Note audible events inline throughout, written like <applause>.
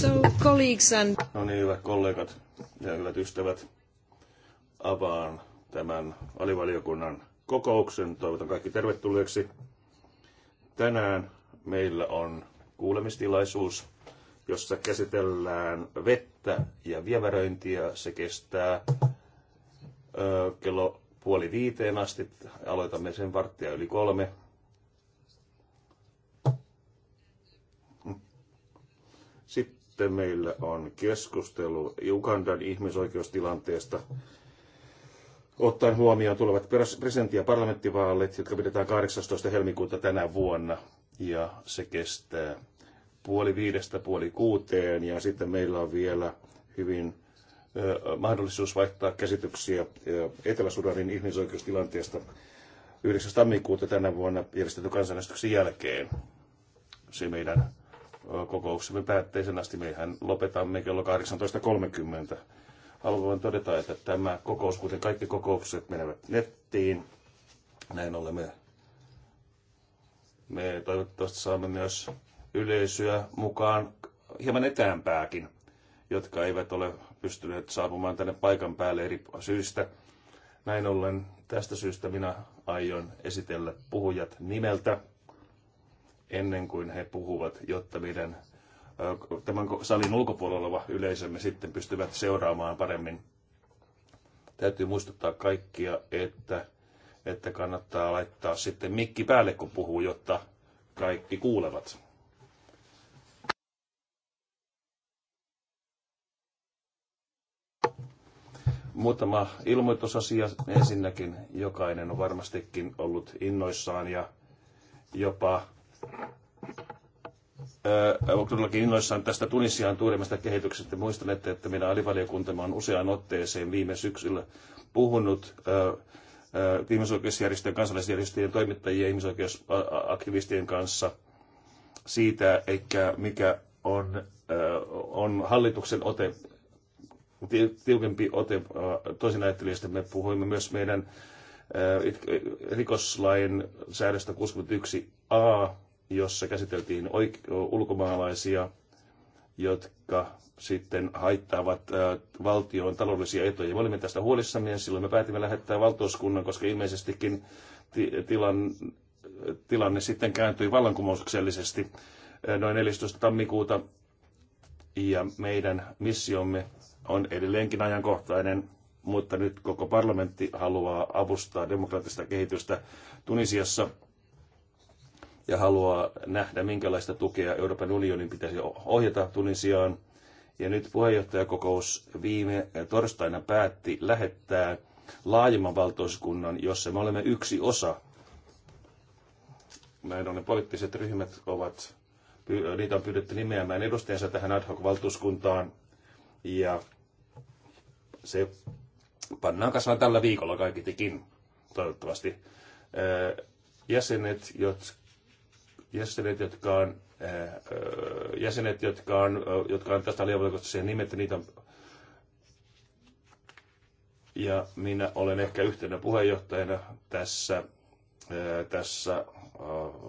So, colleagues and... No niin, hyvät kollegat ja hyvät ystävät, avaan tämän alivaliokunnan kokouksen. Toivotan kaikki tervetulleeksi. Tänään meillä on kuulemistilaisuus, jossa käsitellään vettä ja vieväröintiä. Se kestää ö, kello puoli viiteen asti. Aloitamme sen varttia yli kolme. Sitten sitten meillä on keskustelu Ugandan ihmisoikeustilanteesta ottaen huomioon tulevat presidentti- ja parlamenttivaalit, jotka pidetään 18. helmikuuta tänä vuonna. Ja se kestää puoli viidestä puoli kuuteen. Ja sitten meillä on vielä hyvin mahdollisuus vaihtaa käsityksiä Etelä-Sudanin ihmisoikeustilanteesta 9. tammikuuta tänä vuonna järjestetyn kansanäänestyksen jälkeen. Se meidän kokouksemme päätteisen asti. Meihän lopetamme kello 18.30. Haluan todeta, että tämä kokous, kuten kaikki kokoukset, menevät nettiin. Näin olemme. Me toivottavasti saamme myös yleisöä mukaan hieman etäämpääkin, jotka eivät ole pystyneet saapumaan tänne paikan päälle eri syistä. Näin ollen tästä syystä minä aion esitellä puhujat nimeltä ennen kuin he puhuvat, jotta meidän tämän salin ulkopuolella oleva yleisömme sitten pystyvät seuraamaan paremmin. Täytyy muistuttaa kaikkia, että, että kannattaa laittaa sitten mikki päälle, kun puhuu, jotta kaikki kuulevat. Muutama ilmoitusasia ensinnäkin. Jokainen on varmastikin ollut innoissaan ja jopa olen todellakin innoissaan tästä Tunisian tuurimmasta kehityksestä. Muistan, että, että meidän alivaliokuntamme on useaan otteeseen viime syksyllä puhunut ihmisoikeusjärjestöjen, kansalaisjärjestöjen, toimittajien ja ihmisoikeusaktivistien kanssa siitä, eikä mikä on, on hallituksen ote, tiukempi ote toisinäyttelijöistä. Me puhuimme myös meidän rikoslain säädöstä 61a jossa käsiteltiin oik- ulkomaalaisia, jotka sitten haittaavat valtion taloudellisia etuja. Me olimme tästä huolissamme ja silloin me päätimme lähettää valtuuskunnan, koska ilmeisestikin tilan, tilanne sitten kääntyi vallankumouksellisesti noin 14. tammikuuta. Ja meidän missiomme on edelleenkin ajankohtainen, mutta nyt koko parlamentti haluaa avustaa demokraattista kehitystä Tunisiassa – ja haluaa nähdä, minkälaista tukea Euroopan unionin pitäisi ohjata Tunisiaan. Ja nyt puheenjohtajakokous viime torstaina päätti lähettää laajemman valtuuskunnan, jossa me olemme yksi osa. Näin ollen poliittiset ryhmät ovat, niitä on pyydetty nimeämään edustajansa tähän ad hoc-valtuuskuntaan. Ja se pannaan kasaan tällä viikolla kaikitikin, toivottavasti. Jäsenet, jotka jäsenet, jotka on, ää, jäsenet, jotka on, jotka on tästä aliavalikosta nimet, niitä on ja minä olen ehkä yhtenä puheenjohtajana tässä, ää, tässä ää,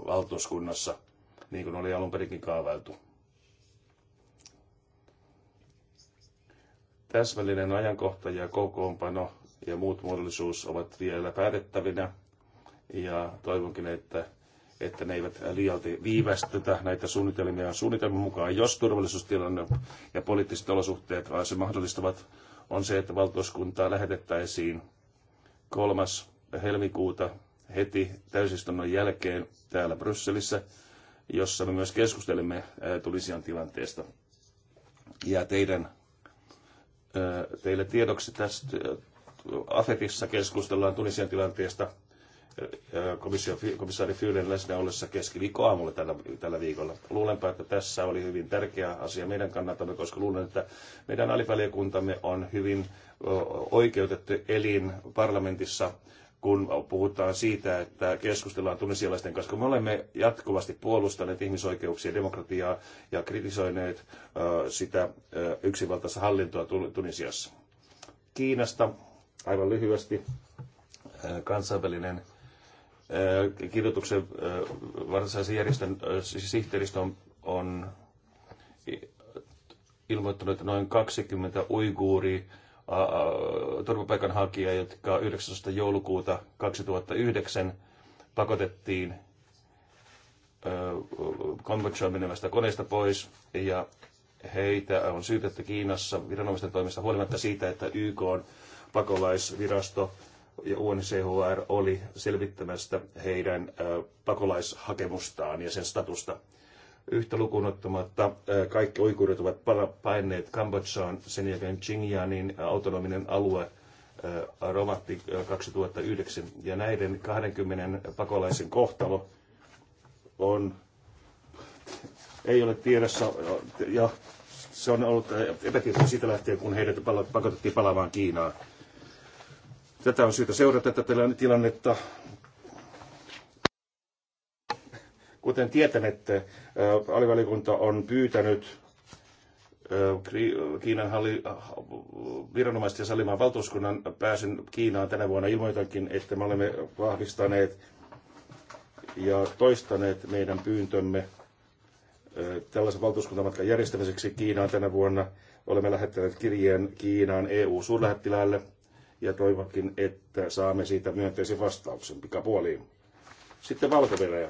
valtuuskunnassa, niin kuin oli alun perinkin kaavailtu. Täsmällinen ajankohta ja kokoonpano ja muut muodollisuus ovat vielä päätettävinä. Ja toivonkin, että että ne eivät liialti viivästytä näitä suunnitelmia on suunnitelman mukaan, jos turvallisuustilanne ja poliittiset olosuhteet vaan se mahdollistavat, on se, että valtuuskuntaa lähetettäisiin kolmas helmikuuta heti täysistunnon jälkeen täällä Brysselissä, jossa me myös keskustelemme Tunisian tilanteesta. Ja teidän, teille tiedoksi tästä AFETissa keskustellaan Tunisian tilanteesta – komissio, komissaari Fyyden läsnä ollessa keskiviikkoaamulla tällä, tällä viikolla. Luulenpa, että tässä oli hyvin tärkeä asia meidän kannaltamme, koska luulen, että meidän alivaliokuntamme on hyvin oikeutettu elin parlamentissa kun puhutaan siitä, että keskustellaan tunisialaisten kanssa, kun me olemme jatkuvasti puolustaneet ihmisoikeuksia, demokratiaa ja kritisoineet sitä yksivaltaista hallintoa Tunisiassa. Kiinasta aivan lyhyesti kansainvälinen kirjoituksen varsinaisen järjestön siis sihteeristö on, on ilmoittanut, että noin 20 uiguuri turvapaikanhakijaa, jotka 19. joulukuuta 2009 pakotettiin Kambodsjaan menevästä koneesta pois ja heitä on syytetty Kiinassa viranomaisten toimista huolimatta siitä, että YK on pakolaisvirasto ja UNCHR oli selvittämästä heidän pakolaishakemustaan ja sen statusta. Yhtä lukuun ottamatta kaikki oikuudet ovat paineet Kambodsaan, sen jälkeen Xinjiangin autonominen alue romahti 2009. Ja näiden 20 pakolaisen kohtalo on, ei ole tiedossa ja se on ollut epätietoinen siitä lähtien, kun heidät pakotettiin palaamaan Kiinaan Tätä on syytä seurata tätä tilannetta. Kuten tietänette, alivalikunta on pyytänyt Kiinan halli, viranomaisten ja Salimaan valtuuskunnan pääsyn Kiinaan tänä vuonna ilmoitankin, että me olemme vahvistaneet ja toistaneet meidän pyyntömme tällaisen valtuuskuntamatkan järjestämiseksi Kiinaan tänä vuonna. Olemme lähettäneet kirjeen Kiinaan EU-suurlähettiläälle ja toivonkin, että saamme siitä myönteisen vastauksen pikapuoliin. Sitten valko -Venäjä.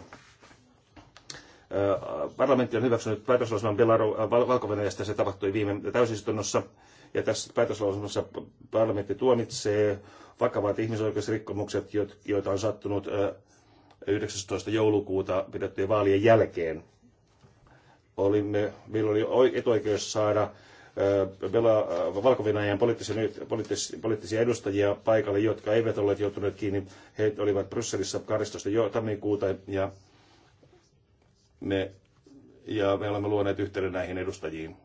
Parlamentti on hyväksynyt päätöslauselman valko -Venäjästä. se tapahtui viime täysistunnossa. Ja tässä päätöslauselmassa parlamentti tuomitsee vakavat ihmisoikeusrikkomukset, joita on sattunut 19. joulukuuta pidettyjen vaalien jälkeen. Olimme, meillä oli etuoikeus saada valko poliittisia edustajia paikalle, jotka eivät olleet joutuneet kiinni. He olivat Brysselissä 12. tammikuuta ja me, ja me olemme luoneet yhteyden näihin edustajiin,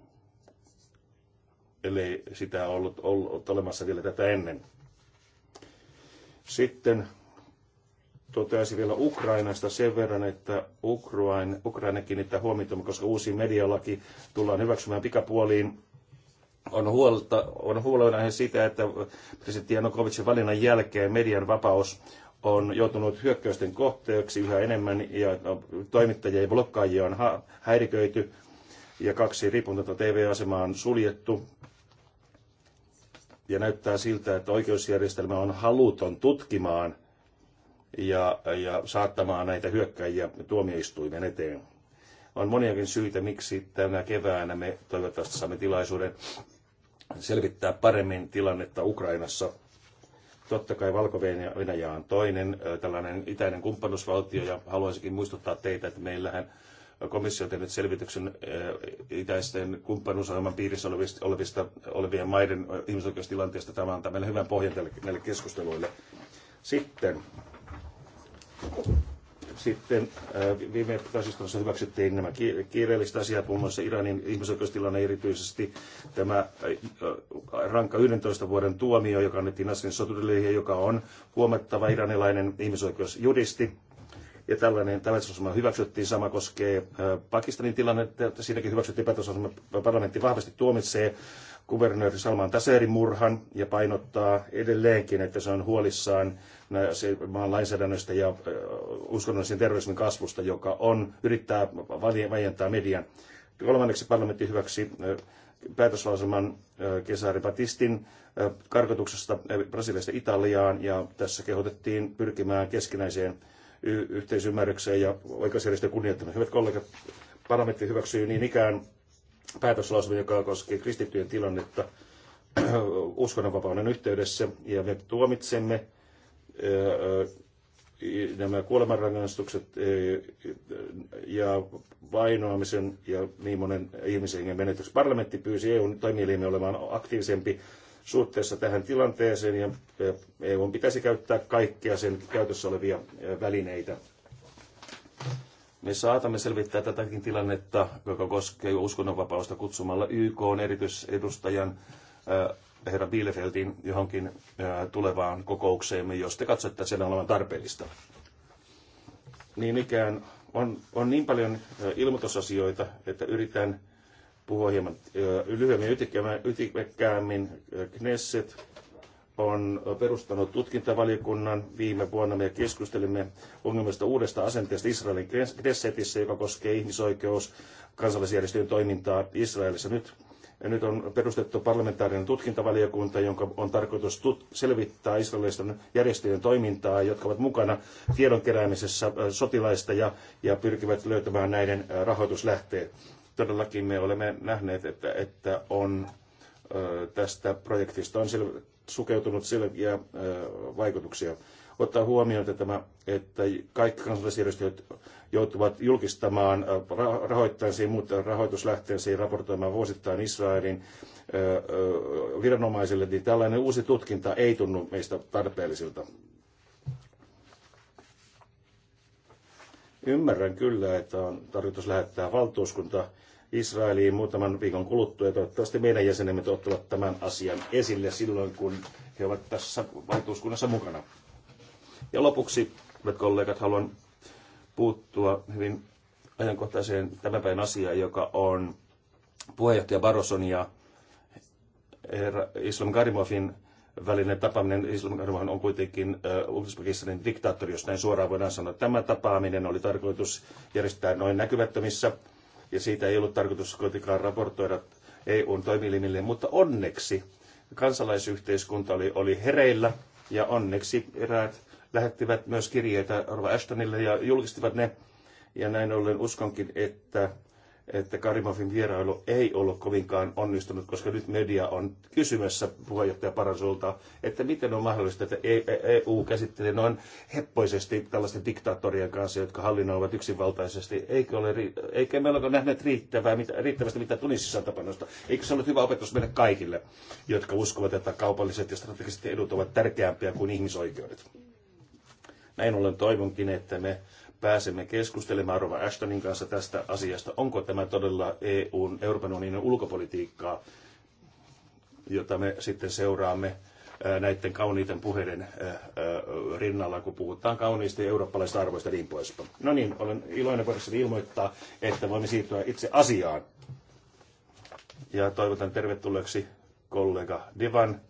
ellei sitä ollut, ollut olemassa vielä tätä ennen. Sitten toteaisin vielä Ukrainasta sen verran, että Ukraina, Ukraina kiinnittää huomiota, koska uusi medialaki tullaan hyväksymään pikapuoliin on, huolta, on huolenaihe sitä, että presidentti Janukovicin valinnan jälkeen median vapaus on joutunut hyökkäysten kohteeksi yhä enemmän ja no, toimittajia ja blokkaajia on häiriköity ja kaksi riippumatonta TV-asemaa on suljettu. Ja näyttää siltä, että oikeusjärjestelmä on haluton tutkimaan ja, ja saattamaan näitä hyökkäjiä tuomioistuimen eteen. On moniakin syitä, miksi tänä keväänä me toivottavasti saamme tilaisuuden selvittää paremmin tilannetta Ukrainassa. Totta kai Valko-Venäjä on toinen tällainen itäinen kumppanuusvaltio ja haluaisinkin muistuttaa teitä, että meillähän komissio on tehnyt selvityksen itäisten kumppanuusohjelman piirissä olevista, olevista, olevien maiden ihmisoikeustilanteesta. Tämä antaa meille hyvän pohjan tälle, näille keskusteluille. Sitten sitten viime täysistunnossa hyväksyttiin nämä kiireelliset asiat, muun muassa Iranin ihmisoikeustilanne erityisesti tämä rankka 11 vuoden tuomio, joka annettiin Nasrin Sotudelihin, joka on huomattava iranilainen ihmisoikeusjudisti. Ja tällainen päätösosama hyväksyttiin, sama koskee Pakistanin tilannetta, että siinäkin hyväksyttiin päätösosama, parlamentti vahvasti tuomitsee kuvernööri Salman Taserin murhan ja painottaa edelleenkin, että se on huolissaan maan lainsäädännöstä ja uskonnollisen terrorismin kasvusta, joka on yrittää vajentaa median. Kolmanneksi parlamentti hyväksi päätöslauselman Kesari Batistin karkotuksesta Brasiliasta Italiaan ja tässä kehotettiin pyrkimään keskinäiseen yhteisymmärrykseen ja oikeusjärjestöjen kunnioittamiseen. Hyvät kollegat, parlamentti hyväksyy niin ikään päätöslauselman, joka koskee kristittyjen tilannetta uskonnonvapauden yhteydessä ja me tuomitsemme nämä kuolemanrangaistukset ja vainoamisen ja niin monen ihmisen menetys. Parlamentti pyysi EUn toimielimiä olemaan aktiivisempi suhteessa tähän tilanteeseen ja EUn pitäisi käyttää kaikkia sen käytössä olevia välineitä. Me saatamme selvittää tätäkin tilannetta, joka koskee uskonnonvapausta kutsumalla YK on erityisedustajan herra Bielefeldin johonkin tulevaan kokoukseemme, jos te katsotte sen olevan tarpeellista. Niin ikään on, on niin paljon ilmoitusasioita, että yritän puhua hieman lyhyemmin ytimekkäämmin. Knesset on perustanut tutkintavaliokunnan viime vuonna. Me keskustelimme ongelmista uudesta asenteesta Israelin Knessetissä, joka koskee ihmisoikeus kansallisjärjestöjen toimintaa Israelissa. Nyt nyt on perustettu parlamentaarinen tutkintavaliokunta, jonka on tarkoitus selvittää israelilaisten järjestöjen toimintaa, jotka ovat mukana tiedon keräämisessä sotilaista ja, ja pyrkivät löytämään näiden rahoituslähteet. Todellakin me olemme nähneet, että, että on tästä projektista on sel- sukeutunut selviä vaikutuksia. Ottaa huomioon, että, tämä, että kaikki kansalaisjärjestöt joutuvat julkistamaan äh, rahoittajansa ja rahoituslähteensä ja raportoimaan vuosittain Israelin äh, äh, viranomaisille, niin tällainen uusi tutkinta ei tunnu meistä tarpeellisilta. Ymmärrän kyllä, että on tarkoitus lähettää valtuuskunta Israeliin muutaman viikon kuluttua. Toivottavasti meidän jäsenemme ottavat tämän asian esille silloin, kun he ovat tässä valtuuskunnassa mukana. Ja lopuksi, hyvät kollegat, haluan puuttua hyvin ajankohtaiseen tämän päivän asiaan, joka on puheenjohtaja Barroson ja herra Islam Karimovin välinen tapaaminen. Islam Karimov on kuitenkin Uzbekistanin diktaattori, jos näin suoraan voidaan sanoa. Tämä tapaaminen oli tarkoitus järjestää noin näkymättömissä ja siitä ei ollut tarkoitus kuitenkaan raportoida EUn toimielimille, mutta onneksi kansalaisyhteiskunta oli, oli hereillä ja onneksi eräät lähettivät myös kirjeitä Arva Ashtonille ja julkistivat ne. Ja näin ollen uskonkin, että, että Karimovin vierailu ei ollut kovinkaan onnistunut, koska nyt media on kysymässä puheenjohtaja Parasolta, että miten on mahdollista, että EU e- e käsittelee noin heppoisesti tällaisten diktaattorien kanssa, jotka hallinnoivat yksinvaltaisesti. Eikö, ole, eikö meillä ole nähnyt riittävää, mitä, riittävästi mitä Tunisissa tapahtunut. Eikö se ole hyvä opetus meille kaikille, jotka uskovat, että kaupalliset ja strategiset edut ovat tärkeämpiä kuin ihmisoikeudet? Näin ollen toivonkin, että me pääsemme keskustelemaan Rova Ashtonin kanssa tästä asiasta. Onko tämä todella EUn, Euroopan unionin ulkopolitiikkaa, jota me sitten seuraamme näiden kauniiden puheiden rinnalla, kun puhutaan kauniisti eurooppalaisista arvoista ja niin poispäin. No niin, olen iloinen voidessani ilmoittaa, että voimme siirtyä itse asiaan. Ja toivotan tervetulleeksi kollega Divan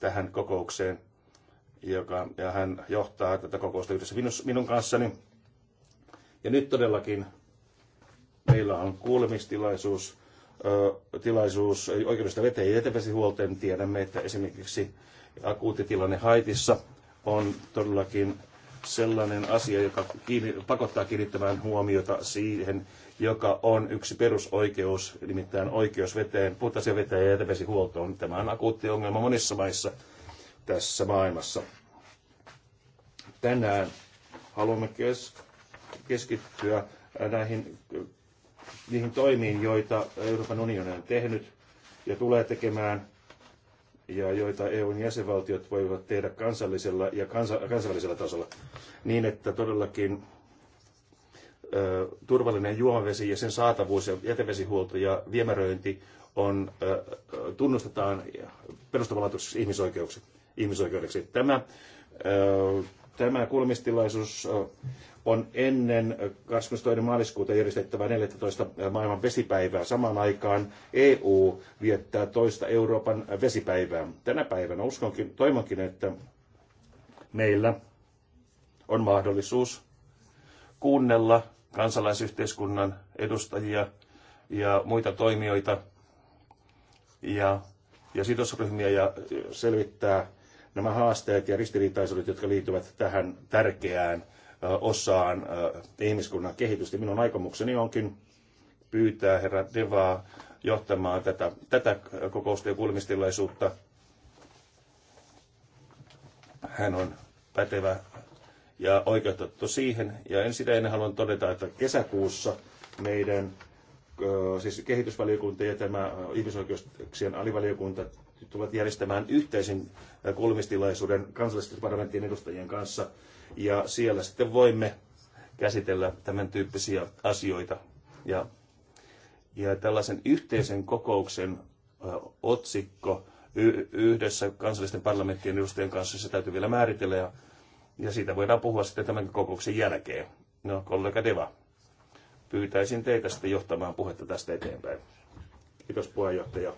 tähän kokoukseen joka, ja hän johtaa tätä kokousta yhdessä minun, minun kanssani. Ja nyt todellakin meillä on kuulemistilaisuus ö, tilaisuus oikeudesta veteen ja jätevesihuolteen. Tiedämme, että esimerkiksi akuutti tilanne Haitissa on todellakin sellainen asia, joka kiinni, pakottaa kiinnittämään huomiota siihen, joka on yksi perusoikeus, nimittäin oikeus veteen, puhtaisen veteen ja jätevesihuoltoon. Tämä on akuutti ongelma monissa maissa tässä maailmassa. Tänään haluamme keskittyä näihin, niihin toimiin, joita Euroopan unioni on tehnyt ja tulee tekemään ja joita EUn jäsenvaltiot voivat tehdä kansallisella ja kansa, kansallisella tasolla niin, että todellakin ö, turvallinen juomavesi ja sen saatavuus ja jätevesihuolto ja viemäröinti on, ö, tunnustetaan perustavanlaatuisiksi ihmisoikeuksiksi ihmisoikeudeksi. Tämä, tämä kulmistilaisuus on ennen 22. maaliskuuta järjestettävää 14. maailman vesipäivää. Samaan aikaan EU viettää toista Euroopan vesipäivää. Tänä päivänä uskonkin, toivonkin, että meillä on mahdollisuus kuunnella kansalaisyhteiskunnan edustajia ja muita toimijoita ja, ja sidosryhmiä ja selvittää nämä haasteet ja ristiriitaisuudet, jotka liittyvät tähän tärkeään osaan ihmiskunnan kehitystä. Minun aikomukseni onkin pyytää herra Devaa johtamaan tätä, tätä kokousta ja kuulemistilaisuutta. Hän on pätevä ja oikeutettu siihen. Ja en sitä ennen haluan todeta, että kesäkuussa meidän siis kehitysvaliokunta ja tämä ihmisoikeuksien alivaliokunta tulevat järjestämään yhteisen kuulemistilaisuuden kansallisten parlamenttien edustajien kanssa. Ja siellä sitten voimme käsitellä tämän tyyppisiä asioita. Ja, ja tällaisen yhteisen kokouksen otsikko yhdessä kansallisten parlamenttien edustajien kanssa, se täytyy vielä määritellä ja, ja siitä voidaan puhua sitten tämän kokouksen jälkeen. No, kollega Deva, pyytäisin teitä sitten johtamaan puhetta tästä eteenpäin. Kiitos puheenjohtaja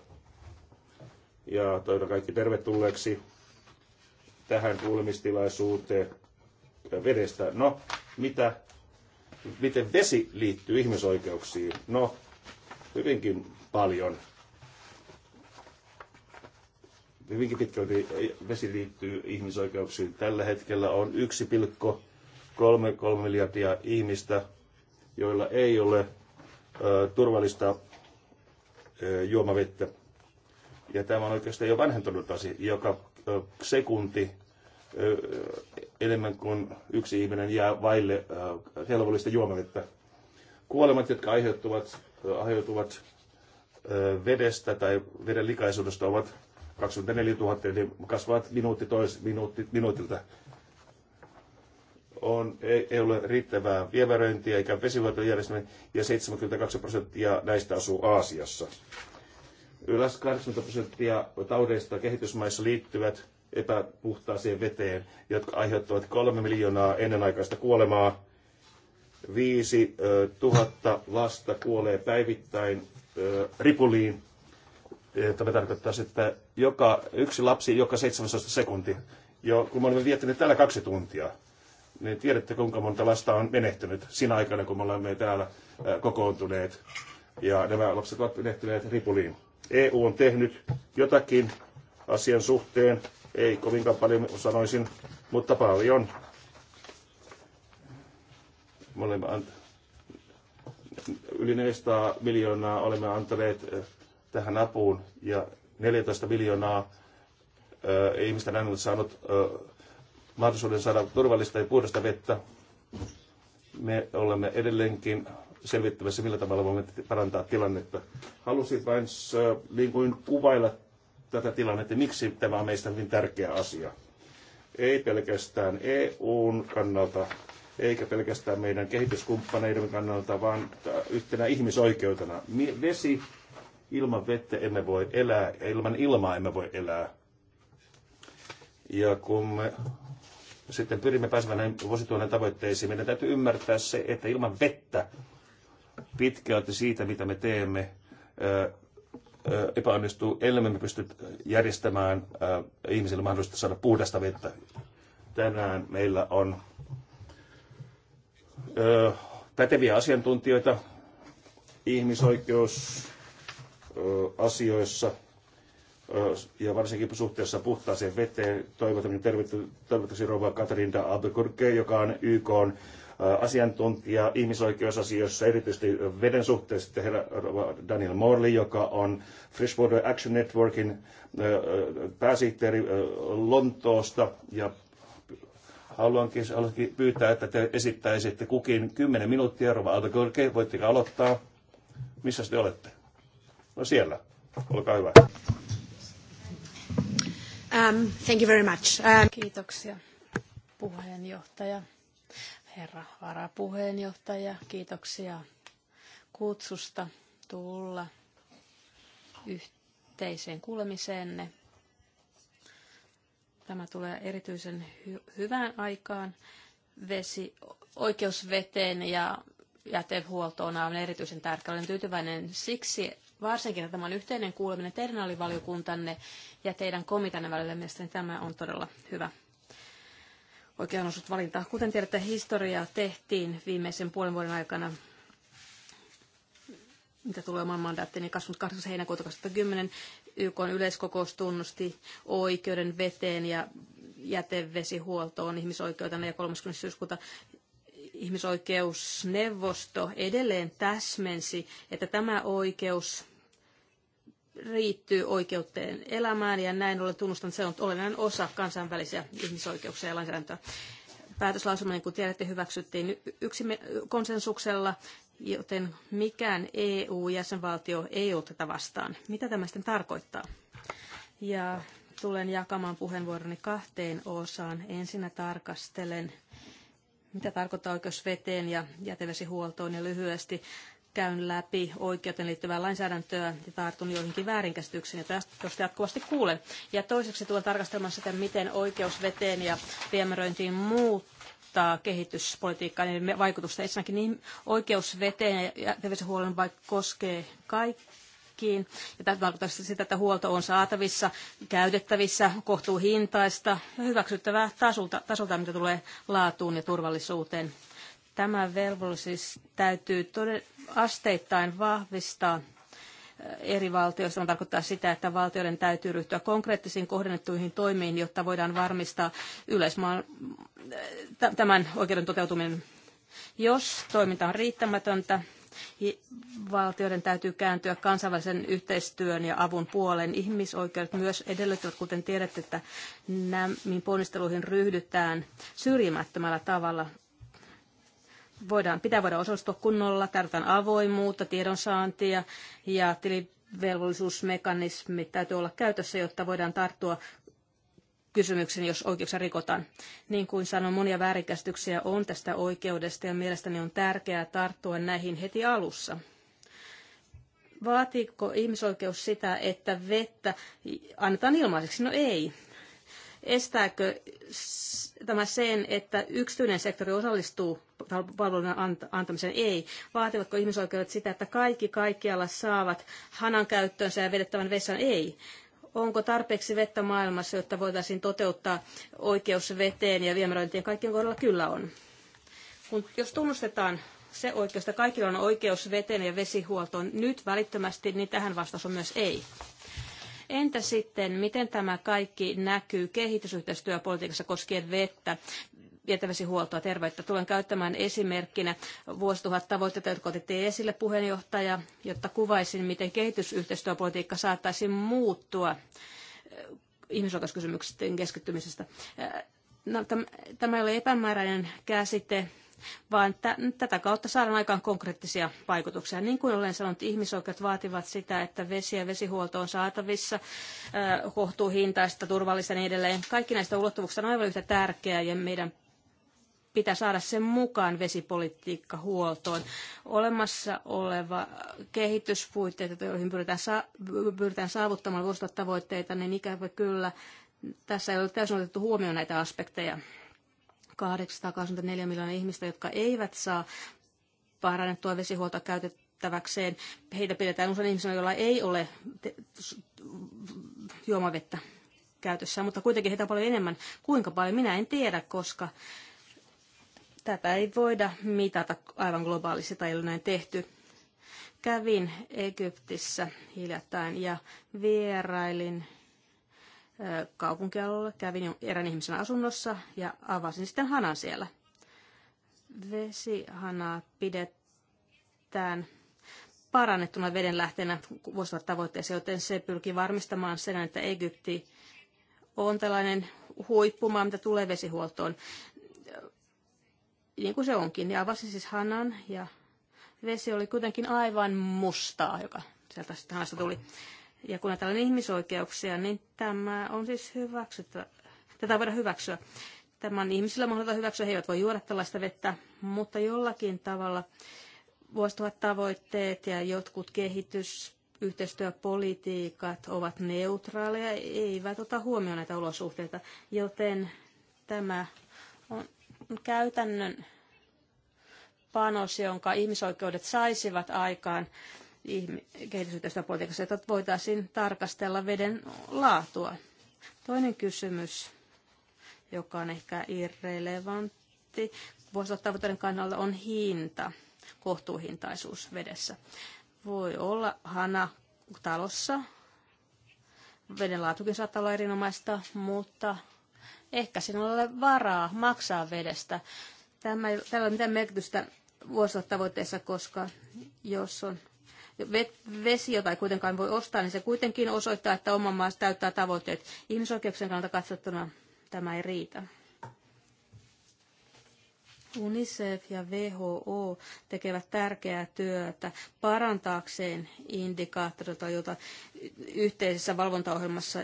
ja toivotan kaikki tervetulleeksi tähän kuulemistilaisuuteen vedestä. No, mitä, miten vesi liittyy ihmisoikeuksiin? No, hyvinkin paljon. Hyvinkin pitkälti vesi liittyy ihmisoikeuksiin. Tällä hetkellä on 1,33 miljardia ihmistä, joilla ei ole ö, turvallista ö, juomavettä ja tämä on oikeastaan jo vanhentunut asia, joka sekunti enemmän kuin yksi ihminen jää vaille helvollista juomavettä. Kuolemat, jotka aiheutuvat, aiheutuvat vedestä tai veden likaisuudesta, ovat 24 000, eli kasvavat minuutti tois minuutti, minuutilta. On, ei, ei ole riittävää vieväröintiä eikä vesivuotojärjestelmää, ja 72 prosenttia näistä asuu Aasiassa. Yli 80 prosenttia taudeista kehitysmaissa liittyvät epäpuhtaaseen veteen, jotka aiheuttavat kolme miljoonaa ennenaikaista kuolemaa. Viisi tuhatta lasta kuolee päivittäin ripuliin. Tämä tarkoittaa, että joka, yksi lapsi joka 17 sekunti. Jo, kun me olemme viettäneet täällä kaksi tuntia, niin tiedätte, kuinka monta lasta on menehtynyt sinä aikana, kun me olemme täällä kokoontuneet. Ja nämä lapset ovat menehtyneet ripuliin EU on tehnyt jotakin asian suhteen, ei kovinkaan paljon sanoisin, mutta paljon. Me olemme yli 400 miljoonaa olemme antaneet eh, tähän apuun ja 14 miljoonaa eh, ihmistä näin on saanut ö, eh, mahdollisuuden saada turvallista ja puhdasta vettä. Me olemme edelleenkin selvittämässä, millä tavalla voimme parantaa tilannetta. Halusin vain niin kuin kuvailla tätä tilannetta, miksi tämä on meistä hyvin tärkeä asia. Ei pelkästään EUn kannalta, eikä pelkästään meidän kehityskumppaneiden kannalta, vaan yhtenä ihmisoikeutena. Vesi, ilman vettä emme voi elää, ja ilman ilmaa emme voi elää. Ja kun me sitten pyrimme pääsemään näihin vuosituhannen tavoitteisiin, meidän täytyy ymmärtää se, että ilman vettä pitkälti siitä, mitä me teemme, epäonnistuu, ellei me pysty järjestämään ihmisille mahdollisuutta saada puhdasta vettä. Tänään meillä on päteviä asiantuntijoita ihmisoikeusasioissa ja varsinkin suhteessa puhtaaseen veteen. Toivotamme tervetuloa Rova Katarinda Albuquerque, joka on YK on Äh, asiantuntija ihmisoikeusasioissa, erityisesti veden suhteen sitten herra Daniel Morley, joka on Freshwater Action Networkin äh, pääsihteeri äh, Lontoosta ja haluankin, haluankin pyytää, että te esittäisitte kukin 10 minuuttia. Rova Autokorke, voitteko aloittaa? Missä te olette? No siellä. Olkaa hyvä. Um, thank you very much. Um... Kiitoksia puheenjohtaja herra varapuheenjohtaja. Kiitoksia kutsusta tulla yhteiseen kuulemiseenne. Tämä tulee erityisen hy- hyvään aikaan. Vesi, oikeus veteen ja jätehuoltoon on erityisen tärkeä. Olen tyytyväinen siksi, varsinkin että tämä on yhteinen kuuleminen teidän alivaliokuntanne ja teidän komitanne välillä. Mielestäni tämä on todella hyvä oikean valinta. Kuten tiedätte, historiaa tehtiin viimeisen puolen vuoden aikana mitä tulee oman mandaattiin, niin 28. heinäkuuta 2010 YK yleiskokous tunnusti oikeuden veteen ja jätevesihuoltoon ihmisoikeutena ja 30. syyskuuta ihmisoikeusneuvosto edelleen täsmensi, että tämä oikeus riittyy oikeuteen elämään ja näin ollen tunnustan, että se on olennainen osa kansainvälisiä ihmisoikeuksia ja lainsäädäntöä. Päätöslausuma, niin kuin tiedätte, hyväksyttiin yksi konsensuksella, joten mikään EU-jäsenvaltio ei ole tätä vastaan. Mitä tämä sitten tarkoittaa? Ja tulen jakamaan puheenvuoroni kahteen osaan. Ensinnä tarkastelen, mitä tarkoittaa oikeus veteen ja jätevesihuoltoon ja lyhyesti käyn läpi oikeuteen liittyvää lainsäädäntöä ja tartun joihinkin väärinkäsityksiin, joista jatkuvasti kuulen. Ja toiseksi tulen tarkastelemaan sitä, miten oikeus veteen ja viemäröintiin muuttaa kehityspolitiikkaa ja vaikutusta. Ensinnäkin niin oikeus veteen ja terveydenhuollon vaikka koskee kaikkiin. Ja tämä tarkoittaa sitä, että huolto on saatavissa, käytettävissä, kohtuuhintaista ja hyväksyttävää tasolta, tasolta mitä tulee laatuun ja turvallisuuteen. Tämä velvollisuus siis täytyy asteittain vahvistaa eri valtioissa. Tämä tarkoittaa sitä, että valtioiden täytyy ryhtyä konkreettisiin kohdennettuihin toimiin, jotta voidaan varmistaa yleismaan tämän oikeuden toteutuminen. Jos toiminta on riittämätöntä, valtioiden täytyy kääntyä kansainvälisen yhteistyön ja avun puoleen. Ihmisoikeudet myös edellyttävät, kuten tiedätte, että näihin ponnisteluihin ryhdytään syrjimättömällä tavalla voidaan, pitää voida osallistua kunnolla, tarvitaan avoimuutta, tiedonsaantia ja tilivelvollisuusmekanismit täytyy olla käytössä, jotta voidaan tarttua kysymyksen, jos oikeuksia rikotaan. Niin kuin sanoin, monia väärinkäsityksiä on tästä oikeudesta ja mielestäni on tärkeää tarttua näihin heti alussa. Vaatiiko ihmisoikeus sitä, että vettä annetaan ilmaiseksi? No ei. Estääkö tämä sen, että yksityinen sektori osallistuu palveluiden antamiseen? Ei. Vaativatko ihmisoikeudet sitä, että kaikki kaikkialla saavat hanan käyttöönsä ja vedettävän vessan? Ei onko tarpeeksi vettä maailmassa, jotta voitaisiin toteuttaa oikeus veteen ja viemäröintien kaikkien kohdalla kyllä on. Kun, jos tunnustetaan se oikeus, että kaikilla on oikeus veteen ja vesihuoltoon nyt välittömästi, niin tähän vastaus on myös ei. Entä sitten, miten tämä kaikki näkyy kehitysyhteistyöpolitiikassa koskien vettä? jätevesihuoltoa, terveyttä. Tulen käyttämään esimerkkinä vuosituhat tavoitteita, jotka otitte esille puheenjohtaja, jotta kuvaisin, miten kehitysyhteistyöpolitiikka saattaisi muuttua eh, ihmisoikeuskysymysten keskittymisestä. Eh, no, tämä ei ole epämääräinen käsite vaan tätä kautta saadaan aikaan konkreettisia vaikutuksia. Niin kuin olen sanonut, ihmisoikeudet vaativat sitä, että vesi ja vesihuolto on saatavissa, kohtuuhintaista, turvallista ja niin edelleen. Kaikki näistä ulottuvuuksista on aivan yhtä tärkeää ja meidän pitää saada sen mukaan vesipolitiikka huoltoon. Olemassa oleva kehityspuitteet, joihin pyritään, sa- pyritään saavuttamaan vuosittain tavoitteita, niin ikävä kyllä tässä ei ole täysin otettu huomioon näitä aspekteja. 824 miljoonaa ihmistä, jotka eivät saa parannettua vesihuoltoa käytettäväkseen. Heitä pidetään usein ihmisinä, joilla ei ole juomavettä käytössä, mutta kuitenkin heitä on paljon enemmän. Kuinka paljon minä en tiedä, koska tätä ei voida mitata aivan globaalisti tai ei ole näin tehty. Kävin Egyptissä hiljattain ja vierailin kaupunkialueella, kävin erään ihmisen asunnossa ja avasin sitten hanan siellä. Vesihanaa pidetään parannettuna vedenlähteenä vuosituhat tavoitteeseen, joten se pyrkii varmistamaan sen, että Egypti on tällainen huippumaa, mitä tulee vesihuoltoon. Niin kuin se onkin. Ja avasin siis hanan ja vesi oli kuitenkin aivan mustaa, joka sieltä sitten hanasta tuli. Ja kun ajatellaan ihmisoikeuksia, niin tämä on siis hyväksyttävä. Tätä voidaan hyväksyä. Tämä on ihmisillä mahdollista hyväksyä. He eivät voi juoda tällaista vettä, mutta jollakin tavalla vuosituhat tavoitteet ja jotkut kehitys yhteistyöpolitiikat ovat neutraaleja, eivät ota huomioon näitä olosuhteita, joten tämä on käytännön panos, jonka ihmisoikeudet saisivat aikaan kehitysyhteistyöpolitiikassa, että voitaisiin tarkastella veden laatua. Toinen kysymys, joka on ehkä irrelevantti vuositavoitteiden kannalta, on hinta, kohtuuhintaisuus vedessä. Voi olla hana talossa, veden laatukin saattaa olla erinomaista, mutta ehkä sinulla ole varaa maksaa vedestä. Tämä, tällä ei ole mitään merkitystä vuositavoitteessa, koska jos on vesi, jota ei kuitenkaan voi ostaa, niin se kuitenkin osoittaa, että oma maa täyttää tavoitteet. Ihmisoikeuksien kannalta katsottuna tämä ei riitä. UNICEF ja WHO tekevät tärkeää työtä parantaakseen indikaattoreita, joita yhteisessä valvontaohjelmassa,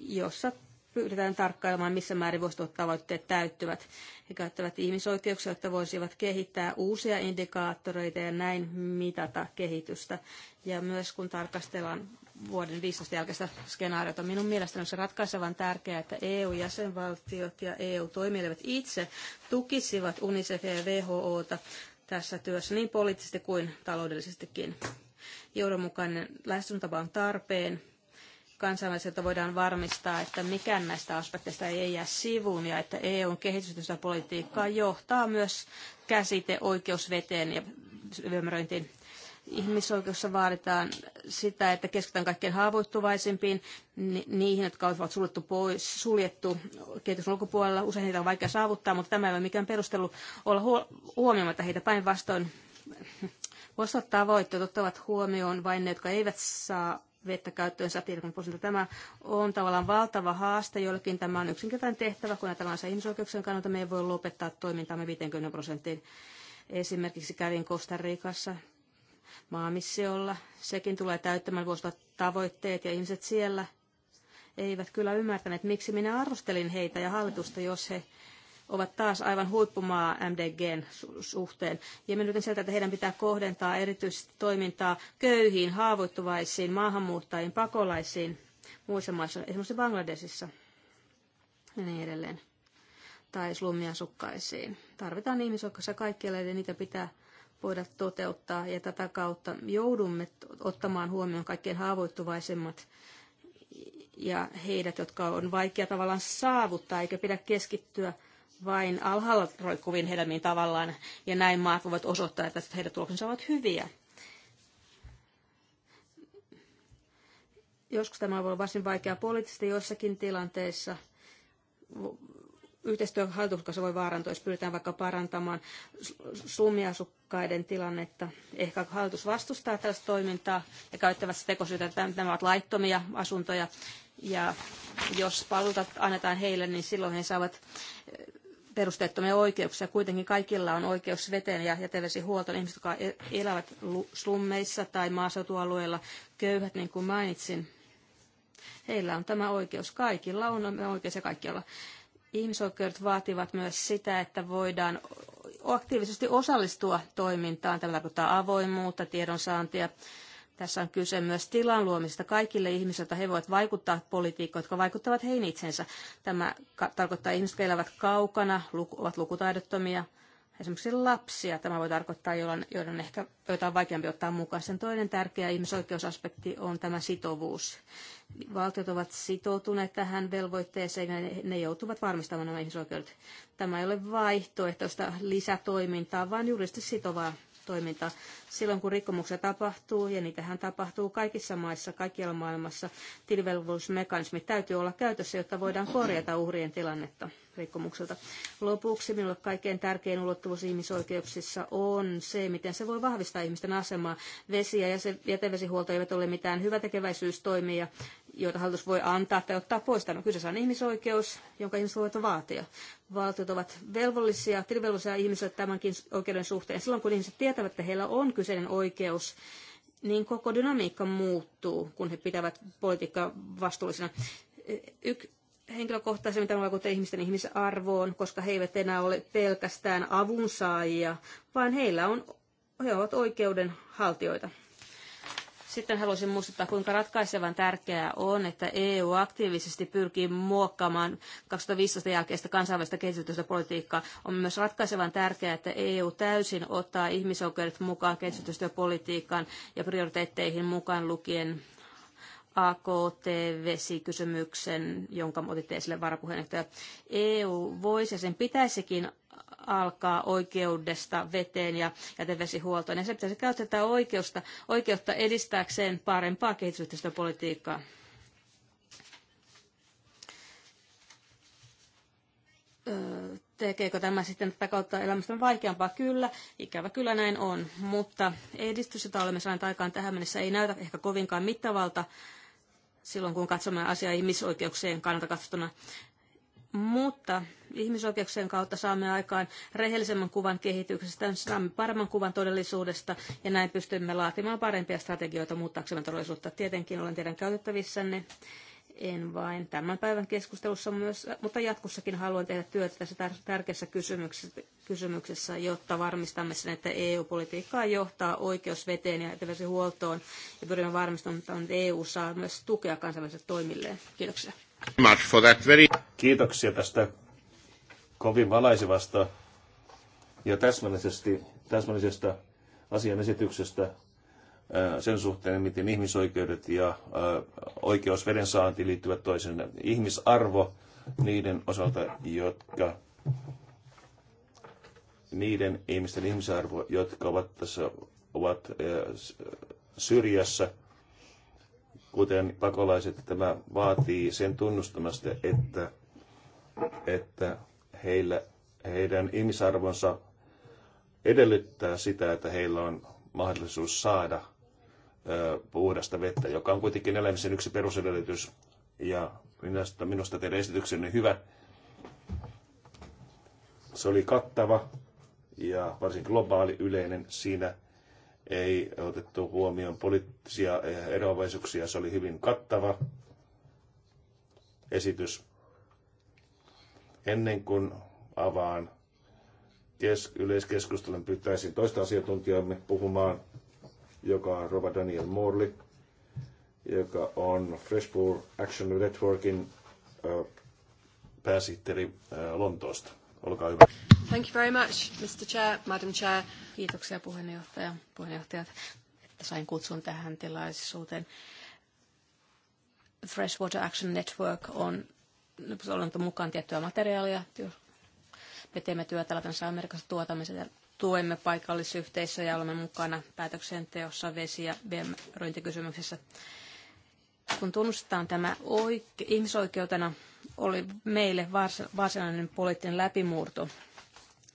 jossa pyritään tarkkailemaan, missä määrin vuosituhat tavoitteet täyttyvät. He käyttävät ihmisoikeuksia, jotta voisivat kehittää uusia indikaattoreita ja näin mitata kehitystä. Ja myös kun tarkastellaan vuoden 15 jälkeistä skenaariota, minun mielestäni on se ratkaisevan tärkeää, että EU-jäsenvaltiot ja EU-toimielivät itse tukisivat UNICEF ja WHOta tässä työssä niin poliittisesti kuin taloudellisestikin. Johdonmukainen lähestymistapa on tarpeen, kansainväliseltä voidaan varmistaa, että mikään näistä aspekteista ei jää sivuun ja että EUn kehitysyhteistyöpolitiikkaa johtaa myös käsite oikeusveteen ja ymmärröintiin. Ihmisoikeuksissa vaaditaan sitä, että keskitytään kaikkein haavoittuvaisimpiin, niihin, jotka ovat suljettu pois, suljettu kehityksen ulkopuolella. Usein heitä on vaikea saavuttaa, mutta tämä ei ole mikään perustelu olla huomioimatta heitä päinvastoin. Osat tavoitteet ottavat huomioon vain ne, jotka eivät saa vettä käyttöön satiirikon fossiilta. Tämä on tavallaan valtava haaste jollekin Tämä on yksinkertainen tehtävä, kun ajatellaan se ihmisoikeuksien kannalta. Me ei voi lopettaa toimintaamme 50 prosenttiin. Esimerkiksi kävin Costa Ricassa maamissiolla. Sekin tulee täyttämään vuosta tavoitteet ja ihmiset siellä eivät kyllä ymmärtäneet, miksi minä arvostelin heitä ja hallitusta, jos he ovat taas aivan huippumaa MDGn suhteen. Ja mennyt sieltä, että heidän pitää kohdentaa erityisesti toimintaa köyhiin, haavoittuvaisiin, maahanmuuttajiin, pakolaisiin muissa maissa, esimerkiksi Bangladesissa ja niin edelleen tai slummiasukkaisiin. Tarvitaan ihmisoikeuksia kaikkialle ja niitä pitää voida toteuttaa ja tätä kautta joudumme ottamaan huomioon kaikkein haavoittuvaisemmat ja heidät, jotka on vaikea tavallaan saavuttaa eikä pidä keskittyä vain alhaalla roikkuviin hedelmiin tavallaan, ja näin maat voivat osoittaa, että heidän tuloksensa ovat hyviä. Joskus tämä voi olla varsin vaikeaa poliittisesti joissakin tilanteissa. Yhteistyö hallituksen kanssa voi vaarantua, jos pyritään vaikka parantamaan summiasukkaiden tilannetta. Ehkä hallitus vastustaa tällaista toimintaa ja käyttävässä tekosyytä, että nämä ovat laittomia asuntoja. Ja jos palvelut annetaan heille, niin silloin he saavat perusteettomia oikeuksia. Kuitenkin kaikilla on oikeus veteen ja jätevesihuoltoon. Ihmiset, jotka e- elävät slummeissa tai maaseutualueilla, köyhät, niin kuin mainitsin, heillä on tämä oikeus. Kaikilla on oikeus ja kaikkialla. Ihmisoikeudet vaativat myös sitä, että voidaan aktiivisesti osallistua toimintaan. Tämä tarkoittaa avoimuutta, tiedonsaantia, tässä on kyse myös tilan luomisesta kaikille ihmisille, jotta he voivat vaikuttaa politiikkoihin, jotka vaikuttavat heihin itsensä. Tämä tarkoittaa ihmisiä, jotka elävät kaukana, ovat lukutaidottomia, esimerkiksi lapsia. Tämä voi tarkoittaa, joiden, joiden ehkä, joita on vaikeampi ottaa mukaan. Sen toinen tärkeä ihmisoikeusaspekti on tämä sitovuus. Valtiot ovat sitoutuneet tähän velvoitteeseen ja ne, ne joutuvat varmistamaan nämä ihmisoikeudet. Tämä ei ole vaihtoehtoista lisätoimintaa, vaan juuri sitovaa rikostoimintaa. Silloin kun rikkomuksia tapahtuu, ja niitähän tapahtuu kaikissa maissa, kaikkialla maailmassa, tilivelvollisuusmekanismit täytyy olla käytössä, jotta voidaan korjata uhrien tilannetta rikkomukselta. Lopuksi minulle kaikkein tärkein ulottuvuus ihmisoikeuksissa on se, miten se voi vahvistaa ihmisten asemaa. Vesi- ja jätevesihuolto eivät ole mitään hyvätekeväisyystoimia, joita hallitus voi antaa tai ottaa pois. Tämä kyseessä on ihmisoikeus, jonka ihmiset voivat vaatia. Valtiot ovat velvollisia, tilivelvollisia ihmisille tämänkin oikeuden suhteen. Silloin kun ihmiset tietävät, että heillä on kyseinen oikeus, niin koko dynamiikka muuttuu, kun he pitävät politiikkaa vastuullisena. Yksi henkilökohtaisen, mitä vaikuttaa ihmisten ihmisarvoon, koska he eivät enää ole pelkästään avunsaajia, vaan heillä on, he ovat oikeudenhaltijoita. Sitten haluaisin muistuttaa, kuinka ratkaisevan tärkeää on, että EU aktiivisesti pyrkii muokkaamaan 2015 jälkeistä kansainvälistä kehitystyöpolitiikkaa. On myös ratkaisevan tärkeää, että EU täysin ottaa ihmisoikeudet mukaan kehitystyöpolitiikkaan ja prioriteetteihin mukaan lukien AKT-vesikysymyksen, jonka otitte esille varapuheenjohtaja. EU voisi ja sen pitäisikin alkaa oikeudesta veteen ja jätevesihuoltoon. Ja se pitäisi käyttää tätä oikeusta, oikeutta edistääkseen parempaa kehitysyhteistyöpolitiikkaa. tekeekö tämä sitten tätä kautta elämästä vaikeampaa? Kyllä, ikävä kyllä näin on, mutta edistys, jota olemme saaneet aikaan tähän mennessä, ei näytä ehkä kovinkaan mittavalta silloin, kun katsomme asiaa ihmisoikeuksien kannalta katsottuna. Mutta ihmisoikeuksien kautta saamme aikaan rehellisemmän kuvan kehityksestä, saamme paremman kuvan todellisuudesta ja näin pystymme laatimaan parempia strategioita muuttaaksemme todellisuutta. Tietenkin olen teidän käytettävissänne en vain tämän päivän keskustelussa, myös, mutta jatkossakin haluan tehdä työtä tässä tärkeässä kysymyksessä, kysymyksessä jotta varmistamme sen, että EU-politiikkaa johtaa oikeus veteen ja jätevesihuoltoon ja pyrimme varmistamaan, että EU saa myös tukea kansainvälisille toimilleen. Kiitoksia. Much for that very... Kiitoksia tästä kovin valaisevasta ja täsmällisesti, täsmällisestä asian esityksestä äh, sen suhteen, miten ihmisoikeudet ja äh, oikeus vedensaanti liittyvät toisen Ihmisarvo niiden osalta, jotka niiden ihmisten ihmisarvo, jotka ovat tässä ovat äh, syrjässä kuten pakolaiset, tämä vaatii sen tunnustamasta, että, että heillä, heidän ihmisarvonsa edellyttää sitä, että heillä on mahdollisuus saada ö, puhdasta vettä, joka on kuitenkin elämisen yksi perusedellytys. Ja minusta, minusta teidän esityksenne hyvä. Se oli kattava ja varsin globaali yleinen siinä ei otettu huomioon poliittisia eh, eroavaisuuksia. Se oli hyvin kattava esitys. Ennen kuin avaan yleiskeskustelun, pyytäisin toista asiantuntijamme puhumaan, joka on Rova Daniel Morley, joka on Freshpool Action Networkin pääsihteeri Lontoosta. Olkaa hyvä. Thank you very much, Mr. Chair, Madam Chair. Kiitoksia puheenjohtaja, puheenjohtajat, että sain kutsun tähän tilaisuuteen. Freshwater Action Network on, ollut mukaan tiettyä materiaalia. Me teemme työtä Latinalaisessa tuotamisen ja tuemme paikallisyhteisöjä, ja olemme mukana päätöksenteossa vesi- ja viemärointikysymyksissä. Kun tunnustetaan tämä oike- ihmisoikeutena, oli meille varsinainen poliittinen läpimurto.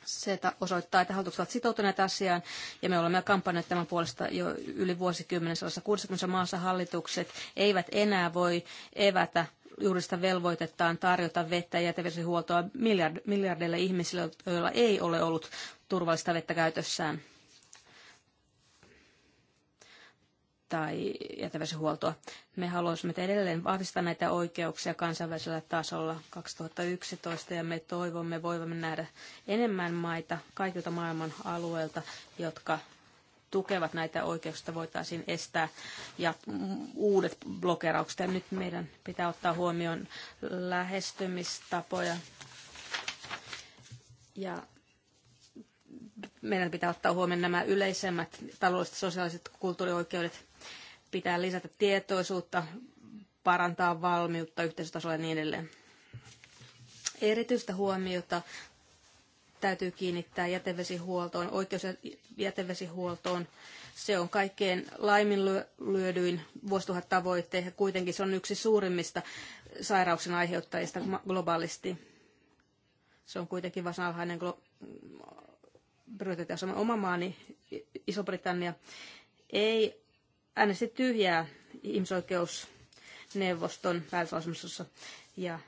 Se osoittaa, että hallitukset ovat sitoutuneet asiaan ja me olemme kampanjoineet tämän puolesta jo yli vuosikymmenen. 160 maassa hallitukset eivät enää voi evätä juridista velvoitettaan tarjota vettä ja jätevesihuoltoa miljard, miljardeille ihmisille, joilla ei ole ollut turvallista vettä käytössään. tai jätevesihuoltoa. Me haluaisimme edelleen vahvistaa näitä oikeuksia kansainvälisellä tasolla 2011 ja me toivomme voivamme nähdä enemmän maita kaikilta maailman alueilta, jotka tukevat näitä oikeuksia, voitaisiin estää ja uudet blokeraukset. Ja nyt meidän pitää ottaa huomioon lähestymistapoja ja meidän pitää ottaa huomioon nämä yleisemmät taloudelliset, sosiaaliset, kulttuurioikeudet Pitää lisätä tietoisuutta, parantaa valmiutta yhteisötasolla ja niin edelleen. Erityistä huomiota täytyy kiinnittää jätevesihuoltoon, oikeus- ja jätevesihuoltoon. Se on kaikkein laiminlyödyin vuosituhat ja kuitenkin se on yksi suurimmista sairauksen aiheuttajista globaalisti. Se on kuitenkin vasta alhainen Oma maani, Iso-Britannia, ei äänesti tyhjää ihmisoikeusneuvoston päätöslausunnossa ja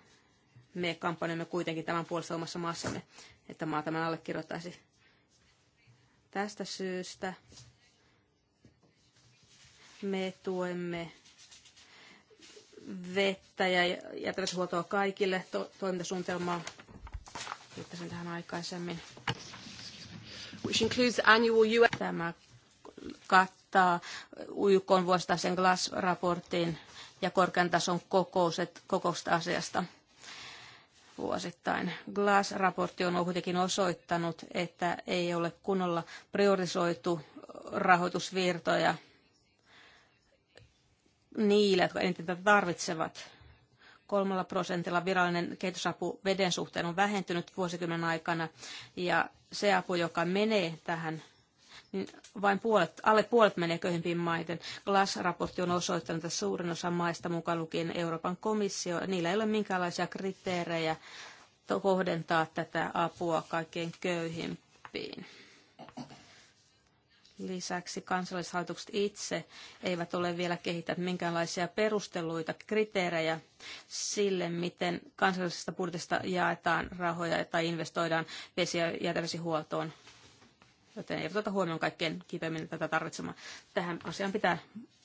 me kampanjoimme kuitenkin tämän puolesta omassa maassamme, että maa tämän allekirjoittaisi. Tästä syystä me tuemme vettä ja jätevesihuoltoa kaikille to- toimintasuunnitelmaa. Viittasin tähän aikaisemmin. Which includes annual Tämä kat- vastaa YK vuosittaisen GLAS-raportin ja korkean tason kokouset, kokousta asiasta vuosittain. GLAS-raportti on kuitenkin osoittanut, että ei ole kunnolla priorisoitu rahoitusvirtoja niille, jotka eniten tarvitsevat. Kolmalla prosentilla virallinen kehitysapu veden suhteen on vähentynyt vuosikymmenen aikana ja se apu, joka menee tähän niin vain puolet, alle puolet menee köyhimpiin maiden. Glass-raportti on osoittanut, että suurin osa maista mukaan lukien Euroopan komissio, niillä ei ole minkäänlaisia kriteerejä kohdentaa tätä apua kaikkein köyhimpiin. Lisäksi kansallishallitukset itse eivät ole vielä kehittäneet minkäänlaisia perusteluita, kriteerejä sille, miten kansallisesta budjetista jaetaan rahoja tai investoidaan vesi- ja jätevesihuoltoon joten ei oteta huomioon kaikkein kipeimmin tätä tarvitsemaan. Tähän asiaan pitää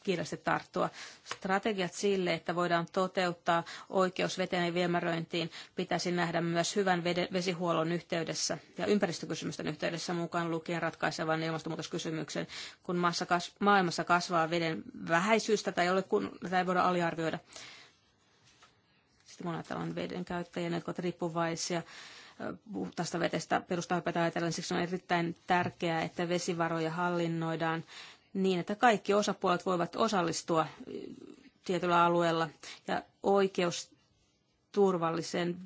kiireesti tarttua. Strategiat sille, että voidaan toteuttaa oikeus veteen ja viemäröintiin, pitäisi nähdä myös hyvän vesihuollon yhteydessä ja ympäristökysymysten yhteydessä mukaan lukien ratkaisevan ilmastonmuutoskysymyksen, kun kas- maailmassa kasvaa veden vähäisyys, tätä ei, ole kun- tätä ei voida aliarvioida. Sitten kun ajatellaan veden käyttäjien jotka ovat riippuvaisia puhtaasta vedestä perustahopäätä ajatellen. Siksi on erittäin tärkeää, että vesivaroja hallinnoidaan niin, että kaikki osapuolet voivat osallistua tietyllä alueella ja oikeus turvalliseen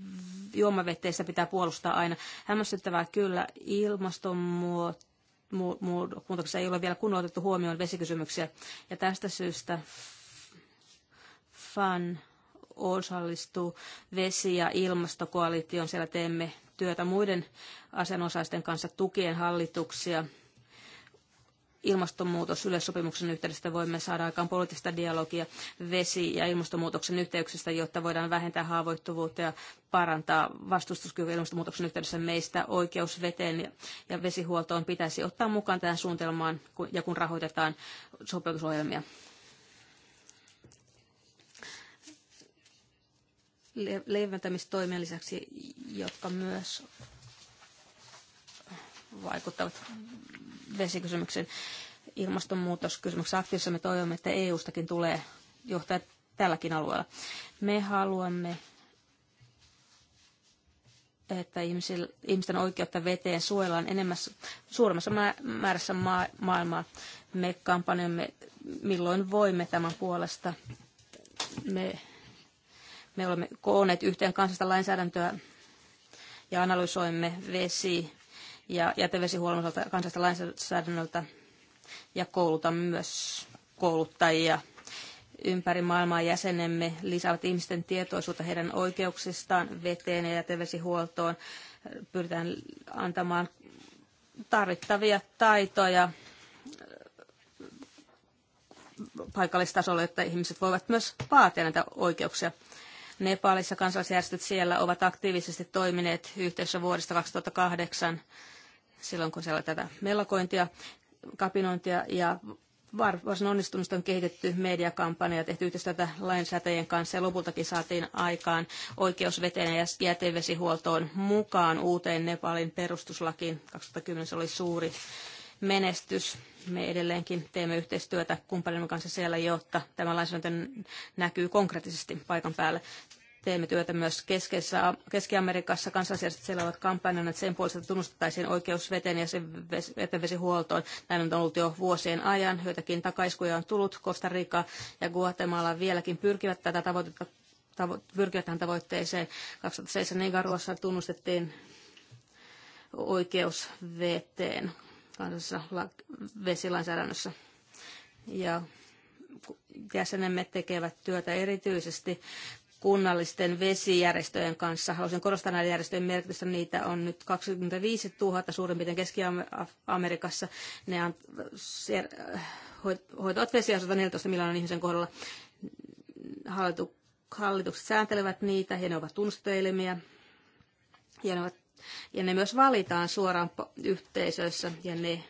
juomaveteistä pitää puolustaa aina. Hämmästyttävää kyllä ilmastonmuutoksessa ei ole vielä kunnolla otettu huomioon vesikysymyksiä. Ja tästä syystä FAN osallistuu vesi- ja ilmastokoalitioon. Siellä teemme työtä muiden asianosaisten kanssa tukien hallituksia. Ilmastonmuutos yleissopimuksen yhteydestä voimme saada aikaan poliittista dialogia vesi- ja ilmastonmuutoksen yhteyksistä, jotta voidaan vähentää haavoittuvuutta ja parantaa vastustuskykyä ilmastonmuutoksen yhteydessä meistä. Oikeus veteen ja vesihuoltoon pitäisi ottaa mukaan tähän suunnitelmaan ja kun rahoitetaan sopeutusohjelmia. leventämistoimien lisäksi, jotka myös vaikuttavat vesikysymykseen ilmastonmuutoskysymyksessä aktiivissa me toivomme, että EU-stakin tulee johtaa tälläkin alueella. Me haluamme, että ihmisten oikeutta veteen suojellaan enemmän, suuremmassa määrässä ma- maailmaa. Me kampanjamme, milloin voimme tämän puolesta. Me me olemme kooneet yhteen kansallista lainsäädäntöä ja analysoimme vesi- ja jätevesihuollon osalta kansallista lainsäädännöltä ja koulutamme myös kouluttajia ympäri maailmaa jäsenemme lisäävät ihmisten tietoisuutta heidän oikeuksistaan veteen ja jätevesihuoltoon. Pyritään antamaan tarvittavia taitoja paikallistasolle, että ihmiset voivat myös vaatia näitä oikeuksia. Nepalissa kansalaisjärjestöt siellä ovat aktiivisesti toimineet yhteisössä vuodesta 2008, silloin kun siellä oli tätä mellakointia, kapinointia ja varsin onnistunut on kehitetty mediakampanja ja tehty yhteistyötä lainsäätäjien kanssa ja lopultakin saatiin aikaan oikeus veteen ja jätevesihuoltoon mukaan uuteen Nepalin perustuslakiin. 2010 se oli suuri menestys. Me edelleenkin teemme yhteistyötä kumppanimme kanssa siellä, jotta tämä lainsäädäntö näkyy konkreettisesti paikan päällä. Teemme työtä myös Keski-Amerikassa. Kansalaisjärjestöt siellä ovat kampanjana, että sen puolesta tunnustettaisiin oikeus veteen ja sen jätevesihuoltoon. Näin on ollut jo vuosien ajan. Joitakin takaiskuja on tullut. Costa Rica ja Guatemala vieläkin pyrkivät tätä tavoitetta tavo- pyrkiä tähän tavoitteeseen. 2007 Nigaruassa tunnustettiin oikeus veteen kansallisessa vesilainsäädännössä. Ja jäsenemme tekevät työtä erityisesti kunnallisten vesijärjestöjen kanssa. Haluaisin korostaa näiden järjestöjen merkitystä. Niitä on nyt 25 000 suurin piirtein Keski-Amerikassa. Ne hoitavat vesiasioita 14 miljoonan ihmisen kohdalla. Hallitu, hallitukset sääntelevät niitä ja ne ovat tunnusteilmiä ja ne ovat ja ne myös valitaan suoraan yhteisöissä ja ne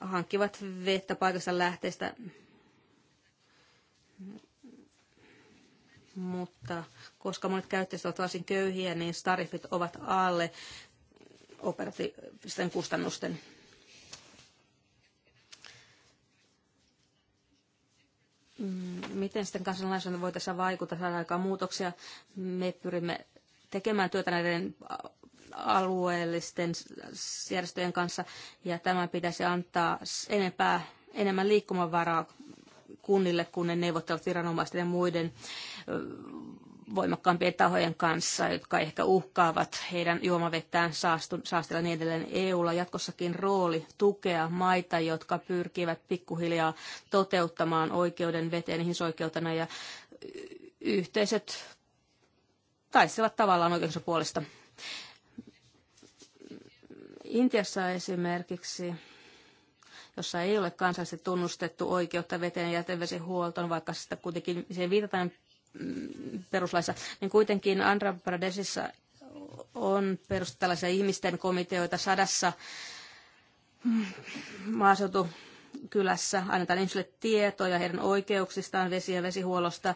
hankkivat vettä paikasta lähteestä. Mutta koska monet käyttäjät ovat varsin köyhiä, niin tariffit ovat alle operatiivisten kustannusten. Mm, miten sitten kansalaisuuden voi tässä vaikuttaa, saada aikaan muutoksia? Me pyrimme tekemään työtä näiden alueellisten järjestöjen kanssa, ja tämä pitäisi antaa enempää, enemmän liikkumavaraa kunnille, kun ne neuvottelut viranomaisten ja muiden voimakkaampien tahojen kanssa, jotka ehkä uhkaavat heidän juomavettään saastella niin edelleen. EUlla jatkossakin rooli tukea maita, jotka pyrkivät pikkuhiljaa toteuttamaan oikeuden veteen ihmisoikeutena ja yhteiset taistelevat tavallaan oikeudensa puolesta. Intiassa esimerkiksi jossa ei ole kansallisesti tunnustettu oikeutta veteen ja jätevesihuoltoon, vaikka sitä kuitenkin siihen viitataan mm, peruslaissa, niin kuitenkin Andhra Pradeshissa on perustettu tällaisia ihmisten komiteoita sadassa mm, maaseutukylässä. Annetaan ihmisille tietoja heidän oikeuksistaan vesi- ja vesihuollosta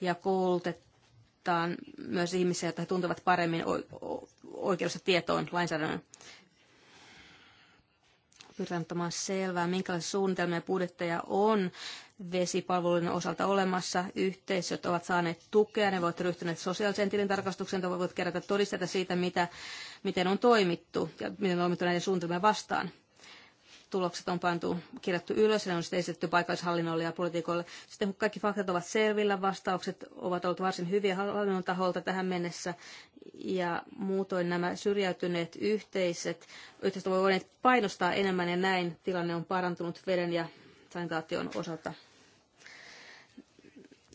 ja koulutetaan myös ihmisiä, jotka he tuntevat paremmin oikeudessa tietoon lainsäädännön pyritään ottamaan selvää, minkälaisia suunnitelmia ja budjetteja on vesipalveluiden osalta olemassa. Yhteisöt ovat saaneet tukea, ne ovat ryhtyneet sosiaaliseen tilintarkastukseen, voivat kerätä todisteita siitä, mitä, miten on toimittu ja miten on toimittu näiden suunnitelmien vastaan tulokset on pantu, kirjattu ylös ja ne on sitten esitetty paikallishallinnolle ja politiikoille. Sitten kun kaikki faktat ovat selvillä, vastaukset ovat olleet varsin hyviä hallinnon taholta tähän mennessä ja muutoin nämä syrjäytyneet yhteiset, yhteiset ovat voineet painostaa enemmän ja näin tilanne on parantunut veden ja sanitaation osalta.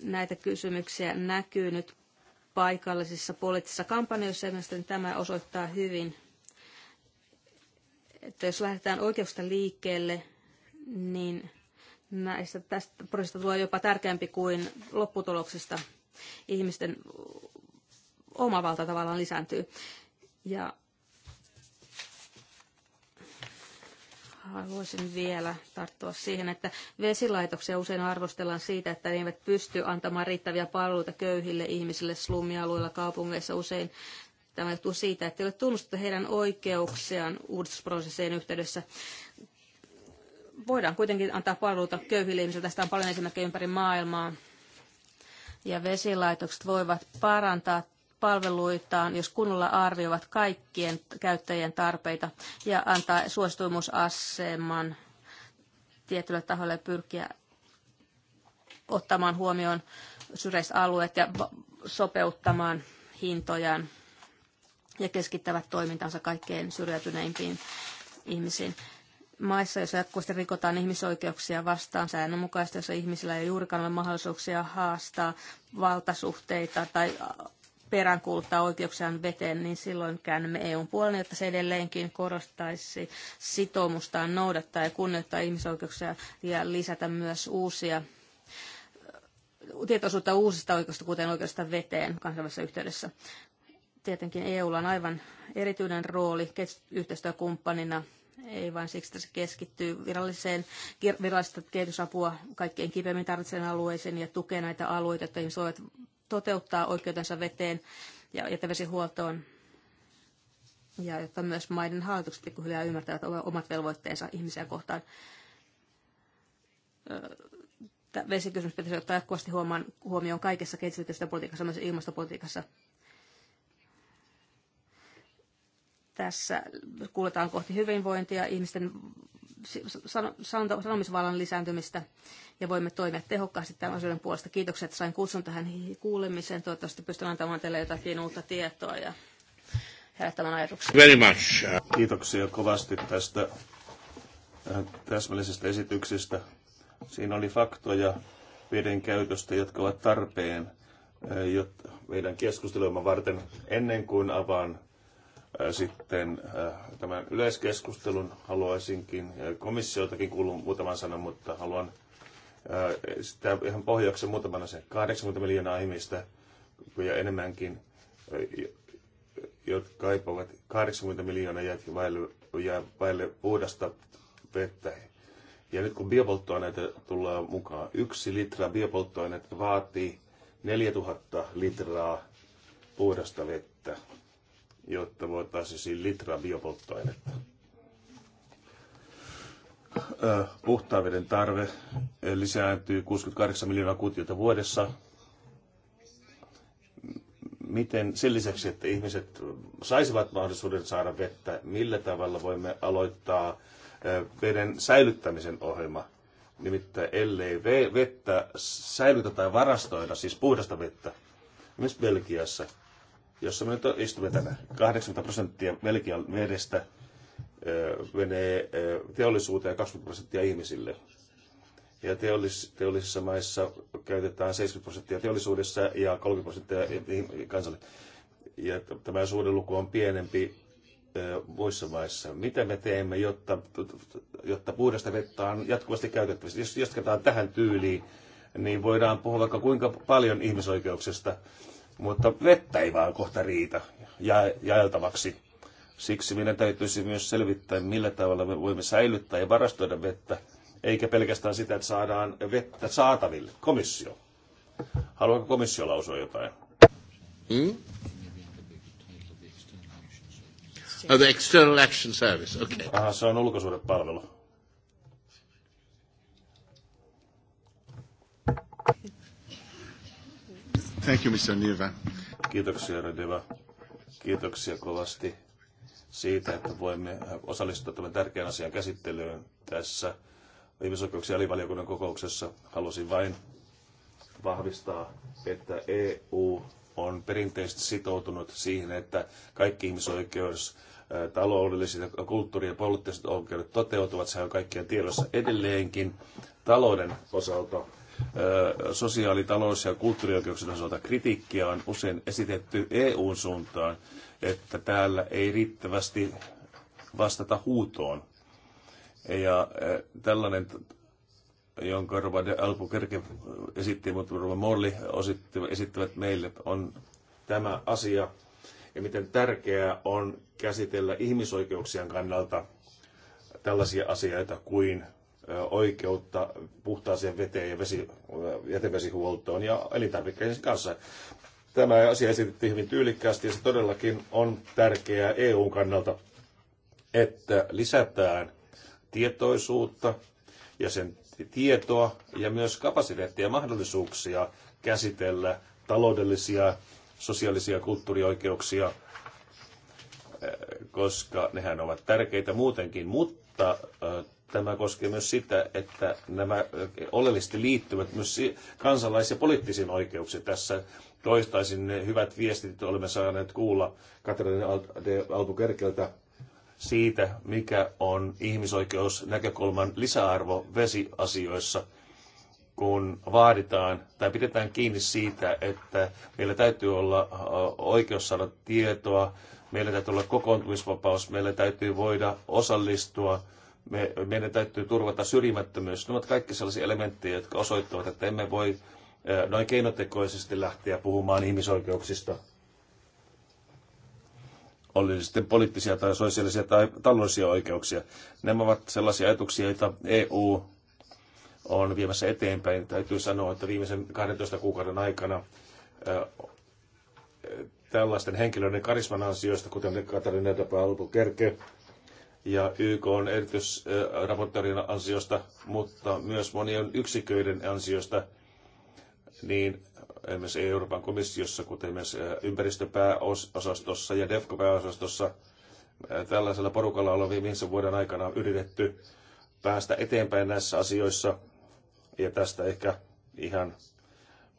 Näitä kysymyksiä näkyy nyt paikallisissa poliittisissa kampanjoissa ja mielestäni tämä osoittaa hyvin että jos lähdetään oikeuksista liikkeelle, niin näistä tästä prosessista tulee jopa tärkeämpi kuin lopputuloksista. Ihmisten oma valta tavallaan lisääntyy. Ja haluaisin vielä tarttua siihen, että vesilaitoksia usein arvostellaan siitä, että ne eivät pysty antamaan riittäviä palveluita köyhille ihmisille slummialueilla kaupungeissa. Usein Tämä johtuu siitä, että ei ole tunnustettu heidän oikeuksiaan uudistusprosessien yhteydessä. Voidaan kuitenkin antaa palveluita köyhille ihmisille. Tästä on paljon esimerkkejä ympäri maailmaa. Ja vesilaitokset voivat parantaa palveluitaan, jos kunnolla arvioivat kaikkien käyttäjien tarpeita ja antaa suosituimuusaseman tietylle taholle pyrkiä ottamaan huomioon syrjäiset alueet ja sopeuttamaan hintojaan ja keskittävät toimintansa kaikkein syrjäytyneimpiin ihmisiin. Maissa, joissa jatkuvasti rikotaan ihmisoikeuksia vastaan säännönmukaisesti, jossa ihmisillä ei juurikaan ole mahdollisuuksia haastaa valtasuhteita tai peräänkuuluttaa oikeuksiaan veteen, niin silloin käännymme EUn puolen, jotta se edelleenkin korostaisi sitoumustaan noudattaa ja kunnioittaa ihmisoikeuksia ja lisätä myös uusia tietoisuutta uusista oikeuksista, kuten oikeudesta veteen kansainvälisessä yhteydessä. Tietenkin EUlla on aivan erityinen rooli yhteistyökumppanina ei vain siksi, että se keskittyy viralliseen, virallista kehitysapua kaikkein kipeimmin tarvitsevan alueisiin ja tukee näitä alueita, jotta ihmiset voivat toteuttaa oikeutensa veteen ja jätevesihuoltoon. Ja jotta myös maiden hallitukset pikkuhiljaa ymmärtävät omat velvoitteensa ihmisiä kohtaan. Tämä vesikysymys pitäisi ottaa jatkuvasti huomioon kaikessa kehitysyhteistyöpolitiikassa, myös ilmastopolitiikassa. Tässä kuljetaan kohti hyvinvointia, ihmisten sanomisvallan lisääntymistä ja voimme toimia tehokkaasti tämän asioiden puolesta. Kiitokset, että sain kutsun tähän kuulemiseen. Toivottavasti pystyn antamaan teille jotakin uutta tietoa ja herättämään ajatuksia. Very much. Kiitoksia kovasti tästä äh, täsmällisestä esityksestä. Siinä oli faktoja veden käytöstä, jotka ovat tarpeen äh, jotta meidän keskustelumme varten ennen kuin avaan Äh, sitten äh, tämän yleiskeskustelun haluaisinkin äh, komissioltakin kuuluu muutaman sanan, mutta haluan sitä ihan pohjaksi muutaman asian. 80 miljoonaa ihmistä ja enemmänkin, jotka kaipaavat 80 miljoonaa jää vaille, vaille puhdasta vettä. Ja nyt kun biopolttoaineita tulee mukaan, yksi litra biopolttoaineita vaatii 4000 litraa puhdasta vettä jotta voitaisiin litra biopolttoainetta. Puhtaan veden tarve lisääntyy 68 miljoonaa kuutiota vuodessa. Miten sen lisäksi, että ihmiset saisivat mahdollisuuden saada vettä, millä tavalla voimme aloittaa veden säilyttämisen ohjelma? Nimittäin ellei vettä säilytä tai varastoida, siis puhdasta vettä, myös Belgiassa – jossa me nyt istumme tänään. 80 prosenttia Belgian vedestä menee teollisuuteen ja 20 prosenttia ihmisille. Ja teollis- teollisissa maissa käytetään 70 prosenttia teollisuudessa ja 30 prosenttia kansalle. Ja tämä suhdeluku on pienempi muissa maissa. Mitä me teemme, jotta, jotta puhdasta vettä on jatkuvasti käytettävissä? Jos jatketaan tähän tyyliin, niin voidaan puhua vaikka kuinka paljon ihmisoikeuksista mutta vettä ei vaan kohta riitä jaeltavaksi. Siksi meidän täytyisi myös selvittää, millä tavalla me voimme säilyttää ja varastoida vettä, eikä pelkästään sitä, että saadaan vettä saataville. Komissio. Haluaako komissio lausua jotain? Hmm? Oh, the External Action Service, okay. Aha, se on palvelu. Thank you, Mr. Kiitoksia, Redeva. Kiitoksia kovasti siitä, että voimme osallistua tämän tärkeän asian käsittelyyn tässä ihmisoikeuksien alivaliokunnan kokouksessa. Halusin vain vahvistaa, että EU on perinteisesti sitoutunut siihen, että kaikki ihmisoikeus, taloudelliset, kulttuuri- ja poliittiset oikeudet toteutuvat. Sehän on kaikkien tiedossa edelleenkin talouden osalta sosiaali-, talous- ja kulttuurioikeuksien osalta kritiikkiä on usein esitetty EUn suuntaan, että täällä ei riittävästi vastata huutoon. Ja tällainen, jonka Robert de Albuquerque esitti, mutta Robert Morley esittävät meille, on tämä asia, ja miten tärkeää on käsitellä ihmisoikeuksien kannalta tällaisia asioita kuin oikeutta puhtaaseen veteen ja vesi, jätevesihuoltoon ja elintarvikkeiden kanssa. Tämä asia esitettiin hyvin tyylikkäästi ja se todellakin on tärkeää EUn kannalta, että lisätään tietoisuutta ja sen tietoa ja myös kapasiteettia ja mahdollisuuksia käsitellä taloudellisia, sosiaalisia ja kulttuurioikeuksia, koska nehän ovat tärkeitä muutenkin, mutta tämä koskee myös sitä, että nämä oleellisesti liittyvät myös kansalais- ja poliittisiin oikeuksiin. Tässä toistaisin ne hyvät viestit, joita olemme saaneet kuulla Katrin Albukerkeltä siitä, mikä on ihmisoikeusnäkökulman lisäarvo vesiasioissa, kun vaaditaan tai pidetään kiinni siitä, että meillä täytyy olla oikeus saada tietoa, meillä täytyy olla kokoontumisvapaus, meillä täytyy voida osallistua me, meidän täytyy turvata syrjimättömyys. Ne ovat kaikki sellaisia elementtejä, jotka osoittavat, että emme voi noin keinotekoisesti lähteä puhumaan ihmisoikeuksista. Oli sitten poliittisia tai sosiaalisia tai taloudellisia oikeuksia. Nämä ovat sellaisia ajatuksia, joita EU on viemässä eteenpäin. Täytyy sanoa, että viimeisen 12 kuukauden aikana tällaisten henkilöiden karisman ansioista, kuten Katarina tapa Albu Kerke, ja YK on erityisraportoijan ansiosta, mutta myös monien yksiköiden ansiosta, niin esimerkiksi Euroopan komissiossa, kuten myös ympäristöpääosastossa ja DEFCO-pääosastossa, tällaisella porukalla ollaan viimeisen vuoden aikana yritetty päästä eteenpäin näissä asioissa. Ja tästä ehkä ihan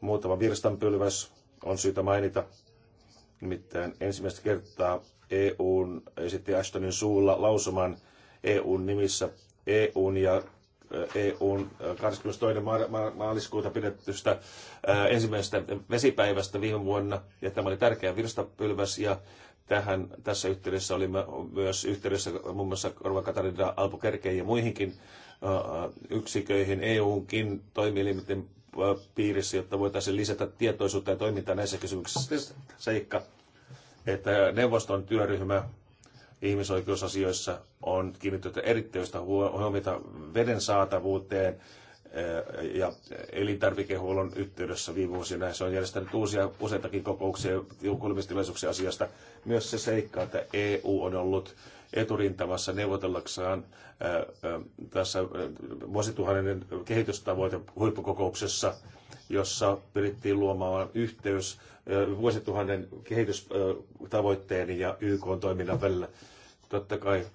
muutama virstanpylväs on syytä mainita. Nimittäin ensimmäistä kertaa EUn esitti Ashtonin suulla lausuman EUn nimissä EUn ja EUn 22. maaliskuuta pidettystä ensimmäisestä vesipäivästä viime vuonna. Ja tämä oli tärkeä virstapylväs ja tähän, tässä yhteydessä olimme myös yhteydessä muun muassa Orva Katarina Albuquerqueen ja muihinkin yksiköihin, EUnkin toimielimiten piirissä, jotta voitaisiin lisätä tietoisuutta ja toimintaa näissä kysymyksissä. Seikka, että neuvoston työryhmä ihmisoikeusasioissa on kiinnitetty erityistä huomiota veden saatavuuteen eh, ja elintarvikehuollon yhteydessä viime vuosina. Se on järjestänyt uusia useitakin kokouksia ja kuulemistilaisuuksia asiasta. Myös se seikka, että EU on ollut eturintamassa neuvotellaksaan eh, eh, tässä vuosituhannen kehitystavoite huippukokouksessa – jossa pyrittiin luomaan yhteys vuosituhannen kehitystavoitteen ja YK-toiminnan välillä. Totta kai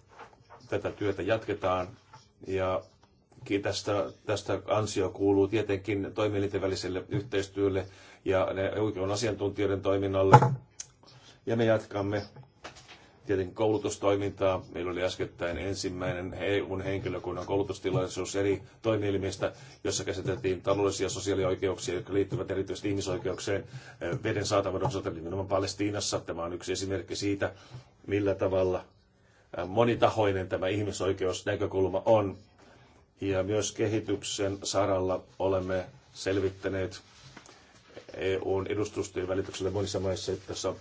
tätä työtä jatketaan ja tästä, tästä ansio kuuluu tietenkin toimielinten väliselle yhteistyölle ja ne oikean asiantuntijoiden toiminnalle. Ja me jatkamme tietenkin koulutustoimintaa. Meillä oli äskettäin ensimmäinen EUn henkilökunnan koulutustilaisuus eri toimielimistä, jossa käsiteltiin taloudellisia ja sosiaalioikeuksia, jotka liittyvät erityisesti ihmisoikeuksien eh, veden saatavuuden osalta nimenomaan Palestiinassa. Tämä on yksi esimerkki siitä, millä tavalla eh, monitahoinen tämä ihmisoikeusnäkökulma on. Ja myös kehityksen saralla olemme selvittäneet EUn edustustojen välityksellä monissa maissa, että tässä on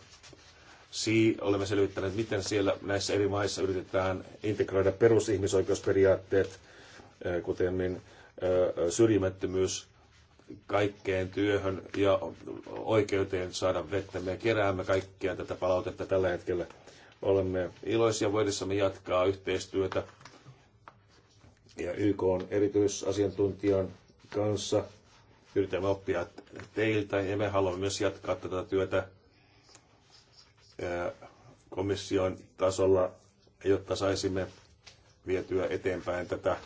Sii olemme selvittäneet, miten siellä näissä eri maissa yritetään integroida perusihmisoikeusperiaatteet, kuten niin, syrjimättömyys kaikkeen työhön ja oikeuteen saada vettä. Me keräämme kaikkia tätä palautetta tällä hetkellä. Olemme iloisia voidessamme jatkaa yhteistyötä ja YK on erityisasiantuntijan kanssa. Yritämme oppia teiltä ja me haluamme myös jatkaa tätä työtä komission tasolla, jotta saisimme vietyä eteenpäin tätä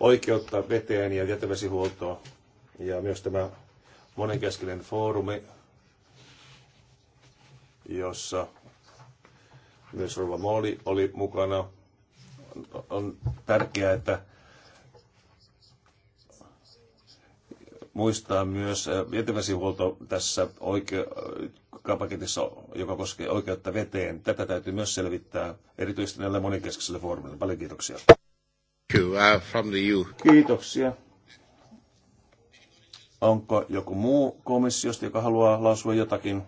oikeutta veteen ja jätevesihuoltoon. Ja myös tämä monenkeskinen foorumi, jossa myös Rova Mooli oli mukana. On tärkeää, että muistaa myös jätevesihuolto tässä oikea, paketissa, joka koskee oikeutta veteen. Tätä täytyy myös selvittää, erityisesti näille monikeskisillä foorumilla. Paljon kiitoksia. Kiitoksia. Onko joku muu komissiosta, joka haluaa lausua jotakin?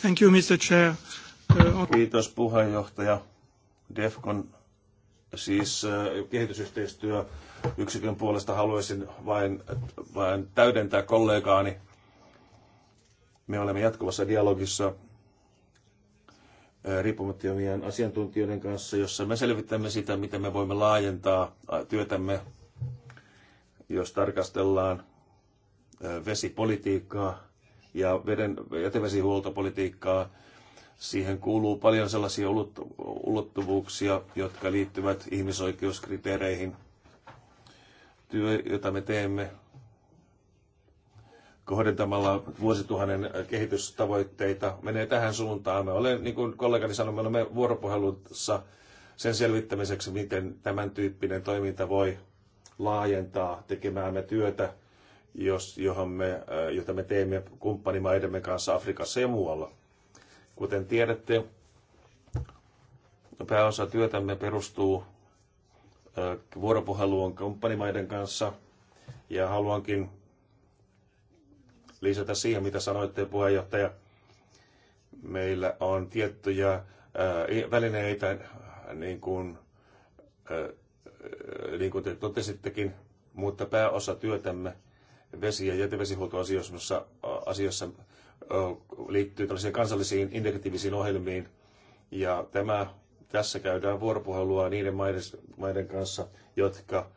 Thank you, Mr. Chair. Uh, Kiitos puheenjohtaja. DEFCON, siis uh, kehitysyhteistyö yksikön puolesta haluaisin vain, vain täydentää kollegaani me olemme jatkuvassa dialogissa riippumattomien asiantuntijoiden kanssa, jossa me selvitämme sitä, miten me voimme laajentaa työtämme, jos tarkastellaan vesipolitiikkaa ja veden, jätevesihuoltopolitiikkaa. Siihen kuuluu paljon sellaisia ulottuvuuksia, jotka liittyvät ihmisoikeuskriteereihin. Työ, jota me teemme, kohdentamalla vuosituhannen kehitystavoitteita menee tähän suuntaan. Me olemme, niin kuin kollegani sanoi, me olemme vuoropuhelussa sen selvittämiseksi, miten tämän tyyppinen toiminta voi laajentaa tekemäämme työtä, jos, johon me, äh, jota me teemme kumppanimaidemme kanssa Afrikassa ja muualla. Kuten tiedätte, pääosa työtämme perustuu äh, vuoropuheluun kumppanimaiden kanssa ja haluankin lisätä siihen, mitä sanoitte puheenjohtaja. Meillä on tiettyjä välineitä, niin kuin, niin kuin te totesittekin, mutta pääosa työtämme vesi- ja jätevesihuoltoasioissa asiassa, liittyy tällaisiin kansallisiin integratiivisiin ohjelmiin. Ja tämä, tässä käydään vuoropuhelua niiden maiden, maiden kanssa, jotka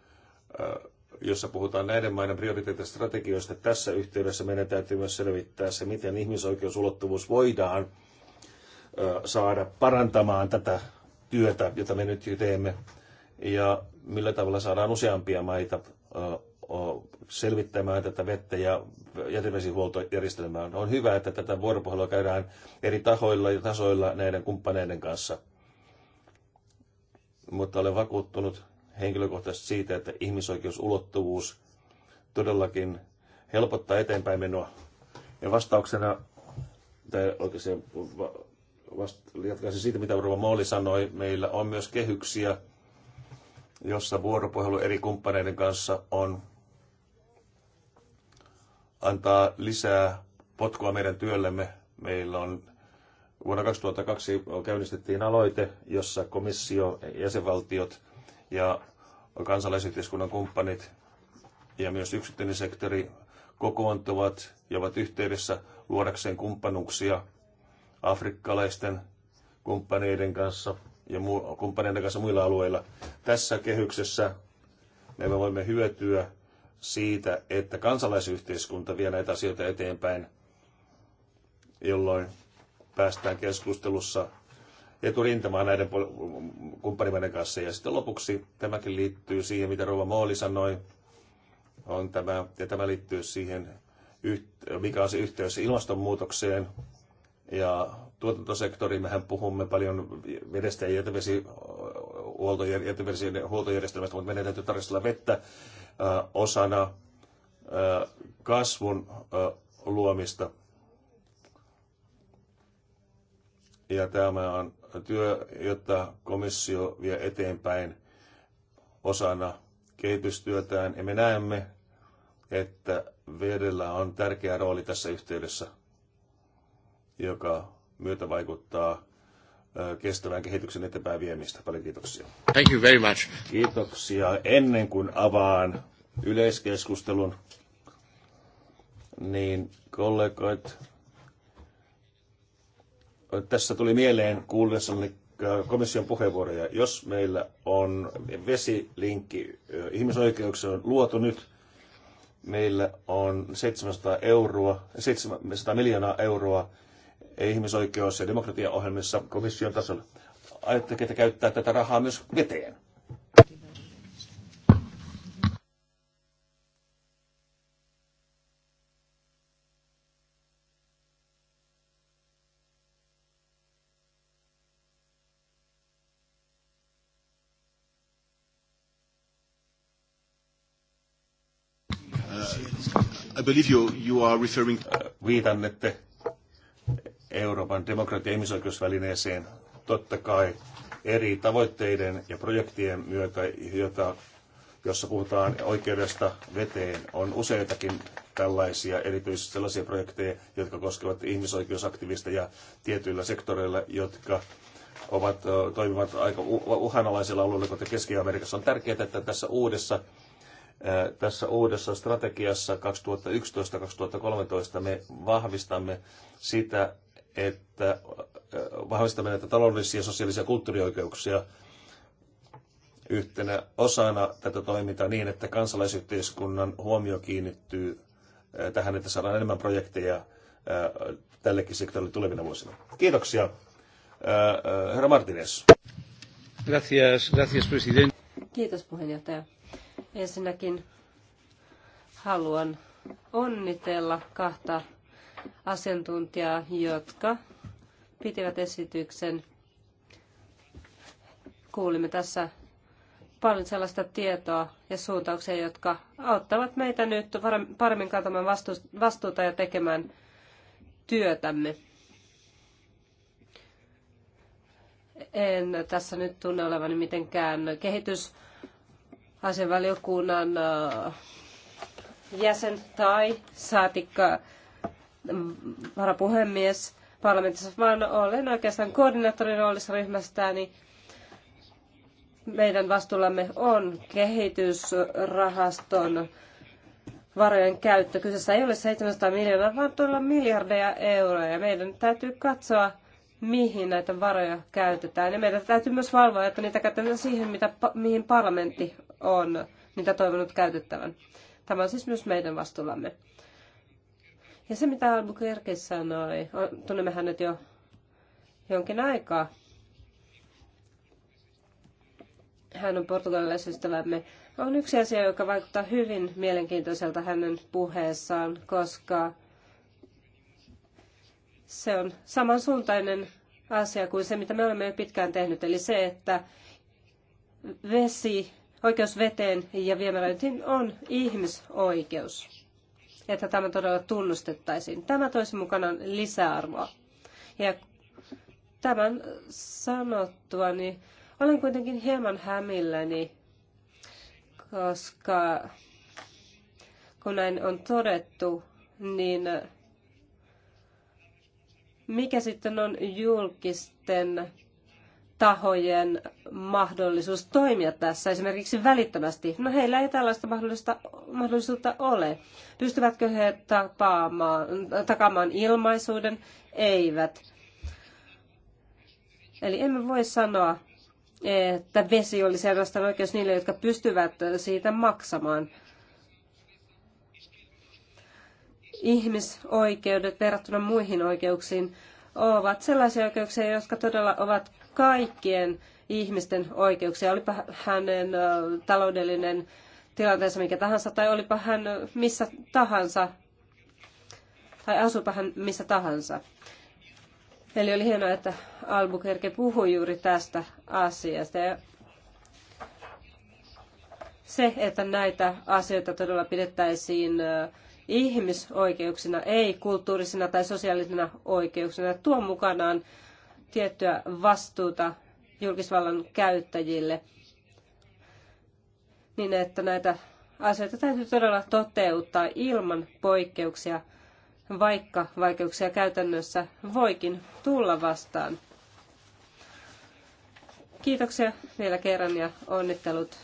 jossa puhutaan näiden maiden prioriteettistrategioista. Tässä yhteydessä meidän täytyy myös selvittää se, miten ihmisoikeusulottuvuus voidaan saada parantamaan tätä työtä, jota me nyt teemme, ja millä tavalla saadaan useampia maita selvittämään tätä vettä ja jätevesihuoltojärjestelmää. On hyvä, että tätä vuoropuhelua käydään eri tahoilla ja tasoilla näiden kumppaneiden kanssa. Mutta olen vakuuttunut, henkilökohtaisesti siitä, että ihmisoikeusulottuvuus todellakin helpottaa eteenpäin menoa. Ja vastauksena, tai oikeastaan vast, jatkaisin siitä, mitä Rova Mooli sanoi, meillä on myös kehyksiä, jossa vuoropuhelu eri kumppaneiden kanssa on antaa lisää potkua meidän työllemme. Meillä on vuonna 2002 käynnistettiin aloite, jossa komissio, ja jäsenvaltiot – ja kansalaisyhteiskunnan kumppanit ja myös yksityinen sektori kokoontuvat ja ovat yhteydessä luodakseen kumppanuuksia afrikkalaisten kumppaneiden kanssa ja mu- kumppaneiden kanssa muilla alueilla. Tässä kehyksessä me voimme hyötyä siitä, että kansalaisyhteiskunta vie näitä asioita eteenpäin, jolloin päästään keskustelussa eturintamaan näiden kumppanimaiden kanssa. Ja sitten lopuksi tämäkin liittyy siihen, mitä Rova Mooli sanoi, on tämä, ja tämä liittyy siihen, mikä on se yhteys ilmastonmuutokseen ja tuotantosektoriin. Mehän puhumme paljon vedestä ja jätevesi huoltojärjestelmästä, mutta meidän täytyy tarkastella vettä osana kasvun luomista. Ja tämä on työ, jota komissio vie eteenpäin osana kehitystyötään. Ja me näemme, että vedellä on tärkeä rooli tässä yhteydessä, joka myötä vaikuttaa kestävän kehityksen eteenpäin viemistä. Paljon kiitoksia. Thank you very much. Kiitoksia. Ennen kuin avaan yleiskeskustelun, niin kollegoit, tässä tuli mieleen kuullessani äh, komission puheenvuoroja. Jos meillä on vesilinkki on luotu nyt, meillä on 700, euroa, 700 miljoonaa euroa ihmisoikeus- ja demokratiaohjelmissa komission tasolla. Ajatteko että käyttää tätä rahaa myös veteen? I believe you, you are referring... Äh, Viitannette Euroopan demokratia- ja ihmisoikeusvälineeseen totta kai eri tavoitteiden ja projektien myötä, joita, jossa puhutaan oikeudesta veteen, on useitakin tällaisia, erityisesti sellaisia projekteja, jotka koskevat ihmisoikeusaktivisteja tietyillä sektoreilla, jotka ovat, toimivat aika uhanalaisilla alueilla, kuten Keski-Amerikassa. On tärkeää, että tässä uudessa Äh, tässä uudessa strategiassa 2011-2013 me vahvistamme sitä, että äh, vahvistamme näitä taloudellisia, sosiaalisia ja kulttuurioikeuksia yhtenä osana tätä toimintaa niin, että kansalaisyhteiskunnan huomio kiinnittyy äh, tähän, että saadaan enemmän projekteja tällekin sektorille tulevina vuosina. Kiitoksia. Herra Martinez. Gracias, gracias, presidente. Kiitos puheenjohtaja. Ensinnäkin haluan onnitella kahta asiantuntijaa, jotka pitivät esityksen. Kuulimme tässä paljon sellaista tietoa ja suuntauksia, jotka auttavat meitä nyt paremmin kantamaan vastuuta ja tekemään työtämme. En tässä nyt tunne olevani mitenkään kehitys asevaliokunnan äh, jäsen tai saatikka mm, varapuhemies parlamentissa, vaan olen oikeastaan koordinaattorin roolissa ryhmästäni. Meidän vastuullamme on kehitysrahaston varojen käyttö. Kyseessä ei ole 700 miljoonaa, vaan tuolla miljardeja euroa. Ja meidän täytyy katsoa, mihin näitä varoja käytetään. Ja meidän täytyy myös valvoa, että niitä käytetään siihen, mitä, mihin parlamentti on niitä toivonut käytettävän. Tämä on siis myös meidän vastuullamme. Ja se, mitä Albuquerque sanoi, on, tunnemme hänet jo jonkin aikaa. Hän on portugalilaisystävämme. On yksi asia, joka vaikuttaa hyvin mielenkiintoiselta hänen puheessaan, koska se on samansuuntainen asia kuin se, mitä me olemme jo pitkään tehnyt, eli se, että vesi Oikeus veteen ja viemäröintiin on ihmisoikeus, että tämä todella tunnustettaisiin. Tämä toisi mukanaan lisäarvoa. Ja tämän sanottua, niin olen kuitenkin hieman hämilläni, koska kun näin on todettu, niin mikä sitten on julkisten tahojen mahdollisuus toimia tässä esimerkiksi välittömästi? No heillä ei tällaista mahdollisuutta ole. Pystyvätkö he tapaamaan, takaamaan ilmaisuuden? Eivät. Eli emme voi sanoa, että vesi olisi ainoastaan oikeus niille, jotka pystyvät siitä maksamaan. Ihmisoikeudet verrattuna muihin oikeuksiin ovat sellaisia oikeuksia, jotka todella ovat kaikkien ihmisten oikeuksia, olipa hänen taloudellinen tilanteensa mikä tahansa, tai olipa hän missä tahansa, tai asuipa hän missä tahansa. Eli oli hienoa, että Albuquerque puhui juuri tästä asiasta. Ja se, että näitä asioita todella pidettäisiin ihmisoikeuksina, ei kulttuurisina tai sosiaalisina oikeuksina, tuo mukanaan tiettyä vastuuta julkisvallan käyttäjille niin, että näitä asioita täytyy todella toteuttaa ilman poikkeuksia, vaikka vaikeuksia käytännössä voikin tulla vastaan. Kiitoksia vielä kerran ja onnittelut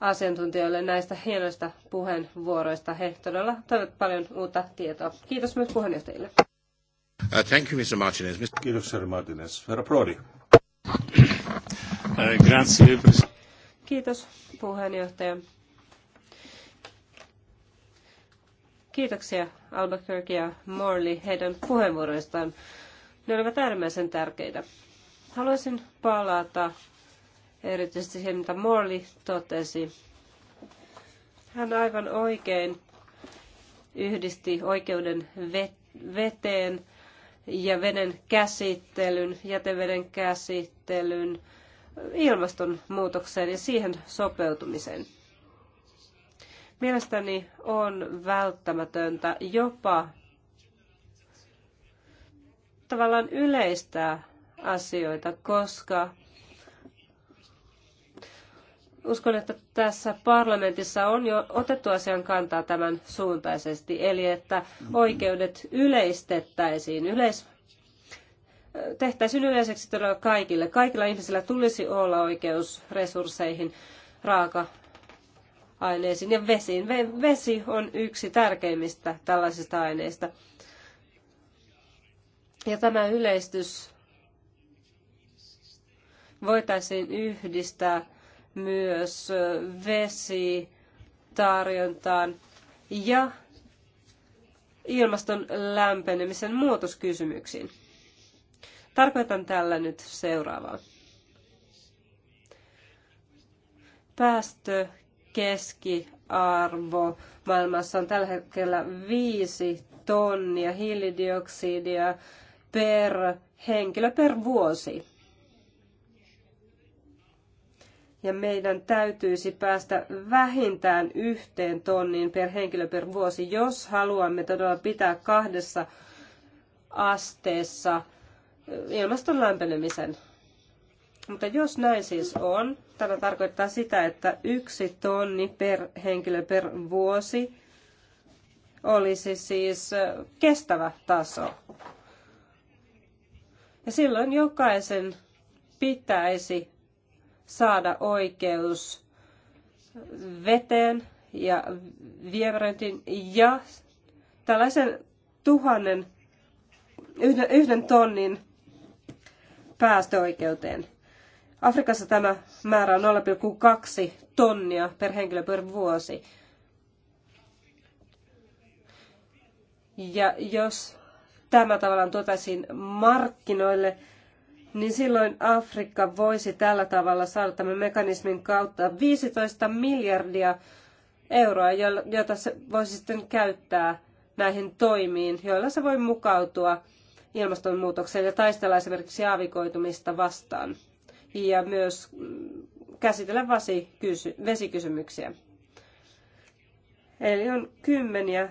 asiantuntijoille näistä hienoista puheenvuoroista. He todella toivat paljon uutta tietoa. Kiitos myös puheenjohtajille. Uh, thank you, Mr. Martinez. Mr. herra Martinez. Herra Prodi. Uh, Kiitos, puheenjohtaja. Kiitoksia Albuquerque ja Morley heidän puheenvuoroistaan. Ne olivat äärimmäisen tärkeitä. Haluaisin palata erityisesti siihen, mitä Morley totesi. Hän aivan oikein yhdisti oikeuden veteen ja veden käsittelyn, jäteveden käsittelyn, ilmastonmuutokseen ja siihen sopeutumiseen. Mielestäni on välttämätöntä jopa tavallaan yleistää asioita, koska uskon, että tässä parlamentissa on jo otettu asian kantaa tämän suuntaisesti, eli että oikeudet yleistettäisiin, yleis, tehtäisiin yleiseksi todella kaikille. Kaikilla ihmisillä tulisi olla oikeus resursseihin, raaka-aineisiin ja vesiin. Vesi on yksi tärkeimmistä tällaisista aineista. Ja tämä yleistys voitaisiin yhdistää myös vesitarjontaan ja ilmaston lämpenemisen muutoskysymyksiin. Tarkoitan tällä nyt seuraavaa. Päästökeskiarvo maailmassa on tällä hetkellä 5 tonnia hiilidioksidia per henkilö per vuosi. ja meidän täytyisi päästä vähintään yhteen tonniin per henkilö per vuosi, jos haluamme todella pitää kahdessa asteessa eh, ilmaston lämpenemisen. Mutta jos näin siis on, tämä tarkoittaa sitä, että yksi tonni per henkilö per vuosi olisi siis eh, kestävä taso. Ja silloin jokaisen pitäisi saada oikeus veteen ja viemäröintiin ja tällaisen tuhannen, yhden, yhden tonnin päästöoikeuteen. Afrikassa tämä määrä on 0,2 tonnia per henkilö per vuosi. Ja jos tämä tavallaan tuotaisiin markkinoille, niin silloin Afrikka voisi tällä tavalla saada tämän mekanismin kautta 15 miljardia euroa, jota se voisi sitten käyttää näihin toimiin, joilla se voi mukautua ilmastonmuutokseen ja taistella esimerkiksi aavikoitumista vastaan ja myös mm, käsitellä vesikysymyksiä. Eli on kymmeniä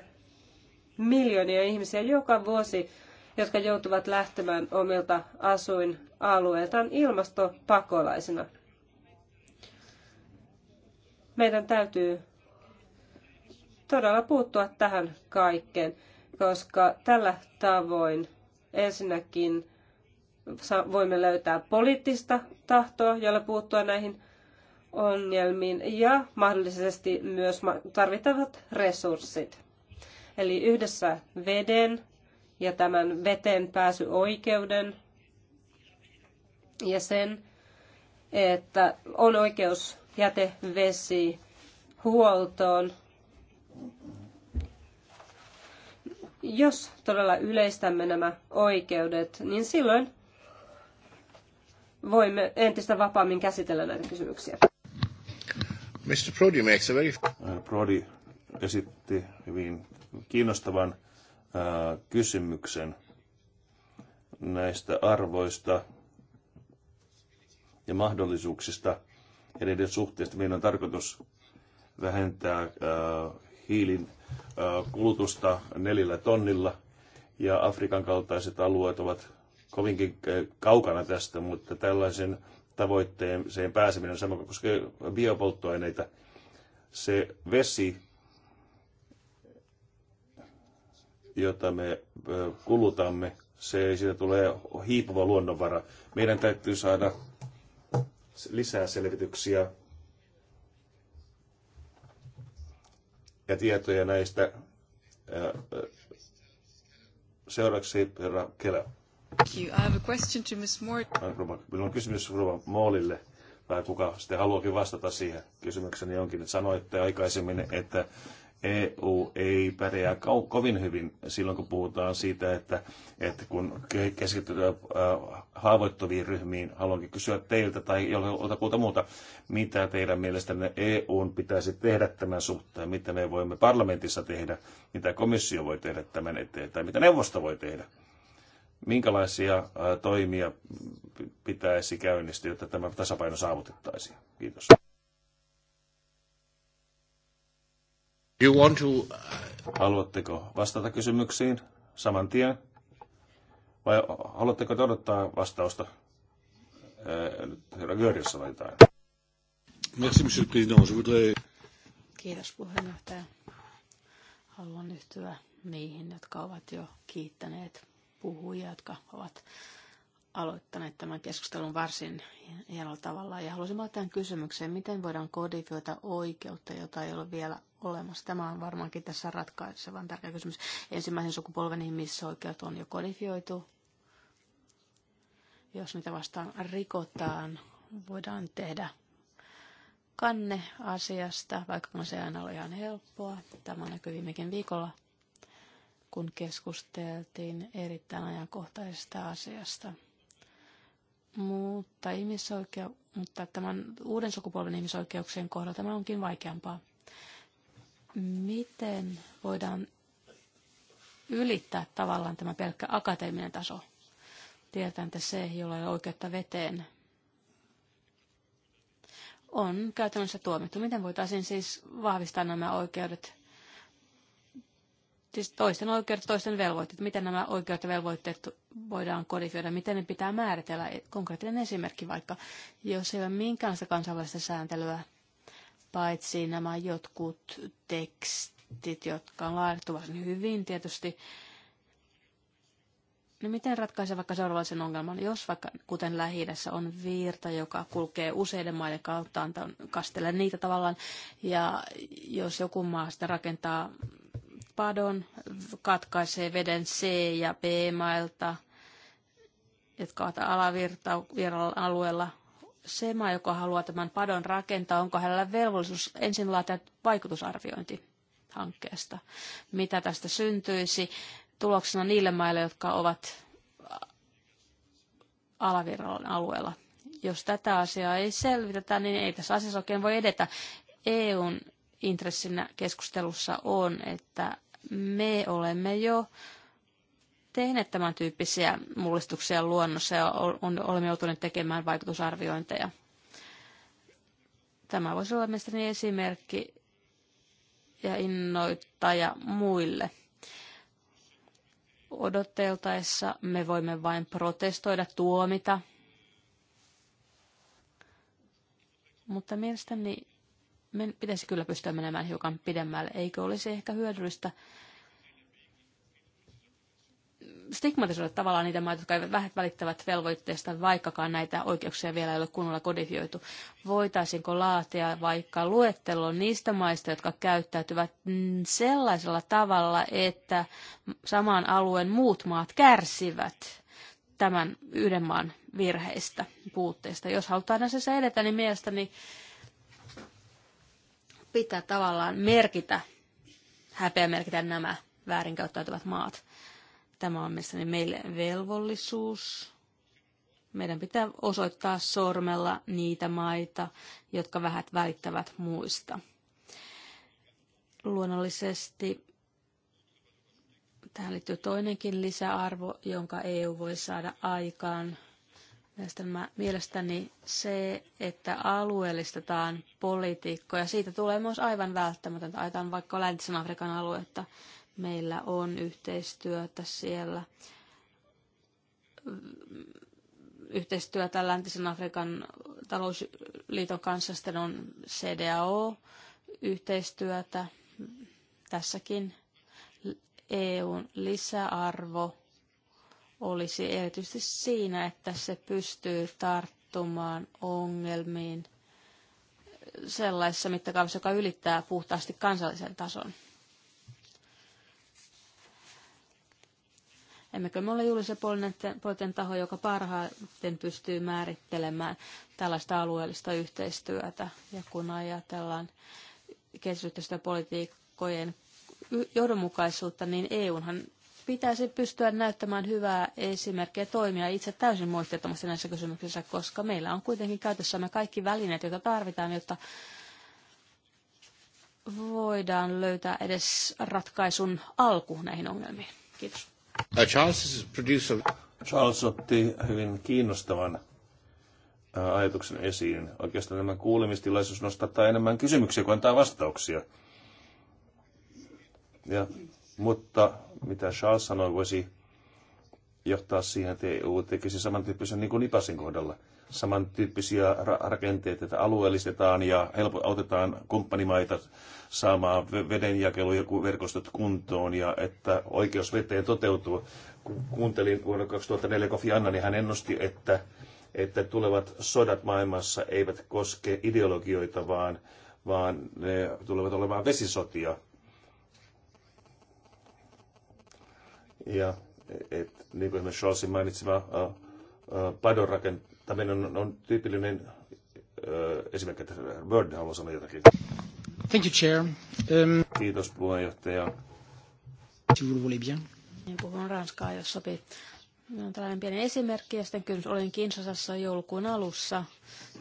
miljoonia ihmisiä joka vuosi jotka joutuvat lähtemään omilta asuinalueiltaan ilmastopakolaisina. Meidän täytyy todella puuttua tähän kaikkeen, koska tällä tavoin ensinnäkin voimme löytää poliittista tahtoa, jolla puuttua näihin ongelmiin ja mahdollisesti myös tarvittavat resurssit. Eli yhdessä veden, ja tämän veteen pääsy oikeuden ja sen, että on oikeus jätevesi huoltoon. Jos todella yleistämme nämä oikeudet, niin silloin voimme entistä vapaammin käsitellä näitä kysymyksiä. Mr. Prodi makes a very... Prodi esitti hyvin kiinnostavan kysymyksen näistä arvoista ja mahdollisuuksista ja niiden suhteesta. Meidän on tarkoitus vähentää hiilin kulutusta neljällä tonnilla ja Afrikan kaltaiset alueet ovat kovinkin kaukana tästä, mutta tällaisen tavoitteeseen pääseminen on sama, koska biopolttoaineita se vesi, jota me kulutamme, se siitä tulee hiipuva luonnonvara. Meidän täytyy saada lisää selvityksiä ja tietoja näistä. Seuraavaksi herra Kela. I have a question to Ms. Minulla on kysymys Ruva Moolille, tai kuka sitten haluakin vastata siihen. Kysymykseni onkin, että sanoitte aikaisemmin, että EU ei pärjää ko- kovin hyvin silloin, kun puhutaan siitä, että, että kun keskitytään äh, haavoittuviin ryhmiin. Haluankin kysyä teiltä tai joltakulta muuta, mitä teidän mielestänne EUn pitäisi tehdä tämän suhteen, mitä me voimme parlamentissa tehdä, mitä komissio voi tehdä tämän eteen tai mitä neuvosto voi tehdä. Minkälaisia äh, toimia pitäisi käynnistyä, jotta tämä tasapaino saavutettaisiin? Kiitos. You want to... Uh, haluatteko vastata kysymyksiin saman tien? Vai haluatteko te odottaa vastausta? Herra Görjössä vai jotain? Merci, monsieur le président. Je voudrais... Kiitos puheenjohtaja. Haluan yhtyä niihin, jotka ovat jo kiittäneet puhujia, jotka ovat aloittaneet tämän keskustelun varsin hienolla tavalla. Ja haluaisin olla tämän kysymykseen, miten voidaan kodifioida oikeutta, jota ei ole vielä olemassa. Tämä on varmaankin tässä ratkaisevan tärkeä kysymys. Ensimmäisen sukupolven ihmisoikeudet on jo kodifioitu. Jos niitä vastaan rikotaan, voidaan tehdä kanne asiasta, vaikka se ei aina ole ihan helppoa. Tämä näkyy viimekin viikolla, kun keskusteltiin erittäin ajankohtaisesta asiasta. Mutta, ihmisoikeu- mutta tämän uuden sukupolven ihmisoikeuksien kohdalla tämä onkin vaikeampaa. Miten voidaan ylittää tavallaan tämä pelkkä akateeminen taso? Tietää, että se, jolla ei ole oikeutta veteen, on käytännössä tuomittu. Miten voitaisiin siis vahvistaa nämä oikeudet siis toisten oikeudet, toisten velvoitteet, miten nämä oikeudet ja velvoitteet voidaan kodifioida, miten ne pitää määritellä. E- Konkreettinen esimerkki vaikka, jos ei ole minkäänlaista kansainvälistä sääntelyä, paitsi nämä jotkut tekstit, jotka on laadittu varsin hyvin tietysti, niin miten ratkaisee vaikka seuraavallisen ongelman, jos vaikka kuten lähi on virta, joka kulkee useiden maiden kautta, antaa kastella niitä tavallaan, ja jos joku maa sitten rakentaa padon, katkaisee veden C- ja B-mailta, jotka ovat alavirta alueella. Se maa, joka haluaa tämän padon rakentaa, onko hänellä velvollisuus ensin laatia vaikutusarviointi hankkeesta, mitä tästä syntyisi tuloksena niille maille, jotka ovat alavirran alueella. Jos tätä asiaa ei selvitetä, niin ei tässä asiassa oikein voi edetä. EUn intressinä keskustelussa on, että me olemme jo tehneet tämän tyyppisiä mullistuksia luonnossa ja olemme joutuneet tekemään vaikutusarviointeja. Tämä voisi olla mielestäni esimerkki ja innoittaja muille. Odotteltaessa me voimme vain protestoida, tuomita, mutta mielestäni men, pitäisi kyllä pystyä menemään hiukan pidemmälle. Eikö olisi ehkä hyödyllistä stigmatisoida tavallaan niitä maita, jotka eivät vähät välittävät velvoitteista, vaikkakaan näitä oikeuksia vielä ei ole kunnolla kodifioitu. Voitaisinko laatia vaikka luettelo niistä maista, jotka käyttäytyvät sellaisella tavalla, että saman alueen muut maat kärsivät tämän yhden maan virheistä, puutteista. Jos halutaan näissä edetä, niin mielestäni niin pitää tavallaan merkitä, häpeä merkitä nämä väärinkäyttäytyvät maat. Tämä on mielestäni meille velvollisuus. Meidän pitää osoittaa sormella niitä maita, jotka vähät välittävät muista. Luonnollisesti tähän liittyy toinenkin lisäarvo, jonka EU voi saada aikaan Mielestäni, mielestäni se, että alueellistetaan politiikkoja, siitä tulee myös aivan välttämätöntä. Aitaan vaikka Läntisen Afrikan aluetta. Meillä on yhteistyötä siellä. Yhteistyötä Läntisen Afrikan talousliiton kanssa sitten on CDAO-yhteistyötä tässäkin. EUn lisäarvo olisi erityisesti siinä, että se pystyy tarttumaan ongelmiin sellaisessa mittakaavassa, joka ylittää puhtaasti kansallisen tason. Emmekö me ole se poliittinen taho, joka parhaiten pystyy määrittelemään tällaista alueellista yhteistyötä. Ja kun ajatellaan kehitysyhteistyöpolitiikkojen johdonmukaisuutta, niin EUnhan pitäisi pystyä näyttämään hyvää esimerkkiä toimia itse täysin muistettomasti näissä kysymyksissä, koska meillä on kuitenkin käytössämme kaikki välineet, joita tarvitaan, jotta voidaan löytää edes ratkaisun alku näihin ongelmiin. Kiitos. Uh, Charles, Charles otti hyvin kiinnostavan uh, ajatuksen esiin. Oikeastaan tämä kuulemistilaisuus nostattaa enemmän kysymyksiä kuin antaa vastauksia. Ja mutta mitä Charles sanoi, voisi johtaa siihen, että EU tekisi samantyyppisen niin kuin Nipasin kohdalla. Samantyyppisiä ra- rakenteita, että alueellistetaan ja helpo- autetaan kumppanimaita saamaan vedenjakelu ja verkostot kuntoon ja että oikeus veteen toteutuu. Kun kuuntelin vuonna 2004 Kofi Anna, niin hän ennusti, että, että tulevat sodat maailmassa eivät koske ideologioita, vaan, vaan ne tulevat olemaan vesisotia – Ja et, niin kuin esimerkiksi Scholzin mainitsema padon rakentaminen on, on tyypillinen esimerkki, että Bird haluaa sanoa jotakin. Thank you, Chair. Um, Kiitos puheenjohtaja. Si vous voulez bien. Niin puhun ranskaa, jos sopii. No, tällainen pieni esimerkki, ja sitten kyllä olin Kinsasassa joulukuun alussa.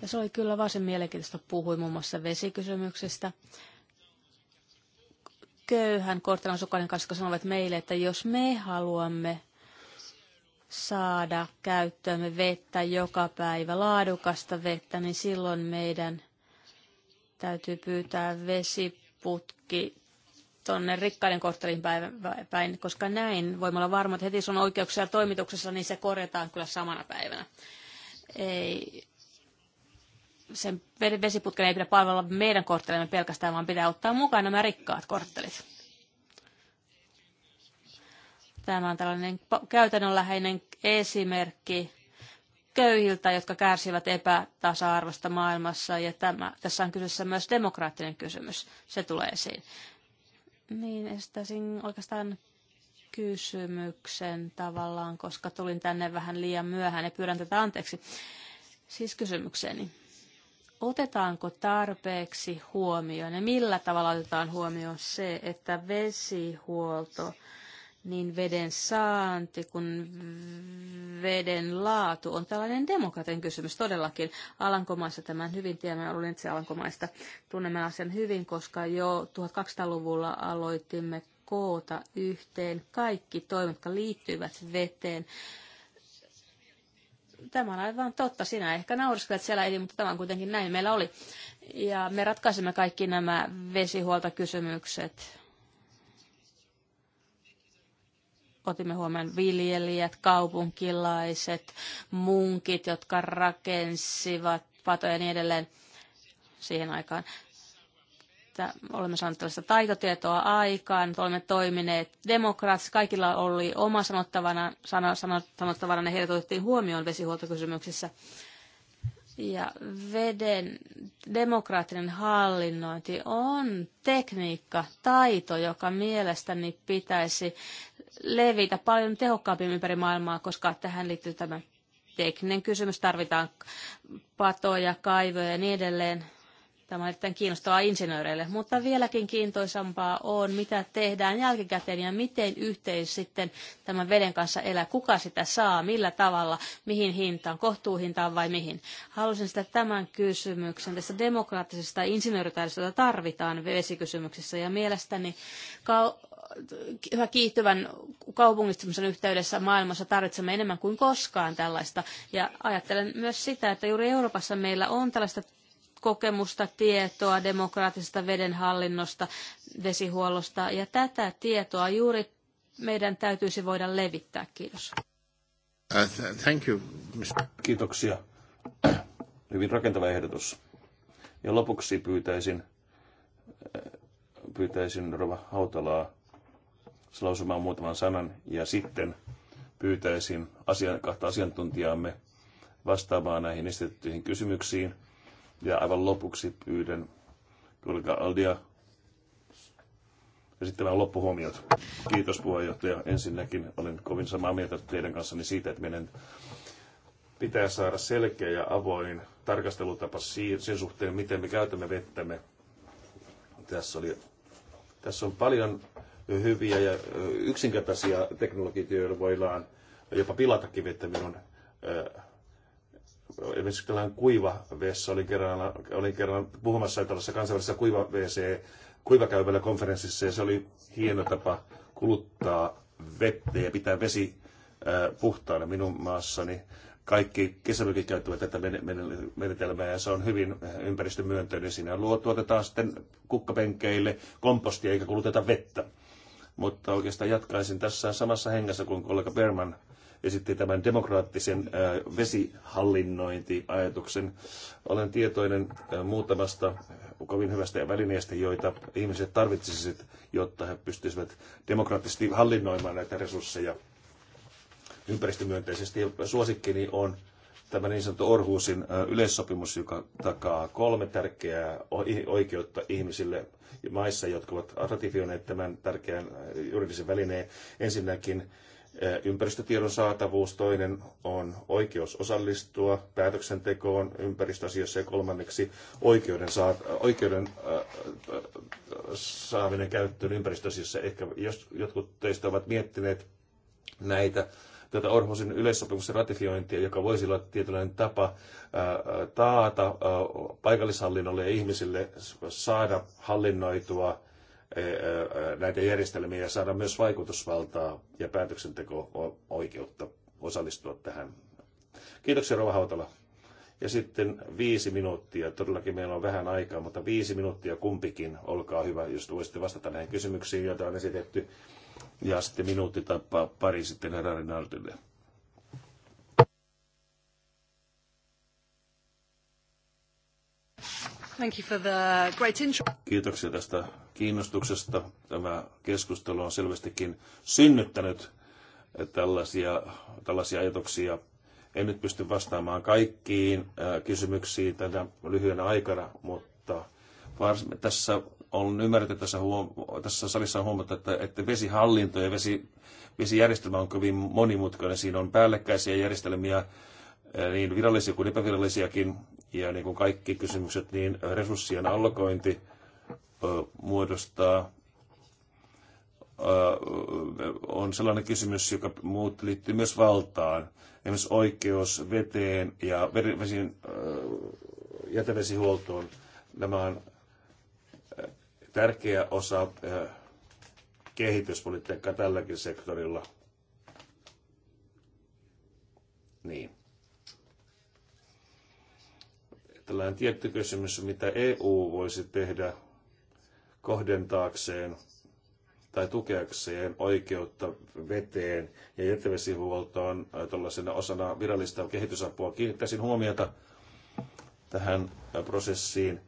Ja se oli kyllä varsin mielenkiintoista. puhui muun muassa vesikysymyksistä, köyhän korttelon sukainen kanssa, kun sanovat meille, että jos me haluamme saada käyttöömme vettä joka päivä, laadukasta vettä, niin silloin meidän täytyy pyytää vesiputki tuonne rikkaiden korttelin päin, koska näin voimme olla varma, että heti sun oikeuksia toimituksessa, niin se korjataan kyllä samana päivänä. Ei sen vesiputken ei pidä palvella meidän korttelemme pelkästään, vaan pitää ottaa mukaan nämä rikkaat korttelit. Tämä on tällainen käytännönläheinen esimerkki köyhiltä, jotka kärsivät epätasa-arvosta maailmassa, ja tämä, tässä on kyseessä myös demokraattinen kysymys. Se tulee esiin. Niin, estäisin oikeastaan kysymyksen tavallaan, koska tulin tänne vähän liian myöhään ja pyydän tätä anteeksi. Siis kysymykseeni. Otetaanko tarpeeksi huomioon ja millä tavalla otetaan huomioon se, että vesihuolto, niin veden saanti kuin veden laatu on tällainen demokratian kysymys todellakin. Alankomaissa tämän hyvin tiedämme, olen itse Alankomaista, tunnemme asian hyvin, koska jo 1200-luvulla aloitimme koota yhteen kaikki toimet, jotka liittyvät veteen Tämä on aivan totta. Sinä ehkä nauriskelet siellä, eli, mutta tämä on kuitenkin näin meillä oli. Ja me ratkaisimme kaikki nämä vesihuoltokysymykset. Otimme huomioon viljelijät, kaupunkilaiset, munkit, jotka rakensivat patoja ja niin edelleen siihen aikaan että olemme saaneet tällaista taitotietoa aikaan, että olemme toimineet demokraattisesti, kaikilla oli oma sanottavana, sana, sana, sanottavana ne heidät otettiin huomioon vesihuoltokysymyksissä. Ja veden demokraattinen hallinnointi on tekniikka, taito, joka mielestäni pitäisi levitä paljon tehokkaammin ympäri maailmaa, koska tähän liittyy tämä tekninen kysymys, tarvitaan patoja, kaivoja ja niin edelleen Tämä on erittäin kiinnostavaa insinööreille, mutta vieläkin kiintoisampaa on, mitä tehdään jälkikäteen ja miten yhteys sitten tämän veden kanssa elää, kuka sitä saa, millä tavalla, mihin hintaan, kohtuuhintaan vai mihin. Halusin sitä tämän kysymyksen tästä demokraattisesta insinööritaidosta, jota tarvitaan vesikysymyksessä ja mielestäni kau- yhä kiihtyvän kaupungistumisen yhteydessä maailmassa tarvitsemme enemmän kuin koskaan tällaista. Ja ajattelen myös sitä, että juuri Euroopassa meillä on tällaista kokemusta, tietoa demokraattisesta vedenhallinnosta, vesihuollosta ja tätä tietoa juuri meidän täytyisi voida levittää. Kiitos. Uh, thank you. Kiitoksia. <clears throat> Hyvin rakentava ehdotus. Ja lopuksi pyytäisin, äh, pyytäisin Rova Hautalaa lausumaan muutaman sanan ja sitten pyytäisin asian, kahta asiantuntijaamme vastaamaan näihin esitettyihin kysymyksiin ja aivan lopuksi pyydän kollega Aldia esittämään loppuhuomiot. Kiitos puheenjohtaja. Ensinnäkin olen kovin samaa mieltä teidän kanssani siitä, että meidän pitää saada selkeä ja avoin tarkastelutapa sen suhteen, miten me käytämme vettämme. Tässä, oli, tässä on paljon hyviä ja yksinkertaisia teknologioita, joilla voidaan jopa pilatakin vettä minun esimerkiksi tällainen kuiva vessa, olin kerran, olin kerran puhumassa tällaisessa kansainvälisessä kuiva WC, kuivakäyvällä konferenssissa ja se oli hieno tapa kuluttaa vettä ja pitää vesi ää, puhtaana minun maassani. Kaikki kesämökit käyttävät tätä menetelmää ja se on hyvin ympäristömyönteinen. Siinä luo, tuotetaan sitten kukkapenkeille kompostia eikä kuluteta vettä. Mutta oikeastaan jatkaisin tässä samassa hengessä kuin kollega Berman esitti tämän demokraattisen vesihallinnointiajatuksen. Olen tietoinen muutamasta kovin hyvästä välineestä, joita ihmiset tarvitsisivat, jotta he pystyisivät demokraattisesti hallinnoimaan näitä resursseja ympäristömyönteisesti. Suosikkini on tämä niin sanottu Orhuusin yleissopimus, joka takaa kolme tärkeää oikeutta ihmisille maissa, jotka ovat ratifioineet tämän tärkeän juridisen välineen. Ensinnäkin ympäristötiedon saatavuus, toinen on oikeus osallistua päätöksentekoon ympäristöasioissa ja kolmanneksi oikeuden, saa, oikeuden saaminen käyttöön ympäristöasioissa. Ehkä jos jotkut teistä ovat miettineet näitä tätä Orhusin yleissopimuksen ratifiointia, joka voisi olla tietynlainen tapa taata paikallishallinnolle ja ihmisille saada hallinnoitua E, e, näitä järjestelmiä ja saada myös vaikutusvaltaa ja päätöksenteko-oikeutta osallistua tähän. Kiitoksia Rova Hautala. Ja sitten viisi minuuttia. Todellakin meillä on vähän aikaa, mutta viisi minuuttia kumpikin. Olkaa hyvä, jos voisitte vastata näihin kysymyksiin, joita on esitetty. Ja sitten minuutti tai pari sitten herra Rinaldille. Thank you for the great intro. Kiitoksia tästä kiinnostuksesta. Tämä keskustelu on selvästikin synnyttänyt eh, tällaisia, tällaisia ajatuksia. En nyt pysty vastaamaan kaikkiin eh, kysymyksiin tänä lyhyenä aikana, mutta tässä on ymmärretty tässä, huom- tässä salissa on huomattu, että, että vesihallinto ja vesi, vesijärjestelmä on kovin monimutkainen. Siinä on päällekkäisiä järjestelmiä, niin virallisia kuin epävirallisiakin, ja niin kuin kaikki kysymykset, niin resurssien allokointi muodostaa on sellainen kysymys, joka muut liittyy myös valtaan. Esimerkiksi oikeus veteen ja vesin, jätevesihuoltoon. Nämä on tärkeä osa kehityspolitiikkaa tälläkin sektorilla. Niin. tällainen tietty kysymys, mitä EU voisi tehdä kohdentaakseen tai tukeakseen oikeutta veteen ja jätevesihuoltoon äh, tuollaisena osana virallista kehitysapua. Kiinnittäisin huomiota tähän äh, prosessiin,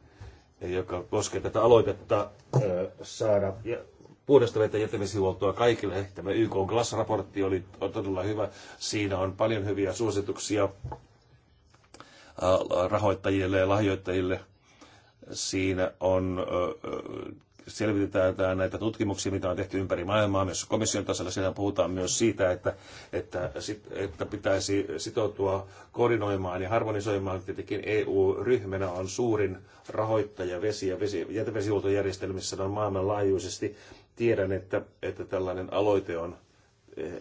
joka koskee tätä aloitetta äh, saada puhdasta vettä jätevesihuoltoa kaikille. Tämä YK Glass-raportti oli todella hyvä. Siinä on paljon hyviä suosituksia rahoittajille ja lahjoittajille. Siinä on, selvitetään näitä tutkimuksia, mitä on tehty ympäri maailmaa, myös komission tasolla. Siellä puhutaan myös siitä, että, että, että pitäisi sitoutua koordinoimaan ja harmonisoimaan. Tietenkin EU-ryhmänä on suurin rahoittaja vesi- ja vesi, jätevesihuoltojärjestelmissä on maailmanlaajuisesti. Tiedän, että, että tällainen aloite on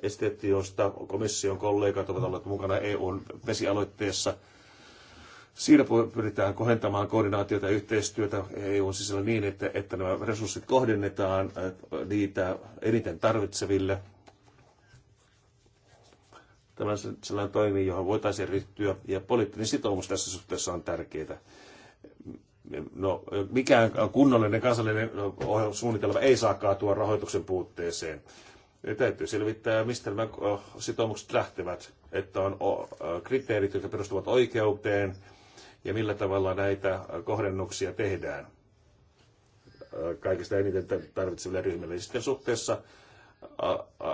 esitetty, josta komission kollegat ovat olleet mukana EUn vesialoitteessa – Siinä pyritään kohentamaan koordinaatiota ja yhteistyötä EUn sisällä niin, että, että nämä resurssit kohdennetaan äh, niitä eniten tarvitseville. Tämä sellainen toimi, johon voitaisiin ryhtyä, ja poliittinen sitoumus tässä suhteessa on tärkeää. No, mikään kunnollinen kansallinen no, suunnitelma ei saa kaatua rahoituksen puutteeseen. Ja täytyy selvittää, mistä nämä sitoumukset lähtevät, että on kriteerit, jotka perustuvat oikeuteen, ja millä tavalla näitä kohdennuksia tehdään kaikista eniten tarvitseville ryhmille. Sitten suhteessa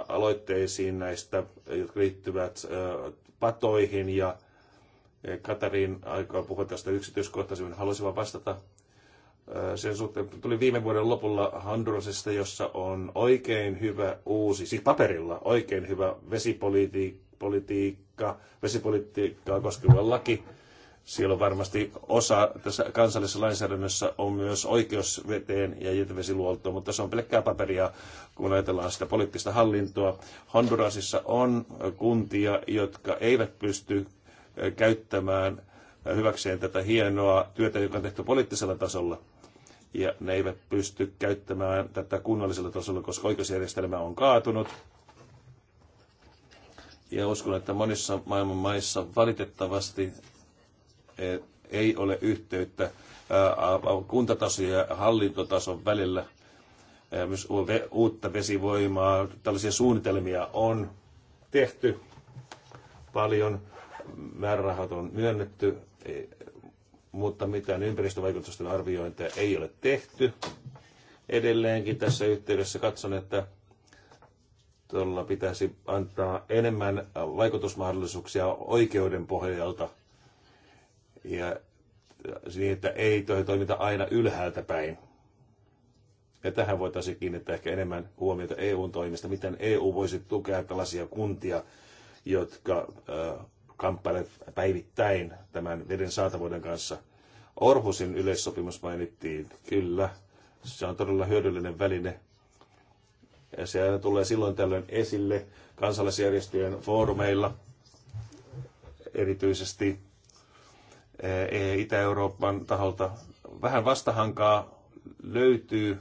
aloitteisiin näistä, jotka liittyvät patoihin ja e, Katarin aikaa puhua tästä yksityiskohtaisemmin. Haluaisin vaan vastata sen suhteen. Tuli viime vuoden lopulla Hondurasista, jossa on oikein hyvä uusi, siis paperilla oikein hyvä vesipolitiikka, vesipolitiikkaa koskeva laki, siellä varmasti osa tässä kansallisessa lainsäädännössä on myös oikeus veteen ja jätevesiluoltoon, mutta se on pelkkää paperia, kun ajatellaan sitä poliittista hallintoa. Hondurasissa on kuntia, jotka eivät pysty käyttämään hyväkseen tätä hienoa työtä, joka on tehty poliittisella tasolla. Ja ne eivät pysty käyttämään tätä kunnallisella tasolla, koska oikeusjärjestelmä on kaatunut. Ja uskon, että monissa maailman maissa valitettavasti ei ole yhteyttä kuntatason ja hallintotason välillä. Myös uutta vesivoimaa, tällaisia suunnitelmia on tehty paljon, määrärahat on myönnetty, e, mutta mitään ympäristövaikutusten arviointia ei ole tehty. Edelleenkin tässä yhteydessä katson, että tuolla pitäisi antaa enemmän vaikutusmahdollisuuksia oikeuden pohjalta ja siihen, että ei toi toimita aina ylhäältä päin. Ja tähän voitaisiin kiinnittää ehkä enemmän huomiota EUn toimista, miten EU voisi tukea tällaisia kuntia, jotka äh, kamppailevat päivittäin tämän veden saatavuuden kanssa. Orhusin yleissopimus mainittiin, kyllä, se on todella hyödyllinen väline. Ja se aina tulee silloin tällöin esille kansalaisjärjestöjen foorumeilla, erityisesti Itä-Euroopan taholta. Vähän vastahankaa löytyy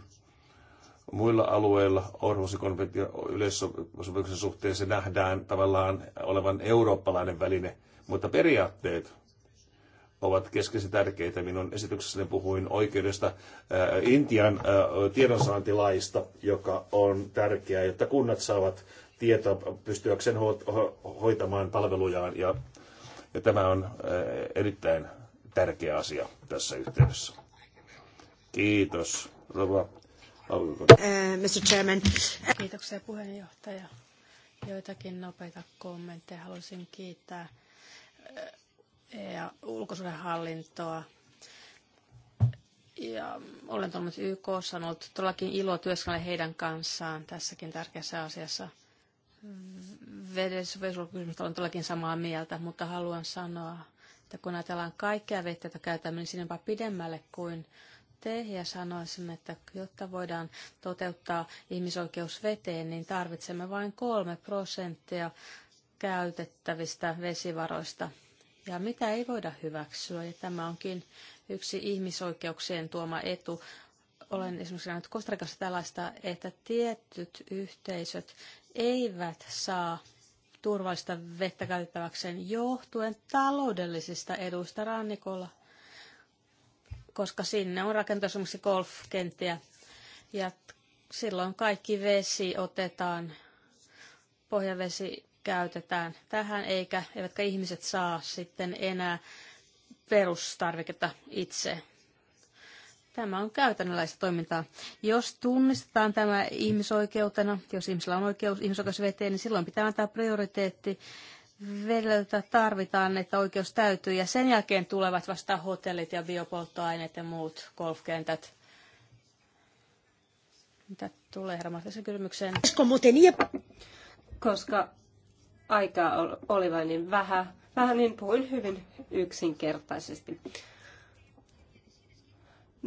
muilla alueilla Orhusin konvention yleissopimuksen suhteen se nähdään tavallaan olevan eurooppalainen väline, mutta periaatteet ovat keskeisen tärkeitä. Minun esityksessäni puhuin oikeudesta äh, Intian äh, tiedonsaantilaista, joka on tärkeää, jotta kunnat saavat tietoa pystyäkseen hoitamaan palvelujaan ja ja tämä on äh, erittäin tärkeä asia tässä yhteydessä. Kiitos. Rova. Äh, Mr. Chairman. Kiitoksia puheenjohtaja. Joitakin nopeita kommentteja haluaisin kiittää äh, ja ulkosuhdehallintoa. Ja olen tuonut YK sanonut todellakin ilo työskennellä heidän kanssaan tässäkin tärkeässä asiassa veden suveisuuskysymystä olen todellakin samaa mieltä, mutta haluan sanoa, että kun ajatellaan kaikkia vettä, jota käytämme, niin sinne pidemmälle kuin te ja sanoisimme, että jotta voidaan toteuttaa ihmisoikeus veteen, niin tarvitsemme vain kolme prosenttia käytettävistä vesivaroista. Ja mitä ei voida hyväksyä, ja tämä onkin yksi ihmisoikeuksien tuoma etu. Olen esimerkiksi nähnyt Kostarikassa tällaista, että tietyt yhteisöt eivät saa turvallista vettä käytettäväkseen johtuen taloudellisista eduista rannikolla, koska sinne on rakentunut esimerkiksi golfkenttiä. Ja silloin kaikki vesi otetaan, pohjavesi käytetään tähän, eikä, eivätkä ihmiset saa sitten enää perustarviketta itse Tämä on käytännönläistä toimintaa. Jos tunnistetaan tämä ihmisoikeutena, jos ihmisellä on oikeus ihmisoikeusveteen, niin silloin pitää antaa prioriteetti vedeltä tarvitaan, että oikeus täytyy, ja sen jälkeen tulevat vasta hotellit ja biopolttoaineet ja muut golfkentät. Mitä tulee hermastisen kysymykseen? Koska aikaa oli vain niin vähän, vähän niin puhuin hyvin yksinkertaisesti.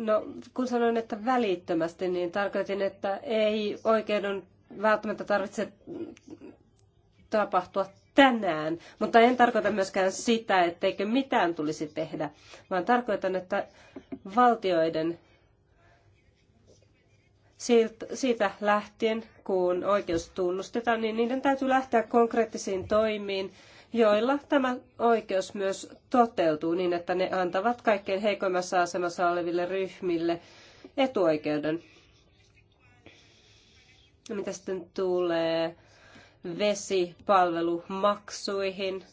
No, kun sanoin, että välittömästi, niin tarkoitin, että ei oikeuden välttämättä tarvitse tapahtua tänään, mutta en tarkoita myöskään sitä, etteikö mitään tulisi tehdä, vaan tarkoitan, että valtioiden siitä lähtien, kun oikeus tunnustetaan, niin niiden täytyy lähteä konkreettisiin toimiin joilla tämä oikeus myös toteutuu niin, että ne antavat kaikkein heikoimmassa asemassa oleville ryhmille etuoikeuden. No, mitä sitten tulee vesipalvelumaksuihin,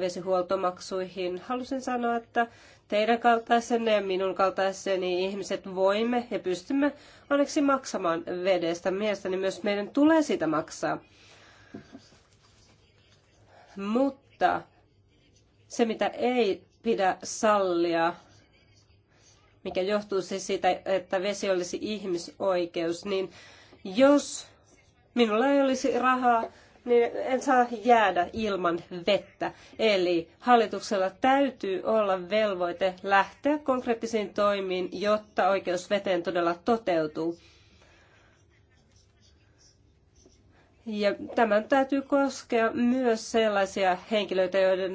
vesihuoltomaksuihin. Halusin sanoa, että teidän kaltaisenne ja minun kaltaiseni ihmiset voimme ja pystymme onneksi maksamaan vedestä. Mielestäni myös meidän tulee sitä maksaa mutta se, mitä ei pidä sallia, mikä johtuu siis siitä, että vesi olisi ihmisoikeus, niin jos minulla ei olisi rahaa, niin en saa jäädä ilman vettä. Eli hallituksella täytyy olla velvoite lähteä konkreettisiin toimiin, jotta oikeus veteen todella toteutuu. Ja tämän täytyy koskea myös sellaisia henkilöitä, joiden,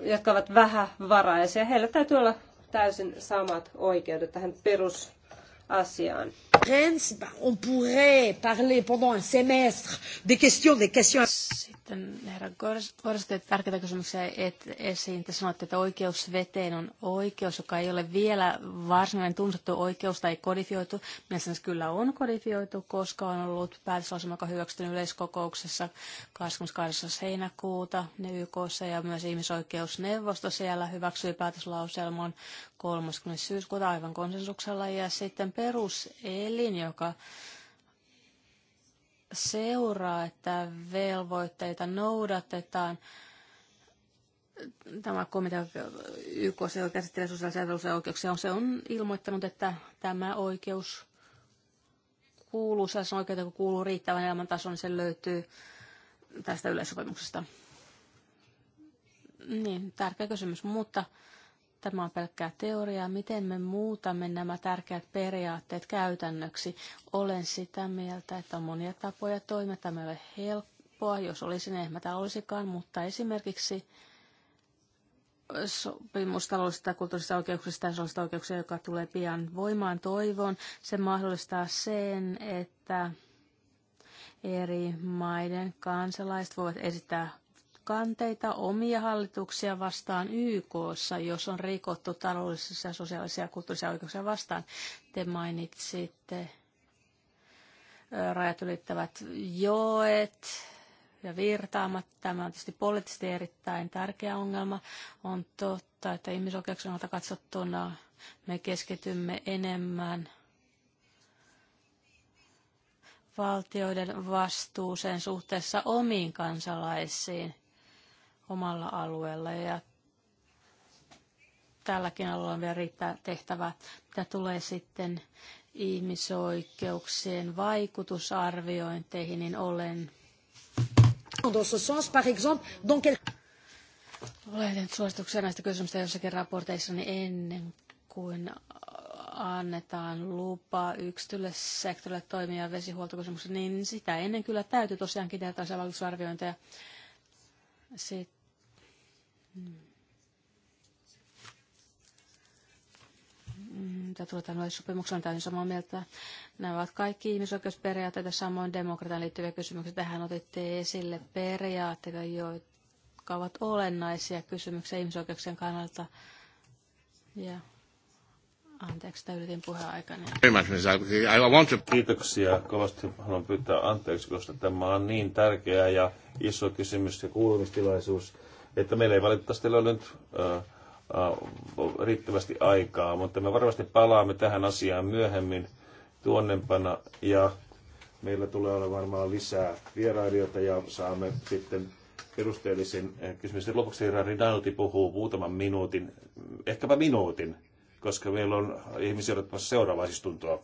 jotka ovat vähävaraisia. Heillä täytyy olla täysin samat oikeudet tähän perus asiaan. On pourrait parler pendant un semestre des questions, des questions. Sitten herra Korsted, tärkeitä kysymyksiä et, esiin. Te sanoitte, että oikeus veteen on oikeus, joka ei ole vielä varsinainen tunnustettu oikeus tai kodifioitu. Mielestäni se kyllä on kodifioitu, koska on ollut päätöslausuma, joka hyväksytty yleiskokouksessa 28. heinäkuuta ne YKssa ja myös ihmisoikeusneuvosto siellä hyväksyi päätöslauselman 30. syyskuuta aivan konsensuksella ja sitten peruselin, joka seuraa, että velvoitteita noudatetaan. Tämä komitea YK se käsittelee sosiaalisia ja oikeuksia. On, se on ilmoittanut, että tämä oikeus kuuluu sellaisen oikeuteen, kun kuuluu riittävän elämäntason, niin se löytyy tästä yleissopimuksesta. Niin, tärkeä kysymys, mutta Tämä on pelkkää teoriaa. Miten me muutamme nämä tärkeät periaatteet käytännöksi? Olen sitä mieltä, että on monia tapoja toimia. Tämä ei ole helppoa. Jos olisi, niin ehkä olisikaan. Mutta esimerkiksi sopimus taloudellisista ja kulttuurisista oikeuksista ja sellaisista oikeuksista, joka tulee pian voimaan toivon. Se mahdollistaa sen, että eri maiden kansalaiset voivat esittää kanteita omia hallituksia vastaan YKssa, jos on rikottu taloudellisia, sosiaalisia ja kulttuurisia oikeuksia vastaan. Te mainitsitte rajat ylittävät joet ja virtaamat. Tämä on tietysti poliittisesti erittäin tärkeä ongelma. On totta, että ihmisoikeuksien katsottuna me keskitymme enemmän – valtioiden vastuuseen suhteessa omiin kansalaisiin omalla alueella ja tälläkin alueella vielä riittää tehtävää, mitä tulee sitten ihmisoikeuksien vaikutusarviointeihin, niin olen dans ce sens, par exemple, Olen suosituksia näistä kysymyksistä jossakin raporteissa, niin ennen kuin annetaan lupa yksityiselle sektorille toimia vesihuoltokysymyksessä, niin sitä ennen kyllä täytyy tosiaankin tehdä tällaisia vaikutusarviointeja. Sitten Mm. mitä tulee tänne sopimuksille, täysin niin samaa mieltä. Nämä ovat kaikki ihmisoikeusperiaatteita, samoin demokratian liittyviä kysymyksiä. Tähän otitte esille periaatteita, jotka ovat olennaisia kysymyksiä ihmisoikeuksien kannalta. Ja anteeksi, että yritin puheaikani. Kiitoksia kovasti. Haluan pyytää anteeksi, koska tämä on niin tärkeä ja iso kysymys ja kuulumistilaisuus että meillä ei valitettavasti ole nyt riittävästi aikaa, mutta me varmasti palaamme tähän asiaan myöhemmin tuonnempana ja meillä tulee olemaan varmaan lisää vierailijoita ja saamme sitten perusteellisen eh, kysymyksen. Lopuksi herra Rinaldi puhuu muutaman minuutin, ehkäpä minuutin, koska meillä on ihmisiä odottamassa seuraavaa istuntoa.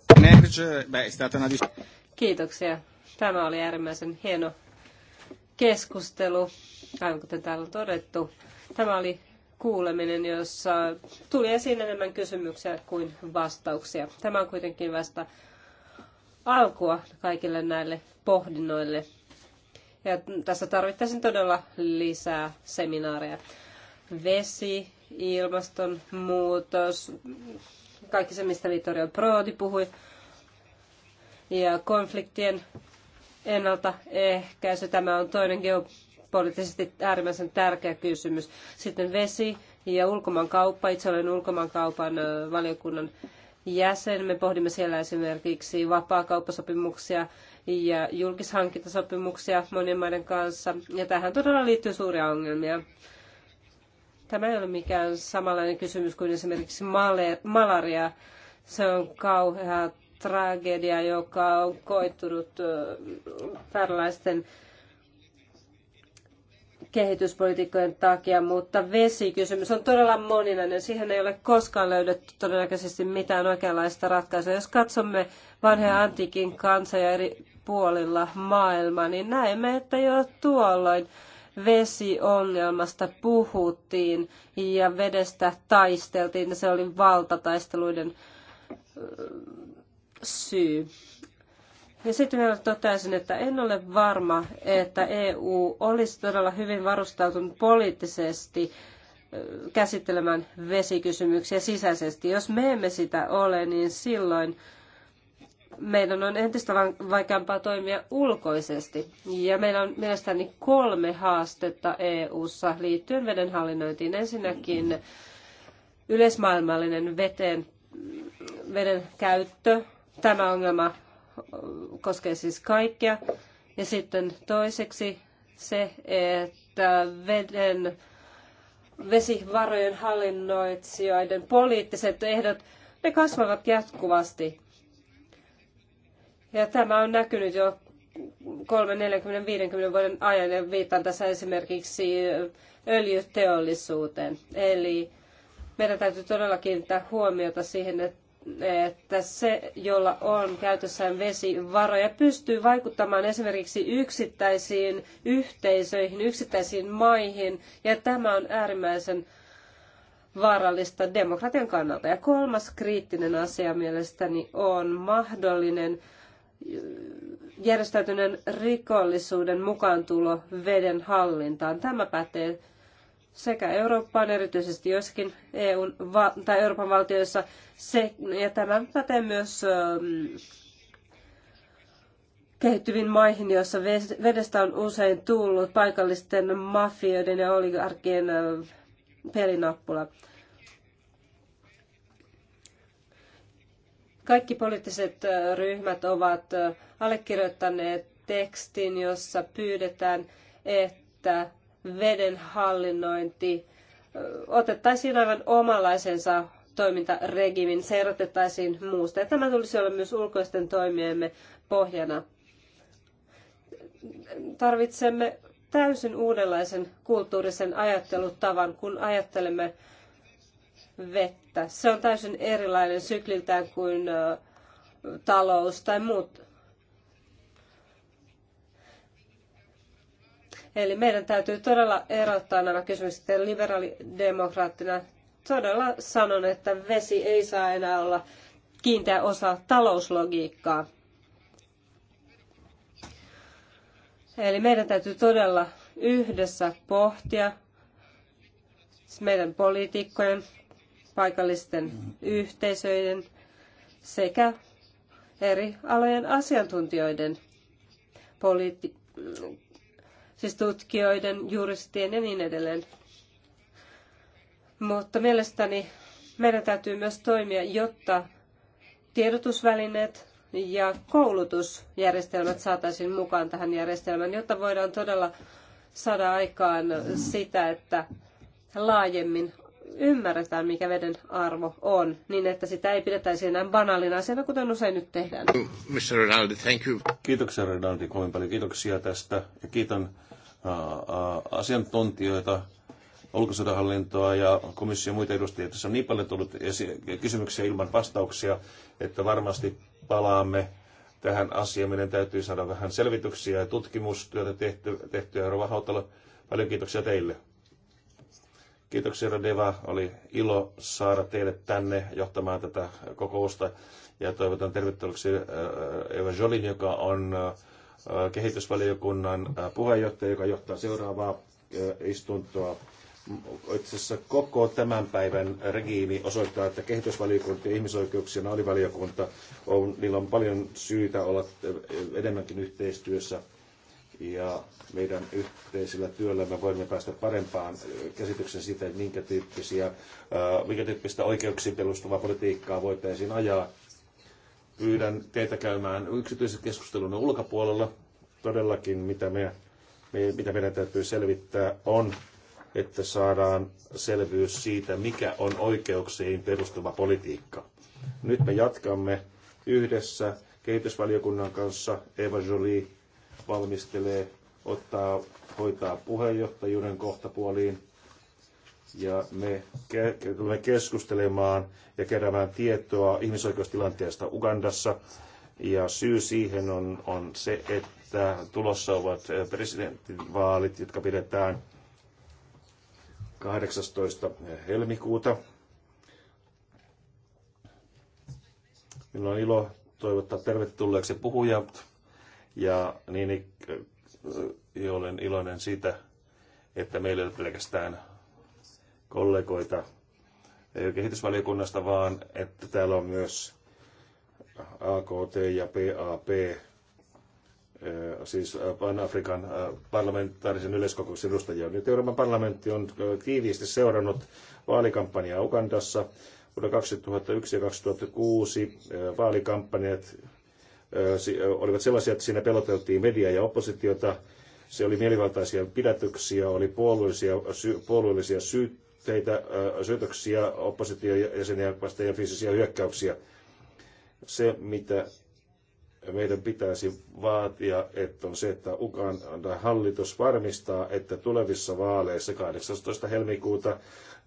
Kiitoksia. Tämä oli äärimmäisen hieno keskustelu. Aivan kuten täällä on todettu, tämä oli kuuleminen, jossa tuli esiin enemmän kysymyksiä kuin vastauksia. Tämä on kuitenkin vasta alkua kaikille näille pohdinnoille. Ja tässä tarvittaisiin todella lisää seminaareja. Vesi, ilmastonmuutos, kaikki se, mistä Vittorio Prodi puhui, ja konfliktien ennaltaehkäisy. Tämä on toinen geo- poliittisesti äärimmäisen tärkeä kysymys. Sitten vesi ja ulkomaankauppa. Itse olen ulkomaankaupan valiokunnan jäsen. Me pohdimme siellä esimerkiksi vapaakauppasopimuksia ja julkishankintasopimuksia monien maiden kanssa. Ja tähän todella liittyy suuria ongelmia. Tämä ei ole mikään samanlainen kysymys kuin esimerkiksi malaria. Se on kauhea tragedia, joka on koitunut äh, kehityspolitiikkojen takia, mutta vesikysymys on todella moninainen. Siihen ei ole koskaan löydetty todennäköisesti mitään oikeanlaista ratkaisua. Jos katsomme vanhoja antiikin kansoja eri puolilla maailmaa, niin näemme, että jo tuolloin vesiongelmasta puhuttiin ja vedestä taisteltiin. Se oli valtataisteluiden syy. Ja sitten vielä toteaisin, että en ole varma, että EU olisi todella hyvin varustautunut poliittisesti käsittelemään vesikysymyksiä sisäisesti. Jos me emme sitä ole, niin silloin meidän on entistä vaikeampaa toimia ulkoisesti. Ja meillä on mielestäni kolme haastetta EU-ssa liittyen vedenhallinnointiin. Ensinnäkin yleismaailmallinen veteen, veden käyttö. Tämä ongelma koskee siis kaikkia. Ja sitten toiseksi se, että veden, vesivarojen hallinnoitsijoiden poliittiset ehdot, ne kasvavat jatkuvasti. Ja tämä on näkynyt jo 3, 40, 50 vuoden ajan ja viittaan tässä esimerkiksi öljyteollisuuteen. Eli meidän täytyy todella kiinnittää huomiota siihen, että että se, jolla on käytössään vesivaroja, pystyy vaikuttamaan esimerkiksi yksittäisiin yhteisöihin, yksittäisiin maihin, ja tämä on äärimmäisen vaarallista demokratian kannalta. Ja kolmas kriittinen asia mielestäni on mahdollinen järjestäytyneen rikollisuuden mukaantulo veden hallintaan. Tämä pätee sekä Eurooppaan, erityisesti joissakin EU, tai Euroopan valtioissa, se, ja tämä pätee myös ähm, kehittyviin maihin, joissa vedestä on usein tullut paikallisten mafioiden ja oligarkien äh, pelinappula. Kaikki poliittiset äh, ryhmät ovat äh, allekirjoittaneet tekstin, jossa pyydetään, että veden hallinnointi otettaisiin aivan omanlaisensa toimintaregimin, se erotettaisiin muusta. Ja tämä tulisi olla myös ulkoisten toimiemme pohjana. Tarvitsemme täysin uudenlaisen kulttuurisen ajattelutavan, kun ajattelemme vettä. Se on täysin erilainen sykliltään kuin talous tai muut Eli meidän täytyy todella erottaa nämä kysymykset. Ja liberaalidemokraattina todella sanon, että vesi ei saa enää olla kiinteä osa talouslogiikkaa. Eli meidän täytyy todella yhdessä pohtia meidän poliitikkojen, paikallisten yhteisöjen sekä eri alojen asiantuntijoiden politi- siis tutkijoiden, juristien ja niin edelleen. Mutta mielestäni meidän täytyy myös toimia, jotta tiedotusvälineet ja koulutusjärjestelmät saataisiin mukaan tähän järjestelmään, jotta voidaan todella saada aikaan sitä, että laajemmin ymmärretään, mikä veden arvo on, niin että sitä ei pidettäisi enää banaalina asiana, kuten usein nyt tehdään. Mr. Rinaldi, thank you. Kiitoksia Rinaldi, kovin paljon kiitoksia tästä ja kiitän asiantuntijoita, ulkosuudenhallintoa ja komission muita edustajia. Tässä on niin paljon tullut kysymyksiä ilman vastauksia, että varmasti palaamme tähän asiaan. Meidän täytyy saada vähän selvityksiä ja tutkimustyötä tehty, tehtyä. Rova Hautala, paljon kiitoksia teille. Kiitoksia Radeva. oli ilo saada teidät tänne johtamaan tätä kokousta ja toivotan tervetulleeksi äh, Eva Jolin, joka on äh, kehitysvaliokunnan äh, puheenjohtaja, joka johtaa seuraavaa istuntoa. Itse asiassa koko tämän päivän regiimi osoittaa, että kehitysvaliokunta ja ihmisoikeuksien alivaliokunta, on, niillä on paljon syytä olla enemmänkin yhteistyössä ja meidän yhteisellä työllä me voimme päästä parempaan käsitykseen siitä, minkä, tyyppisiä, minkä tyyppistä oikeuksiin perustuvaa politiikkaa voitaisiin ajaa. Pyydän teitä käymään yksityisen keskustelun ulkopuolella. Todellakin, mitä, me, me, mitä meidän täytyy selvittää, on, että saadaan selvyys siitä, mikä on oikeuksiin perustuva politiikka. Nyt me jatkamme yhdessä kehitysvaliokunnan kanssa, Eva Jolie valmistelee, ottaa, hoitaa puheenjohtajuuden kohtapuoliin. Ja me tulemme keskustelemaan ja keräämään tietoa ihmisoikeustilanteesta Ugandassa. Ja syy siihen on, on se, että tulossa ovat eh, presidentinvaalit, jotka pidetään 18. helmikuuta. Minulla on ilo toivottaa tervetulleeksi puhujat ja niin ja olen iloinen siitä, että meillä ei ole pelkästään kollegoita kehitysvaliokunnasta, vaan että täällä on myös AKT ja PAP, siis Pan-Afrikan parlamentaarisen yleiskokouksen edustajia. Nyt Euroopan parlamentti on tiiviisti seurannut vaalikampanjaa Ugandassa. Vuonna 2001 ja 2006 vaalikampanjat olivat sellaisia, että siinä peloteltiin mediaa ja oppositiota. Se oli mielivaltaisia pidätyksiä, oli puolueellisia, sy, puolueellisia syytteitä, syytöksiä oppositiojäseniä vastaan ja fyysisiä hyökkäyksiä. Se, mitä meidän pitäisi vaatia, että on se, että Ugandan hallitus varmistaa, että tulevissa vaaleissa 18. helmikuuta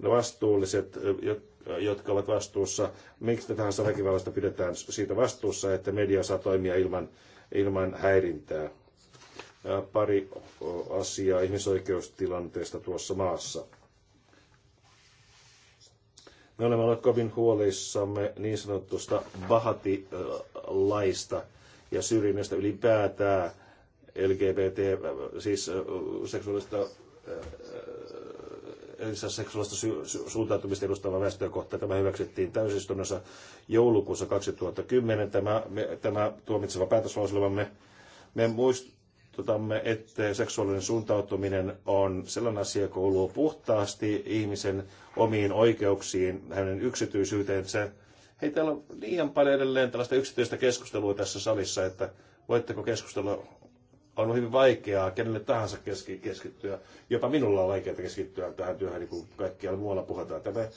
vastuulliset jotka ovat vastuussa, miksi tahansa väkivallasta pidetään siitä vastuussa, että media saa toimia ilman, ilman häirintää. Pari asiaa ihmisoikeustilanteesta tuossa maassa. Me olemme olleet kovin huolissamme niin sanotusta bahatilaista ja syrjinnästä ylipäätään LGBT, siis seksuaalista seksuaalista su- suuntautumista edustava väestöä kohtaan. Tämä hyväksyttiin täysistunnossa joulukuussa 2010. Tämä, me, tämä tuomitseva päätöslauselma Me muistutamme, että seksuaalinen suuntautuminen on sellainen asia, kuuluu puhtaasti ihmisen omiin oikeuksiin, hänen yksityisyyteensä. Hei, täällä on liian paljon edelleen tällaista yksityistä keskustelua tässä salissa, että voitteko keskustella on hyvin vaikeaa kenelle tahansa keskittyä. Jopa minulla on vaikeaa keskittyä tähän työhön, niin kuin kaikkialla muualla puhutaan. Tämä,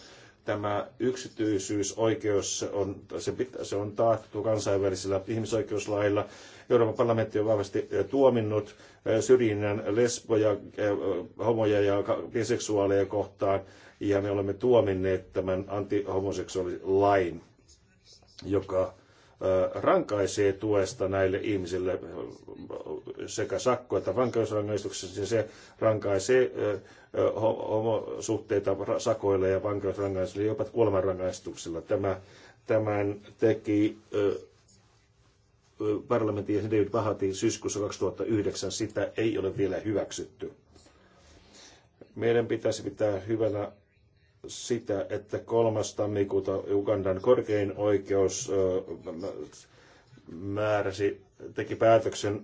tämä yksityisyysoikeus on, se, pitää, se on taattu kansainvälisillä ihmisoikeuslailla. Euroopan parlamentti on vahvasti eh, tuominnut eh, syrjinnän lesboja, eh, homoja ja biseksuaaleja kohtaan, ja me olemme tuominneet tämän antihomoseksuaalilain, joka rankaisee tuesta näille ihmisille sekä sakko- että vankeusrangaistuksessa. Niin se rankaisee homosuhteita sakoilla ja vankeusrangaistuksilla, jopa kuolemanrangaistuksilla. Tämä, tämän teki parlamentin jäsen David Bahati syyskuussa 2009. Sitä ei ole vielä hyväksytty. Meidän pitäisi pitää hyvänä sitä, että 3. tammikuuta Ugandan korkein oikeus määräsi, teki päätöksen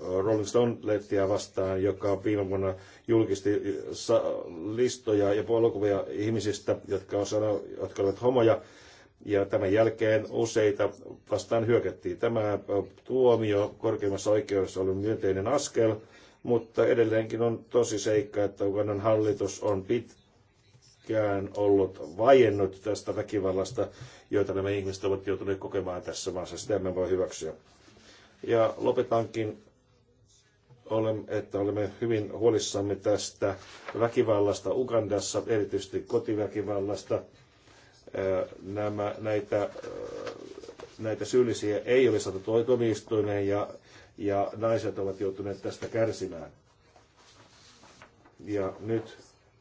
Rolling Stone-lehtiä vastaan, joka viime vuonna julkisti listoja ja polkuvia ihmisistä, jotka, on sano, jotka olivat homoja. Ja tämän jälkeen useita vastaan hyökättiin. Tämä tuomio korkeimmassa oikeudessa oli myönteinen askel, mutta edelleenkin on tosi seikka, että Ugandan hallitus on pit, myöskään ollut vajennut tästä väkivallasta, joita nämä ihmiset ovat joutuneet kokemaan tässä maassa. Sitä emme voi hyväksyä. Ja lopetankin, että olemme hyvin huolissamme tästä väkivallasta Ugandassa, erityisesti kotiväkivallasta. Nämä, näitä, näitä syyllisiä ei ole saatu toitomistuneen ja, ja naiset ovat joutuneet tästä kärsimään. Ja nyt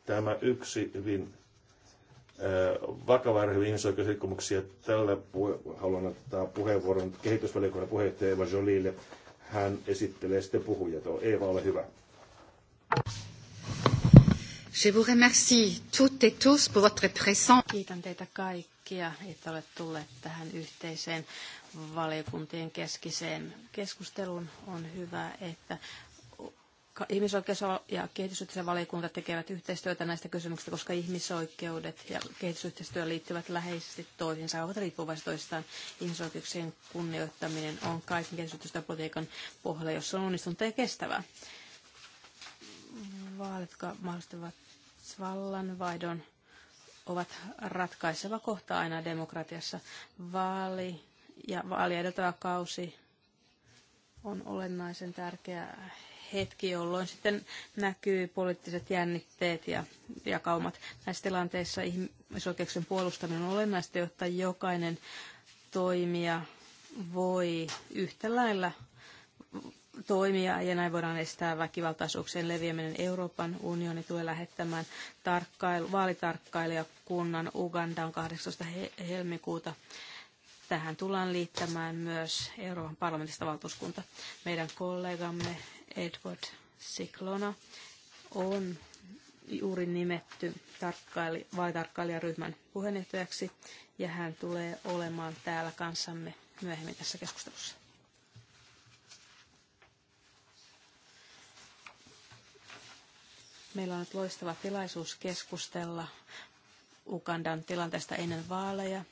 tämä yksi hyvin vakavaa ihmisoikeusrikkomuksia. Tällä haluan antaa puheenvuoron kehitysvaliokunnan puheenjohtaja Eva Jolille. Hän esittelee sitten puhujat. Eeva, ole hyvä. Je vous remercie toutes et tous pour votre présence. Kiitän teitä kaikkia, että olette tulleet tähän yhteiseen valiokuntien keskiseen keskusteluun. On hyvä, että ihmisoikeus- ja kehitysyhteistyövaliokunta tekevät yhteistyötä näistä kysymyksistä, koska ihmisoikeudet ja kehitysyhteistyö liittyvät läheisesti toisiinsa, ovat riippuvaiset toisistaan. Ihmisoikeuksien kunnioittaminen on kaiken kehitysyhteistyöpolitiikan pohjalla, jossa on onnistunut ja kestävää. Vaalit, jotka mahdollistavat vallanvaihdon, ovat ratkaiseva kohta aina demokratiassa. Vaali ja vaali edeltävä kausi on olennaisen tärkeä hetki, jolloin sitten näkyy poliittiset jännitteet ja jakaumat. Näissä tilanteissa ihmisoikeuksien puolustaminen on olennaista, jotta jokainen toimija voi yhtä lailla toimia ja näin voidaan estää väkivaltaisuuksien leviäminen. Euroopan unioni tulee lähettämään tarkkailu, vaalitarkkailijakunnan Ugandan 18. helmikuuta. Tähän tullaan liittämään myös Euroopan parlamentista valtuuskunta. Meidän kollegamme Edward Siklona on juuri nimetty tarkkaili, tarkkailijaryhmän puheenjohtajaksi ja hän tulee olemaan täällä kanssamme myöhemmin tässä keskustelussa. Meillä on nyt loistava tilaisuus keskustella Ugandan tilanteesta ennen vaaleja. Ja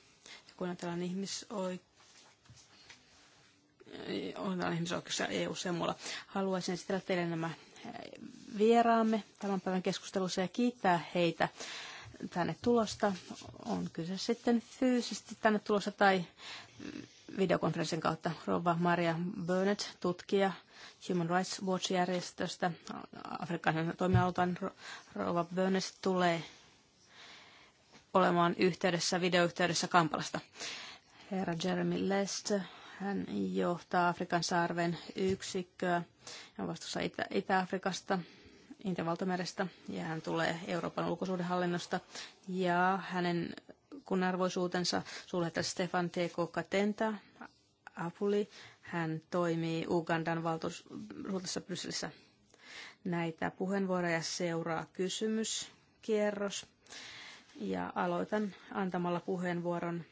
kun ajatellaan ihmisoikeuksia, ohjataan ihmisoikeuksia EU-ssa ja muualla. Haluaisin esitellä teille nämä eh, vieraamme tämän päivän keskustelussa ja kiittää heitä tänne tulosta. On kyse sitten fyysisesti tänne tulossa tai videokonferenssin kautta. Rova Maria Burnett, tutkija Human Rights Watch-järjestöstä, Afrikan toimialueen Rova Burnett tulee olemaan yhteydessä, videoyhteydessä Kampalasta. Herra Jeremy Lester, hän johtaa Afrikan saarven yksikköä ja on vastuussa Itä- Itä-Afrikasta, Itävaltamerestä ja hän tulee Euroopan ulkosuhdehallinnosta ja hänen kunarvoisuutensa suljetta Stefan T.K. Katenta Apuli. Hän toimii Ugandan valtuuskunnassa Brysselissä. Näitä puheenvuoroja seuraa kysymyskierros. Ja aloitan antamalla puheenvuoron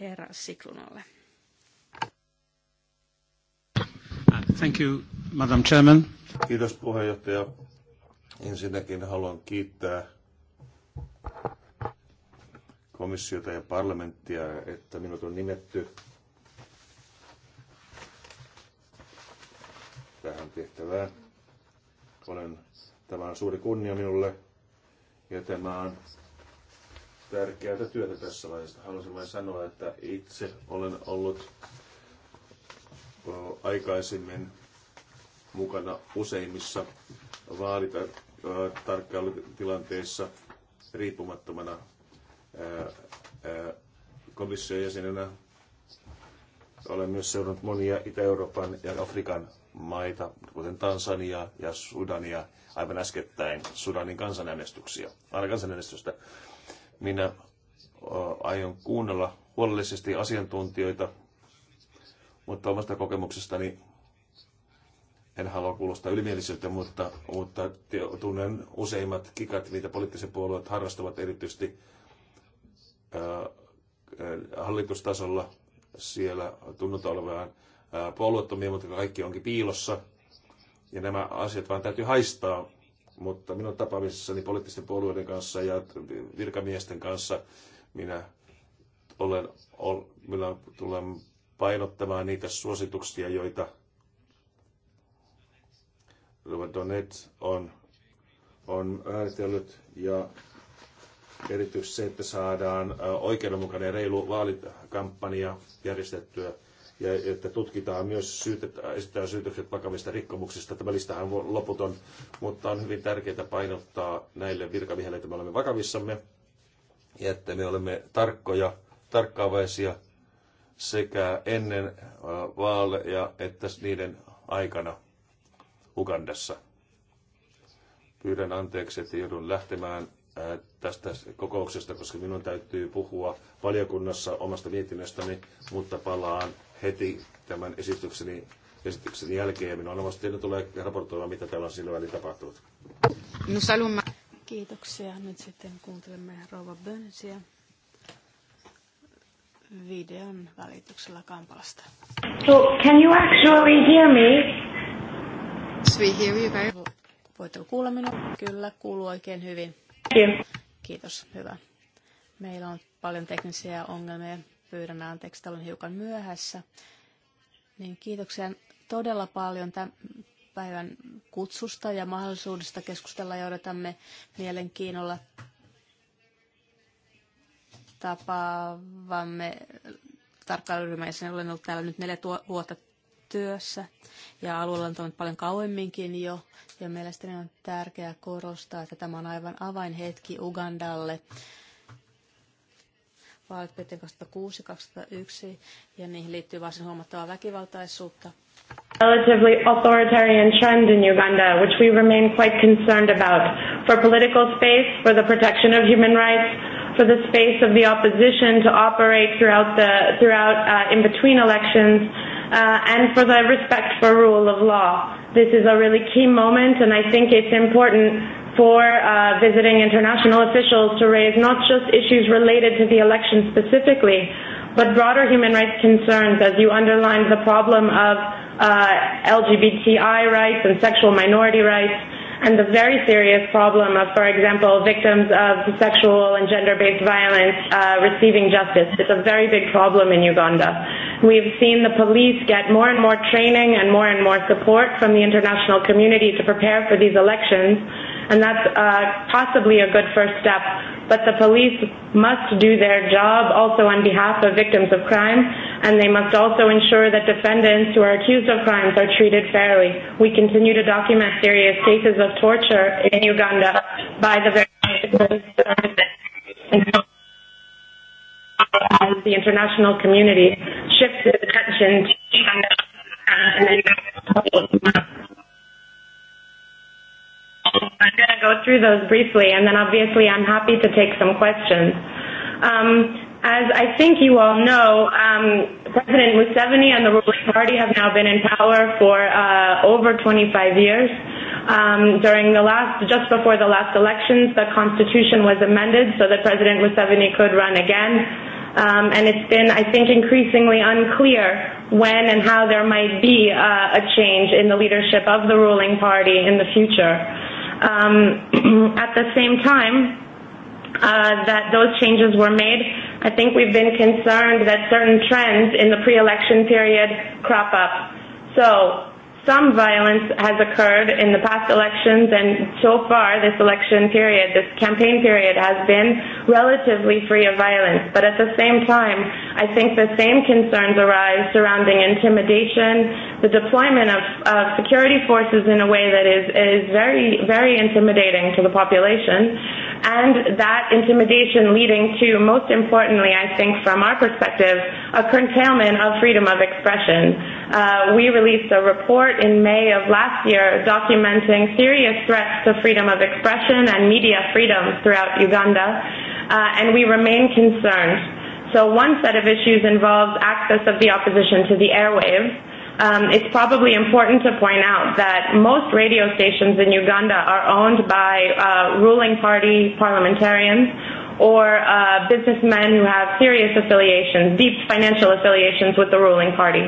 herra Siklunalle. Thank you, Madam Chairman. Kiitos puheenjohtaja. Ensinnäkin haluan kiittää komissiota ja parlamenttia, että minut on nimetty tähän tehtävään. Olen, tämä on suuri kunnia minulle ja tämä on tärkeää työtä tässä vaiheessa. Haluaisin vain sanoa, että itse olen ollut aikaisemmin mukana useimmissa vaalitarkkailutilanteissa riippumattomana komission jäsenenä. Olen myös seurannut monia Itä-Euroopan ja Afrikan maita, kuten Tansania ja Sudania, aivan äskettäin Sudanin kansanäänestyksiä, kansanäänestystä. Minä aion kuunnella huolellisesti asiantuntijoita mutta omasta kokemuksestani en halua kuulostaa ylimielisyyttä, mutta, mutta tunnen useimmat kikat, mitä poliittiset puolueet harrastavat erityisesti hallitustasolla. Siellä tunnutaan olevan puolueettomia, mutta kaikki onkin piilossa. Ja nämä asiat vaan täytyy haistaa. Mutta minun tapaamisessani poliittisten puolueiden kanssa ja virkamiesten kanssa minä olen, ol, minä tulen painottamaan niitä suosituksia, joita Donet on, on määritellyt ja erityisesti se, että saadaan oikeudenmukainen ja reilu vaalikampanja järjestettyä ja että tutkitaan myös syytet, esitetään syytökset vakavista rikkomuksista. Tämä listahan on loputon, mutta on hyvin tärkeää painottaa näille virkamiehille, että me olemme vakavissamme ja että me olemme tarkkoja, tarkkaavaisia – sekä ennen äh, vaaleja että niiden aikana Ugandassa. Pyydän anteeksi, että joudun lähtemään äh, tästä kokouksesta, koska minun täytyy puhua valiokunnassa omasta mietinnöstäni, mutta palaan heti tämän esitykseni, esityksen jälkeen. Minun omasta tulee raportoimaan, mitä täällä on sillä välillä tapahtunut. Kiitoksia. Nyt sitten kuuntelemme Rova Bönsiä videon välityksellä Kampalasta. So, can you actually hear me? Yes, we hear you very Voitteko kuulla minua? Kyllä, kuuluu oikein hyvin. Thank you. Kiitos, hyvä. Meillä on paljon teknisiä ongelmia. Pyydän anteeksi, olen hiukan myöhässä. Niin kiitoksia todella paljon tämän päivän kutsusta ja mahdollisuudesta keskustella ja odotamme mielenkiinnolla tapaavamme tarkkailuryhmän jäsen. Olen ollut täällä nyt neljä vuotta työssä ja alueella on toiminut paljon kauemminkin jo. Ja mielestäni on tärkeää korostaa, että tämä on aivan avainhetki Ugandalle. Vaalit 2006-2001 ja niihin liittyy varsin huomattavaa väkivaltaisuutta. Relatively authoritarian trend in Uganda, which we remain quite concerned about, for political space, for the protection of human rights, for the space of the opposition to operate throughout the throughout uh, in between elections, uh, and for the respect for rule of law. This is a really key moment, and I think it's important for uh, visiting international officials to raise not just issues related to the election specifically, but broader human rights concerns, as you underlined the problem of uh, LGBTI rights and sexual minority rights and the very serious problem of, for example, victims of sexual and gender-based violence uh, receiving justice. It's a very big problem in Uganda. We've seen the police get more and more training and more and more support from the international community to prepare for these elections and that's uh, possibly a good first step. But the police must do their job also on behalf of victims of crime, and they must also ensure that defendants who are accused of crimes are treated fairly. We continue to document serious cases of torture in Uganda by the as the international community shifts its attention to China and then I'm going to go through those briefly, and then obviously I'm happy to take some questions. Um, as I think you all know, um, President Museveni and the ruling party have now been in power for uh, over 25 years. Um, during the last, just before the last elections, the constitution was amended so that President Museveni could run again. Um, and it's been, I think, increasingly unclear when and how there might be uh, a change in the leadership of the ruling party in the future. Um, <clears throat> at the same time, uh, that those changes were made. I think we've been concerned that certain trends in the pre-election period crop up. So some violence has occurred in the past elections, and so far this election period, this campaign period, has been relatively free of violence. But at the same time, I think the same concerns arise surrounding intimidation, the deployment of, of security forces in a way that is, is very, very intimidating to the population, and that intimidation leading to, most importantly, I think from our perspective, a curtailment of freedom of expression. Uh, we released a report in May of last year documenting serious threats to freedom of expression and media freedom throughout Uganda, uh, and we remain concerned. So one set of issues involves access of the opposition to the airwaves. Um, it's probably important to point out that most radio stations in Uganda are owned by uh, ruling party parliamentarians or uh, businessmen who have serious affiliations, deep financial affiliations with the ruling party.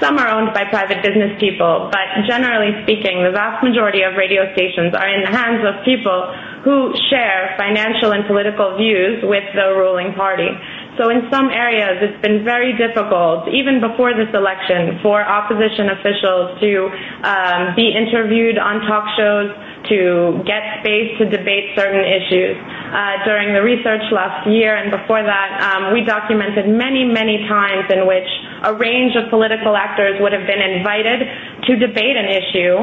Some are owned by private business people, but generally speaking, the vast majority of radio stations are in the hands of people who share financial and political views with the ruling party. So in some areas, it's been very difficult, even before this election, for opposition officials to um, be interviewed on talk shows to get space to debate certain issues. Uh, during the research last year and before that, um, we documented many, many times in which a range of political actors would have been invited to debate an issue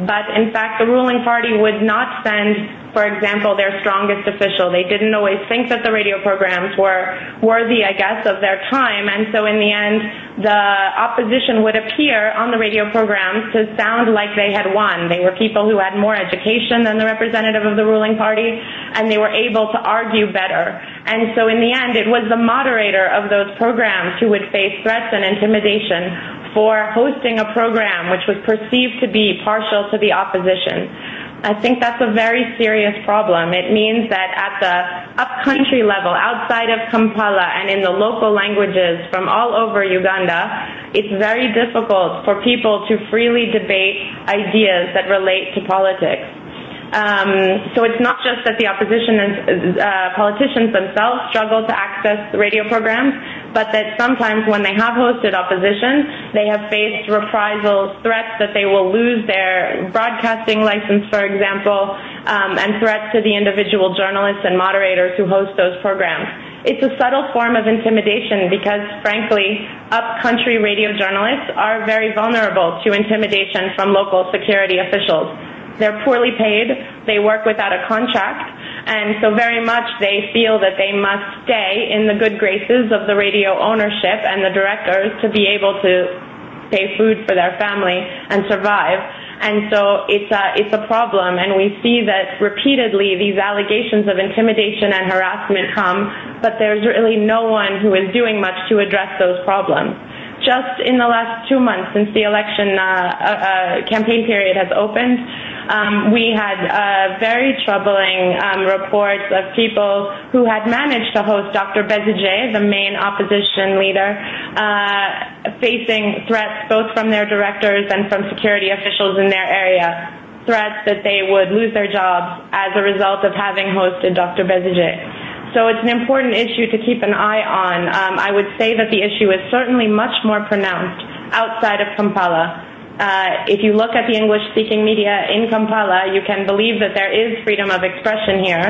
but in fact the ruling party would not send, for example, their strongest official. They didn't always think that the radio programs were worthy, I guess, of their time, and so in the end, the opposition would appear on the radio programs to sound like they had won. They were people who had more education than the representative of the ruling party, and they were able to argue better. And so in the end, it was the moderator of those programs who would face threats and intimidation for hosting a program which was perceived to be partial to the opposition. I think that's a very serious problem. It means that at the upcountry level, outside of Kampala and in the local languages from all over Uganda, it's very difficult for people to freely debate ideas that relate to politics. Um, so it's not just that the opposition and uh, politicians themselves struggle to access the radio programs, but that sometimes when they have hosted opposition, they have faced reprisal threats that they will lose their broadcasting license, for example, um, and threats to the individual journalists and moderators who host those programs. It's a subtle form of intimidation because, frankly, upcountry radio journalists are very vulnerable to intimidation from local security officials. They're poorly paid. They work without a contract. And so very much they feel that they must stay in the good graces of the radio ownership and the directors to be able to pay food for their family and survive. And so it's a, it's a problem. And we see that repeatedly these allegations of intimidation and harassment come, but there's really no one who is doing much to address those problems. Just in the last two months since the election uh, uh, campaign period has opened, um, we had uh, very troubling um, reports of people who had managed to host Dr. Bezige, the main opposition leader, uh, facing threats both from their directors and from security officials in their area. Threats that they would lose their jobs as a result of having hosted Dr. Bezige. So it's an important issue to keep an eye on. Um, I would say that the issue is certainly much more pronounced outside of Kampala. Uh, if you look at the English-speaking media in Kampala, you can believe that there is freedom of expression here,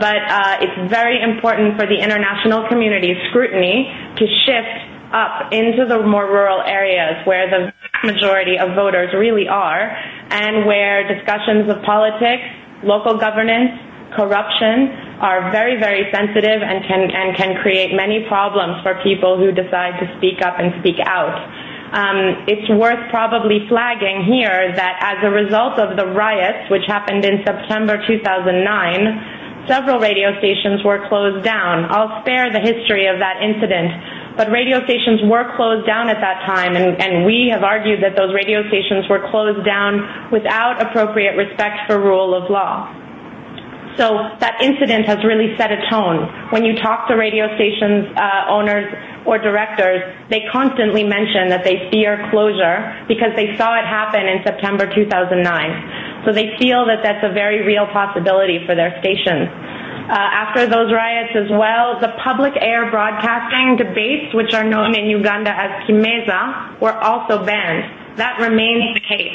but uh, it's very important for the international community's scrutiny to shift up into the more rural areas where the majority of voters really are and where discussions of politics, local governance, corruption are very, very sensitive and can, and can create many problems for people who decide to speak up and speak out. Um, it's worth probably flagging here that as a result of the riots, which happened in September 2009, several radio stations were closed down. I'll spare the history of that incident, but radio stations were closed down at that time, and, and we have argued that those radio stations were closed down without appropriate respect for rule of law. So that incident has really set a tone. When you talk to radio stations uh, owners or directors, they constantly mention that they fear closure because they saw it happen in September 2009. So they feel that that's a very real possibility for their stations. Uh, after those riots as well, the public air broadcasting debates, which are known in Uganda as kimeza, were also banned. That remains the case.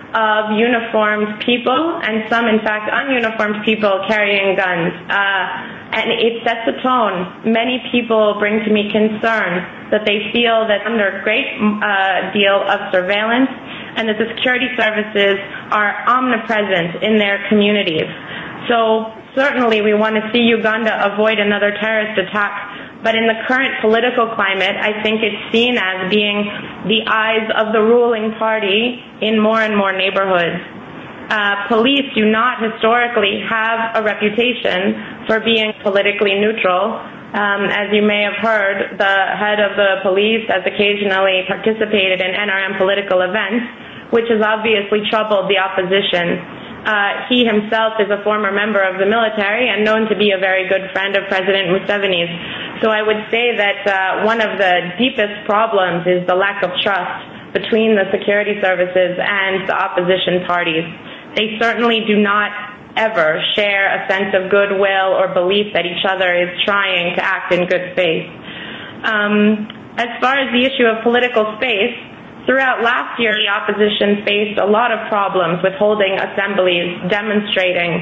of uniformed people and some, in fact, ununiformed people carrying guns. Uh, and it sets a tone. Many people bring to me concern that they feel that under a great uh, deal of surveillance and that the security services are omnipresent in their communities. So certainly we want to see Uganda avoid another terrorist attack But in the current political climate, I think it's seen as being the eyes of the ruling party in more and more neighborhoods. Uh, police do not historically have a reputation for being politically neutral. Um, as you may have heard, the head of the police has occasionally participated in NRM political events, which has obviously troubled the opposition. Uh, he himself is a former member of the military and known to be a very good friend of President Museveni's. So I would say that uh, one of the deepest problems is the lack of trust between the security services and the opposition parties. They certainly do not ever share a sense of goodwill or belief that each other is trying to act in good faith. Um, as far as the issue of political space, Throughout last year, the opposition faced a lot of problems with holding assemblies, demonstrating,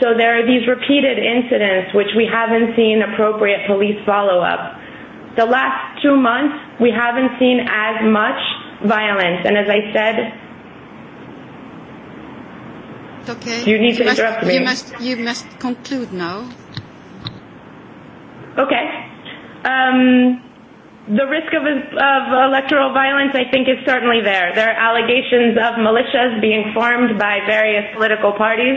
So there are these repeated incidents which we haven't seen appropriate police follow-up. The last two months, we haven't seen as much violence. And as I said, okay. you need you to must, interrupt me. You must, you must conclude now. Okay. Um, the risk of, of electoral violence, I think, is certainly there. There are allegations of militias being formed by various political parties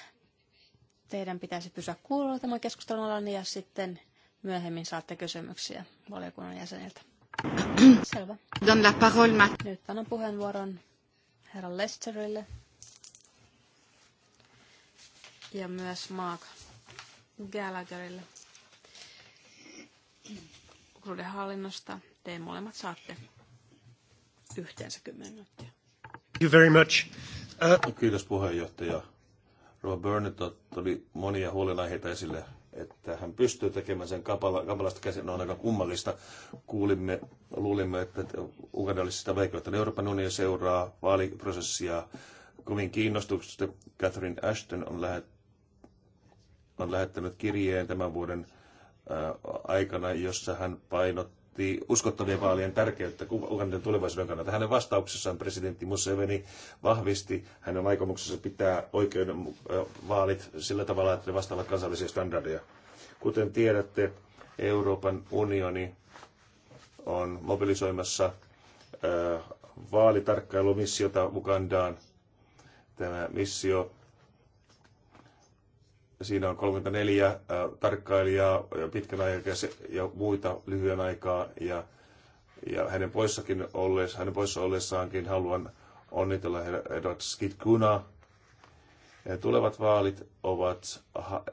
teidän pitäisi pysyä kuulolla tämän keskustelun alan niin ja sitten myöhemmin saatte kysymyksiä valiokunnan jäseniltä. Selvä. Don la parole. Nyt annan puheenvuoron herra Lesterille ja myös Mark Gallagherille. Kuluuden hallinnosta te molemmat saatte yhteensä 10 minuuttia. Thank you very much. Uh... Kiitos puheenjohtaja Rob Burnett oli monia huolenaiheita esille, että hän pystyy tekemään sen kapala, kapalasta käsin. No, on aika kummallista. Kuulimme, luulimme, että Uganda olisi sitä vaikeutta. Euroopan unioni seuraa vaaliprosessia kovin kiinnostuksesta. Catherine Ashton on, lähet, on lähettänyt kirjeen tämän vuoden aikana, jossa hän painottaa korosti uskottavien vaalien tärkeyttä Ugandan tulevaisuuden kannalta. Hänen vastauksessaan presidentti Museveni vahvisti hänen aikomuksensa pitää oikeuden vaalit sillä tavalla, että ne vastaavat kansallisia standardeja. Kuten tiedätte, Euroopan unioni on mobilisoimassa vaalitarkkailumissiota Ugandaan. Tämä missio Siinä on 34 äh, tarkkailijaa pitkän aikaa ja muita lyhyen aikaa. Ja, ja hänen, poissakin olleessa, hänen poissa ollessaankin haluan onnitella Edward Ja Tulevat vaalit ovat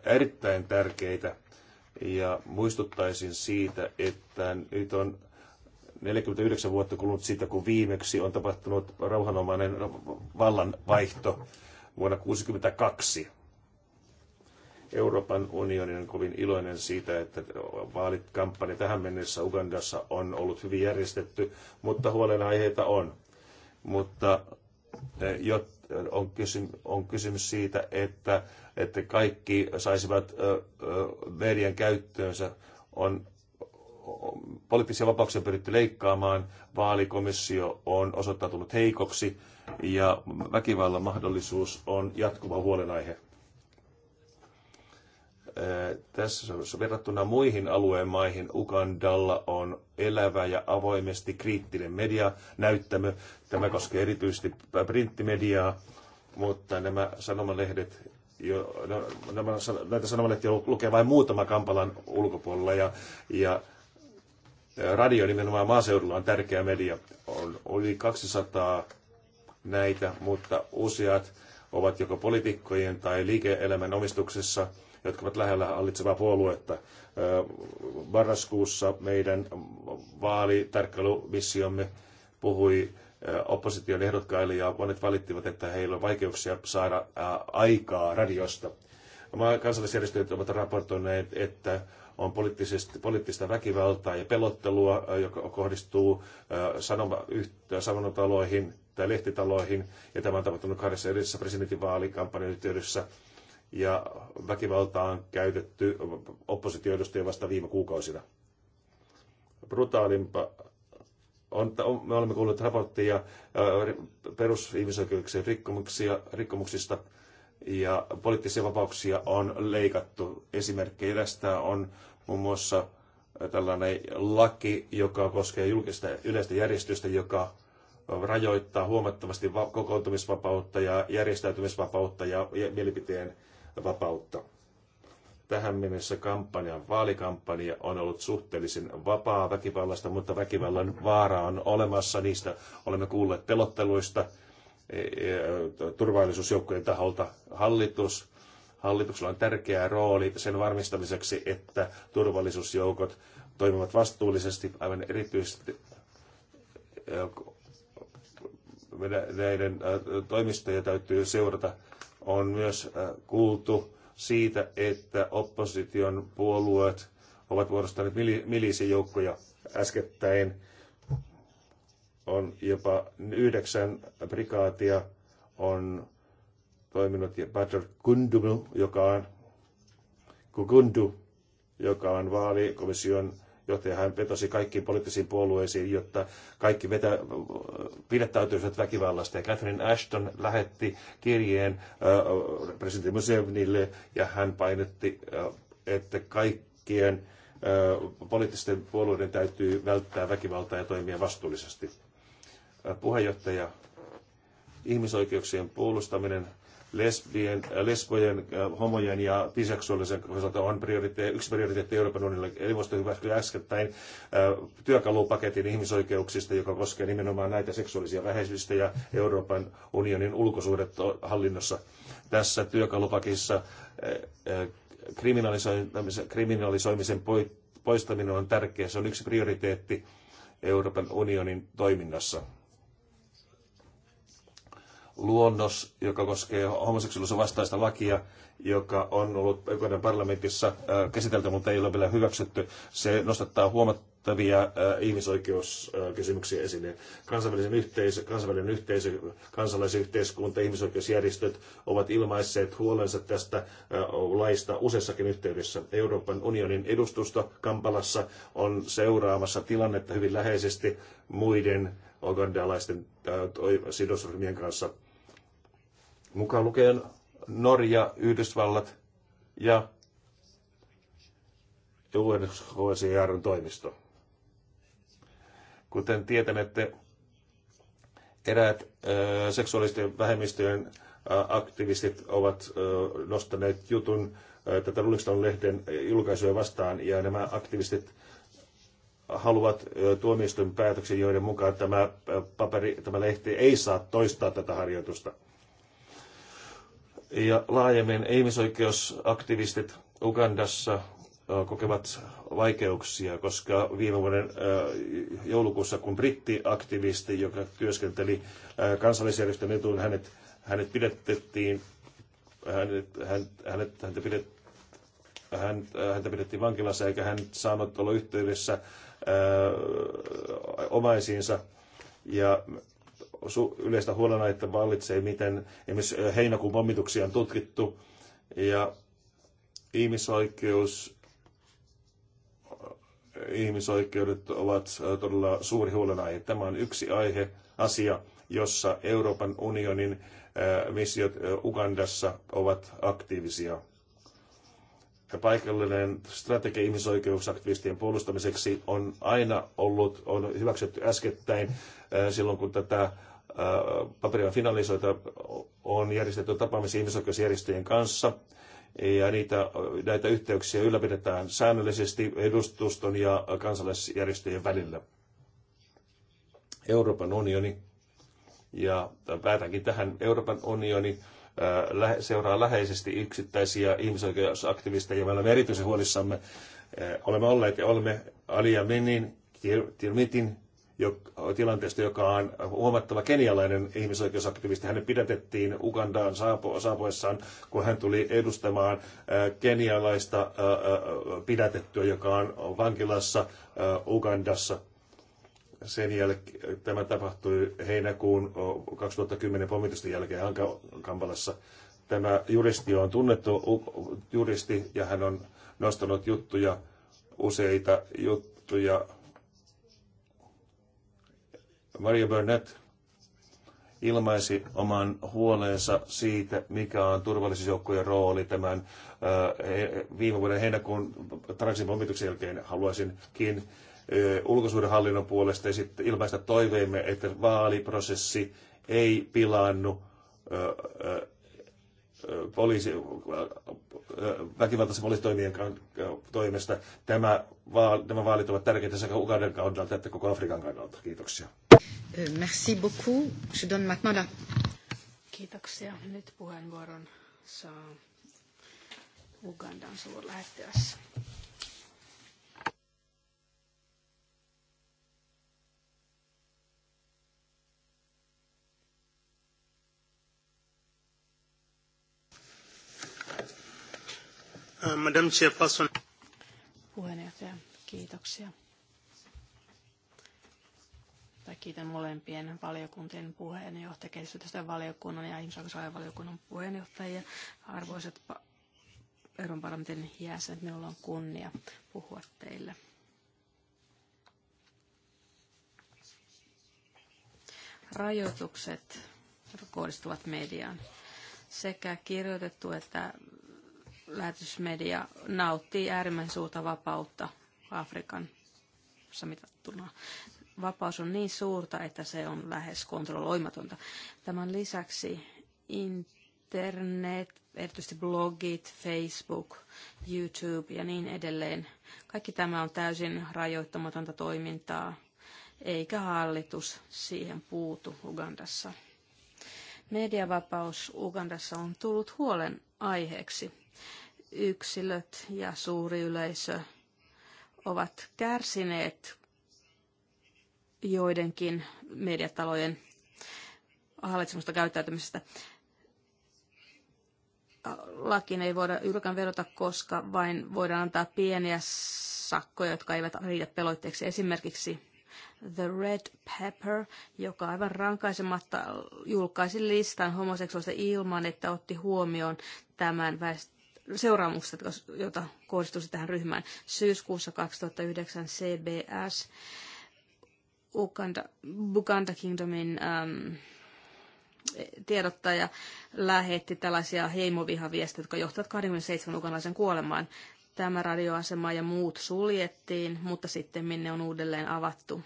erittäin tärkeitä ja muistuttaisin siitä, että nyt on 49 vuotta kulunut siitä, kun viimeksi on tapahtunut rauhanomainen vallanvaihto vuonna 1962. Euroopan unioni on kovin iloinen siitä, että vaalikampanja tähän mennessä Ugandassa on ollut hyvin järjestetty, mutta huolenaiheita on. Mutta eh, eh, on, kysymys, on kysymys siitä, että, että kaikki saisivat median eh, käyttöönsä. On, poliittisia vapauksia pyritty leikkaamaan, vaalikomissio on osoittautunut heikoksi ja väkivallan mahdollisuus on jatkuva huolenaihe Äh, tässä verrattuna muihin alueen maihin Ugandalla on elävä ja avoimesti kriittinen media näyttämö. Tämä koskee erityisesti printtimediaa, mutta nämä sanomalehdet jo, no, nämä, näitä sanomalehtiä lukee vain muutama Kampalan ulkopuolella ja, ja äh, radio nimenomaan maaseudulla on tärkeä media. On, oli 200 näitä, mutta useat ovat joko poliitikkojen tai liike-elämän omistuksessa – jotka ovat lähellä hallitsevaa puoluetta. Marraskuussa meidän vaalitarkkailumissiomme puhui opposition ehdokkaille ja monet valittivat, että heillä on vaikeuksia saada aikaa radiosta. Kansallisjärjestöt ovat raportoineet, että on poliittista väkivaltaa ja pelottelua, joka kohdistuu sanomataloihin tai lehtitaloihin, ja tämä on tapahtunut kahdessa edellisessä presidentinvaalikampanjan yhteydessä ja väkivaltaa on käytetty oppositioedustajia vasta viime kuukausina. Brutaalimpa on, me olemme kuulleet raportteja äh, perusihmisoikeuksien rikkomuksia, rikkomuksista ja poliittisia vapauksia on leikattu. Esimerkkejä tästä on muun muassa äh, tällainen laki, joka koskee julkista yleistä järjestystä, joka rajoittaa huomattavasti kokoontumisvapautta ja järjestäytymisvapautta ja mielipiteen vapautta. Tähän mennessä kampanjan vaalikampanja on ollut suhteellisen vapaa väkivallasta, mutta väkivallan vaara on olemassa. Niistä olemme kuulleet pelotteluista e, e, turvallisuusjoukkojen taholta. Hallitus, hallituksella on tärkeä rooli sen varmistamiseksi, että turvallisuusjoukot toimivat vastuullisesti, aivan erityisesti e, näiden toimistoja täytyy seurata on myös äh, kuultu siitä, että opposition puolueet ovat muodostaneet milisijoukkoja äskettäin. On jopa yhdeksän prikaatia on toiminut ja Badr Kundu, joka on, Kukundu, joka on vaalikomission johtaja hän vetosi kaikkiin poliittisiin puolueisiin, jotta kaikki vetä, pidättäytyisivät väkivallasta. Ja Catherine Ashton lähetti kirjeen presidentti Musevnille ja hän painetti, että kaikkien poliittisten puolueiden täytyy välttää väkivaltaa ja toimia vastuullisesti. Puheenjohtaja, ihmisoikeuksien puolustaminen lesbien, äh, lesbojen, äh, homojen ja biseksuaalisen osalta on prioriteetti, yksi prioriteetti Euroopan unionille. voisi hyväksyä äskettäin äh, työkalupaketin ihmisoikeuksista, joka koskee nimenomaan näitä seksuaalisia ja Euroopan unionin ulkosuudet hallinnossa. Tässä työkalupakissa kriminalisoimisen, kriminalisoimisen poistaminen on tärkeä. Se on yksi prioriteetti Euroopan unionin toiminnassa luonnos, joka koskee homoseksuaalisuuden vastaista lakia, joka on ollut Ukrainan parlamentissa äh, käsitelty, mutta ei ole vielä hyväksytty. Se nostattaa huomattavia äh, ihmisoikeuskysymyksiä esille. Kansainvälisen yhteisö, kansainvälinen yhteisö, kansalaisyhteiskunta, ihmisoikeusjärjestöt ovat ilmaisseet huolensa tästä äh, laista useissakin yhteydessä. Euroopan unionin edustusto Kampalassa on seuraamassa tilannetta hyvin läheisesti muiden ugandalaisten sidosryhmien kanssa mukaan lukien Norja, Yhdysvallat ja UNHCRn toimisto. Kuten tietänette, eräät seksuaalisten vähemmistöjen aktivistit ovat nostaneet jutun tätä Rolling Stone-lehden julkaisuja vastaan, ja nämä aktivistit haluavat tuomioistuin päätöksen, joiden mukaan tämä, paperi, tämä lehti ei saa toistaa tätä harjoitusta – ja laajemmin ihmisoikeusaktivistit Ugandassa kokevat vaikeuksia, koska viime vuoden joulukuussa, kun brittiaktivisti, joka työskenteli kansallisjärjestön etuun, hänet, hänet pidettettiin, hänet, hänet, häntä, pidet, häntä pidettiin vankilassa eikä hän saanut olla yhteydessä omaisiinsa. Ja yleistä huolenaihetta vallitsee, miten esimerkiksi heinäkuun pommituksia on tutkittu ja ihmisoikeus, ihmisoikeudet ovat todella suuri huolenaihe. Tämä on yksi aihe, asia, jossa Euroopan unionin missiot Ugandassa ovat aktiivisia. Paikallinen strategia ihmisoikeusaktivistien puolustamiseksi on aina ollut, on hyväksytty äskettäin silloin, kun tätä paperi finalisoita, on järjestetty tapaamisia ihmisoikeusjärjestöjen kanssa, ja niitä, näitä yhteyksiä ylläpidetään säännöllisesti edustuston ja kansalaisjärjestöjen välillä. Euroopan unioni, ja päätänkin tähän, Euroopan unioni äh, seuraa läheisesti yksittäisiä ihmisoikeusaktivisteja. Me olemme erityisen huolissamme, äh, olemme olleet ja olemme Alia Menin, Tirmitin tilanteesta, joka on huomattava kenialainen ihmisoikeusaktivisti. Hänet pidätettiin Ugandaan saapu, saapuessaan, kun hän tuli edustamaan kenialaista pidätettyä, joka on vankilassa Ugandassa. Sen jälkeen, tämä tapahtui heinäkuun 2010 pommitusten jälkeen Hankampalassa. Tämä juristi on tunnettu juristi ja hän on nostanut juttuja, useita juttuja Maria Burnett ilmaisi oman huoleensa siitä, mikä on turvallisuusjoukkojen rooli tämän äh, viime vuoden heinäkuun Tarasin pommituksen jälkeen. Haluaisinkin äh, ulkosuudenhallinnon puolesta sitten ilmaista toiveemme, että vaaliprosessi ei pilannu äh, poliisi, väkivaltaisen poliisitoimien toimesta. Tämä, nämä vaalit ovat tärkeitä sekä Ugandan kannalta että koko Afrikan kannalta. Kiitoksia. Euh, merci beaucoup. Je donne maintenant la... Kiitoksia. Nyt puheenvuoron saa Ugandan suurlähettiläs. Uh, Madam Chairperson. Puheenjohtaja, kiitoksia puheenjohtaja. Kiitän molempien valiokuntien puheenjohtajia, kehitysyhteistyön valiokunnan ja ihmisoikeusrajan valiokunnan puheenjohtajia. Arvoisat Euroopan parlamentin jäsenet, minulla on kunnia puhua teille. Rajoitukset kohdistuvat mediaan. Sekä kirjoitettu että lähetysmedia nauttii äärimmäisen suurta vapautta Afrikan mitattuna vapaus on niin suurta, että se on lähes kontrolloimatonta. Tämän lisäksi internet, erityisesti blogit, Facebook, YouTube ja niin edelleen. Kaikki tämä on täysin rajoittamatonta toimintaa, eikä hallitus siihen puutu Ugandassa. Mediavapaus Ugandassa on tullut huolen aiheeksi. Yksilöt ja suuri yleisö ovat kärsineet joidenkin mediatalojen hallitsemusta käyttäytymisestä. Lakiin ei voida yrkän vedota, koska vain voidaan antaa pieniä sakkoja, jotka eivät riitä peloitteeksi. Esimerkiksi The Red Pepper, joka aivan rankaisematta julkaisi listan homoseksuaalista ilman, että otti huomioon tämän väestön seuraamukset, joita kohdistuisi tähän ryhmään. Syyskuussa 2009 CBS Uganda, Buganda Kingdomin äm, tiedottaja lähetti tällaisia heimovihaviestejä, jotka johtavat 27 ugandalaisen kuolemaan. Tämä radioasema ja muut suljettiin, mutta sitten minne on uudelleen avattu.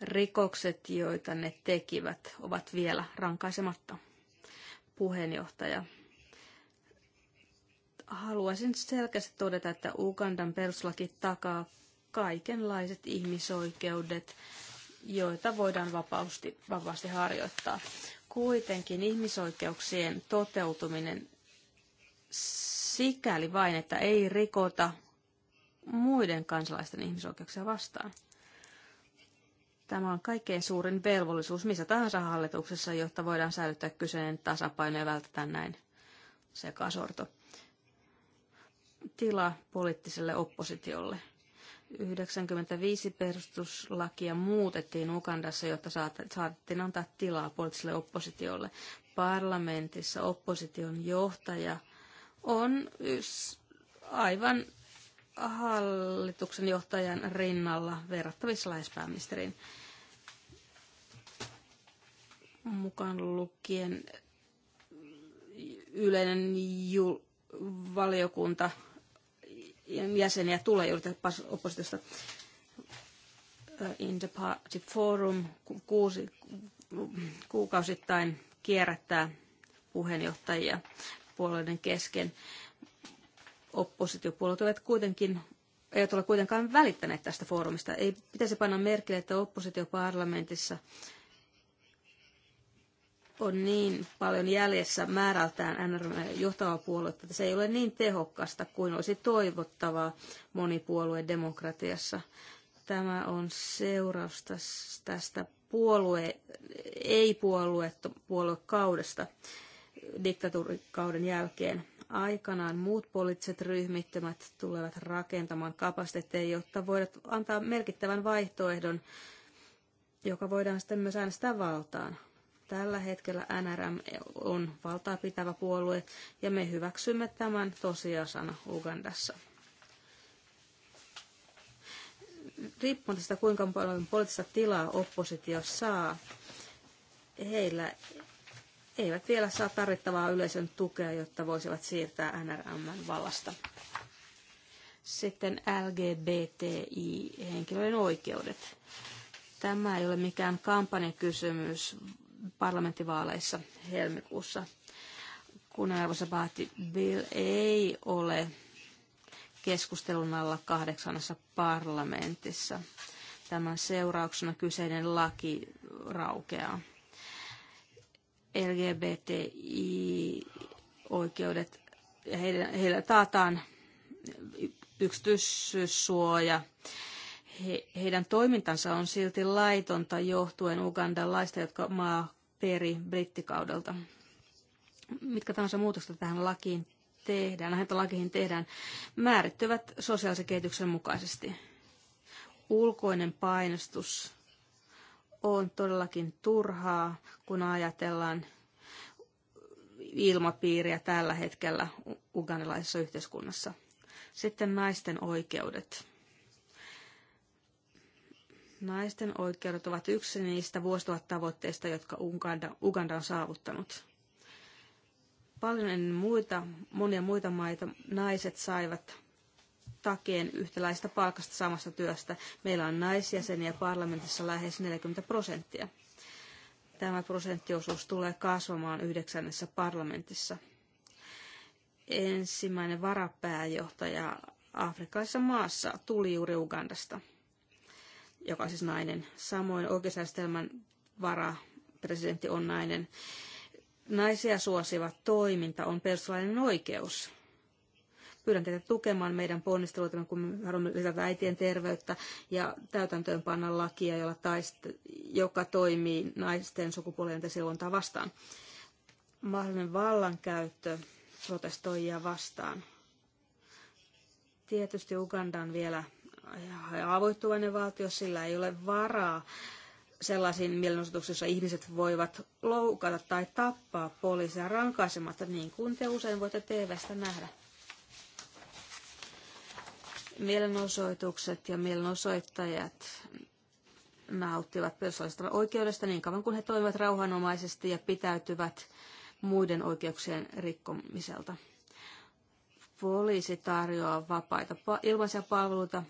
Rikokset, joita ne tekivät, ovat vielä rankaisematta. Puheenjohtaja haluaisin selkeästi todeta, että Ugandan peruslaki takaa kaikenlaiset ihmisoikeudet, joita voidaan vapaasti, vapaasti harjoittaa. Kuitenkin ihmisoikeuksien toteutuminen sikäli vain, että ei rikota muiden kansalaisten ihmisoikeuksia vastaan. Tämä on kaikkein suurin velvollisuus missä tahansa hallituksessa, jotta voidaan säilyttää kyseinen tasapaino ja välttää näin sekasorto. Tila poliittiselle oppositiolle. 95 perustuslakia muutettiin Ugandassa, jotta saatettiin antaa tilaa poliittiselle oppositiolle. Parlamentissa opposition johtaja on aivan hallituksen johtajan rinnalla verrattavissa lähes pääministeriin mukaan lukien yleinen jul- valiokunta jäseniä tulee juuri oppositiosta. In the Party Forum kuusi, kuukausittain kierrättää puheenjohtajia puolueiden kesken. Oppositiopuolueet ovat kuitenkin eivät ole kuitenkaan välittäneet tästä foorumista. Ei pitäisi panna merkille, että oppositioparlamentissa on niin paljon jäljessä määrältään nrm johtava puolue, että se ei ole niin tehokasta kuin olisi toivottavaa demokratiassa. Tämä on seurausta tästä puolue, ei-puolue puoluekaudesta diktatuurikauden jälkeen. Aikanaan muut poliittiset ryhmittymät tulevat rakentamaan kapasiteetteja, jotta voidaan antaa merkittävän vaihtoehdon, joka voidaan sitten myös äänestää valtaan Tällä hetkellä NRM on valtaa pitävä puolue ja me hyväksymme tämän tosiasana Ugandassa. Riippumatta sitä, kuinka paljon poliittista tilaa oppositio saa, heillä eivät vielä saa tarvittavaa yleisön tukea, jotta voisivat siirtää NRMn vallasta. Sitten LGBTI-henkilöiden oikeudet. Tämä ei ole mikään kampanjakysymys, parlamenttivaaleissa helmikuussa. Kunnianarvoisa Baatti Bill ei ole keskustelun alla kahdeksannassa parlamentissa. Tämän seurauksena kyseinen laki raukeaa. LGBTI-oikeudet, heillä taataan yksityissuoja he, heidän toimintansa on silti laitonta johtuen ugandalaista, jotka maa peri brittikaudelta. Mitkä tahansa muutokset tähän lakiin tehdään, näitä lakiin tehdään, määrittyvät sosiaalisen kehityksen mukaisesti. Ulkoinen painostus on todellakin turhaa, kun ajatellaan ilmapiiriä tällä hetkellä ugandalaisessa yhteiskunnassa. Sitten naisten oikeudet Naisten oikeudet ovat yksi niistä vuosituhattavoitteista, jotka Uganda, Uganda on saavuttanut. Paljon ennen muita, monia muita maita naiset saivat takeen yhtäläistä palkasta samasta työstä. Meillä on naisjäseniä parlamentissa lähes 40 prosenttia. Tämä prosenttiosuus tulee kasvamaan yhdeksännessä parlamentissa. Ensimmäinen varapääjohtaja afrikkalaisessa maassa tuli juuri Ugandasta – joka on siis nainen. Samoin oikeusjärjestelmän varapresidentti on nainen. Naisia suosiva toiminta on perustuslainen oikeus. Pyydän teitä tukemaan meidän ponnisteluitamme, kun haluamme lisätä äitien terveyttä ja täytäntöönpanna lakia, jolla taist- joka toimii naisten sukupuolien silvontaa vastaan. Mahdollinen vallankäyttö protestoijia vastaan. Tietysti Ugandan vielä haavoittuvainen valtio, sillä ei ole varaa sellaisiin mielenosoituksiin, joissa ihmiset voivat loukata tai tappaa poliisia rankaisematta, niin kuin te usein voitte TVstä nähdä. Mielenosoitukset ja mielenosoittajat nauttivat perustuslaillisesta oikeudesta niin kauan kuin he toimivat rauhanomaisesti ja pitäytyvät muiden oikeuksien rikkomiselta. Poliisi tarjoaa vapaita ilmaisia palveluita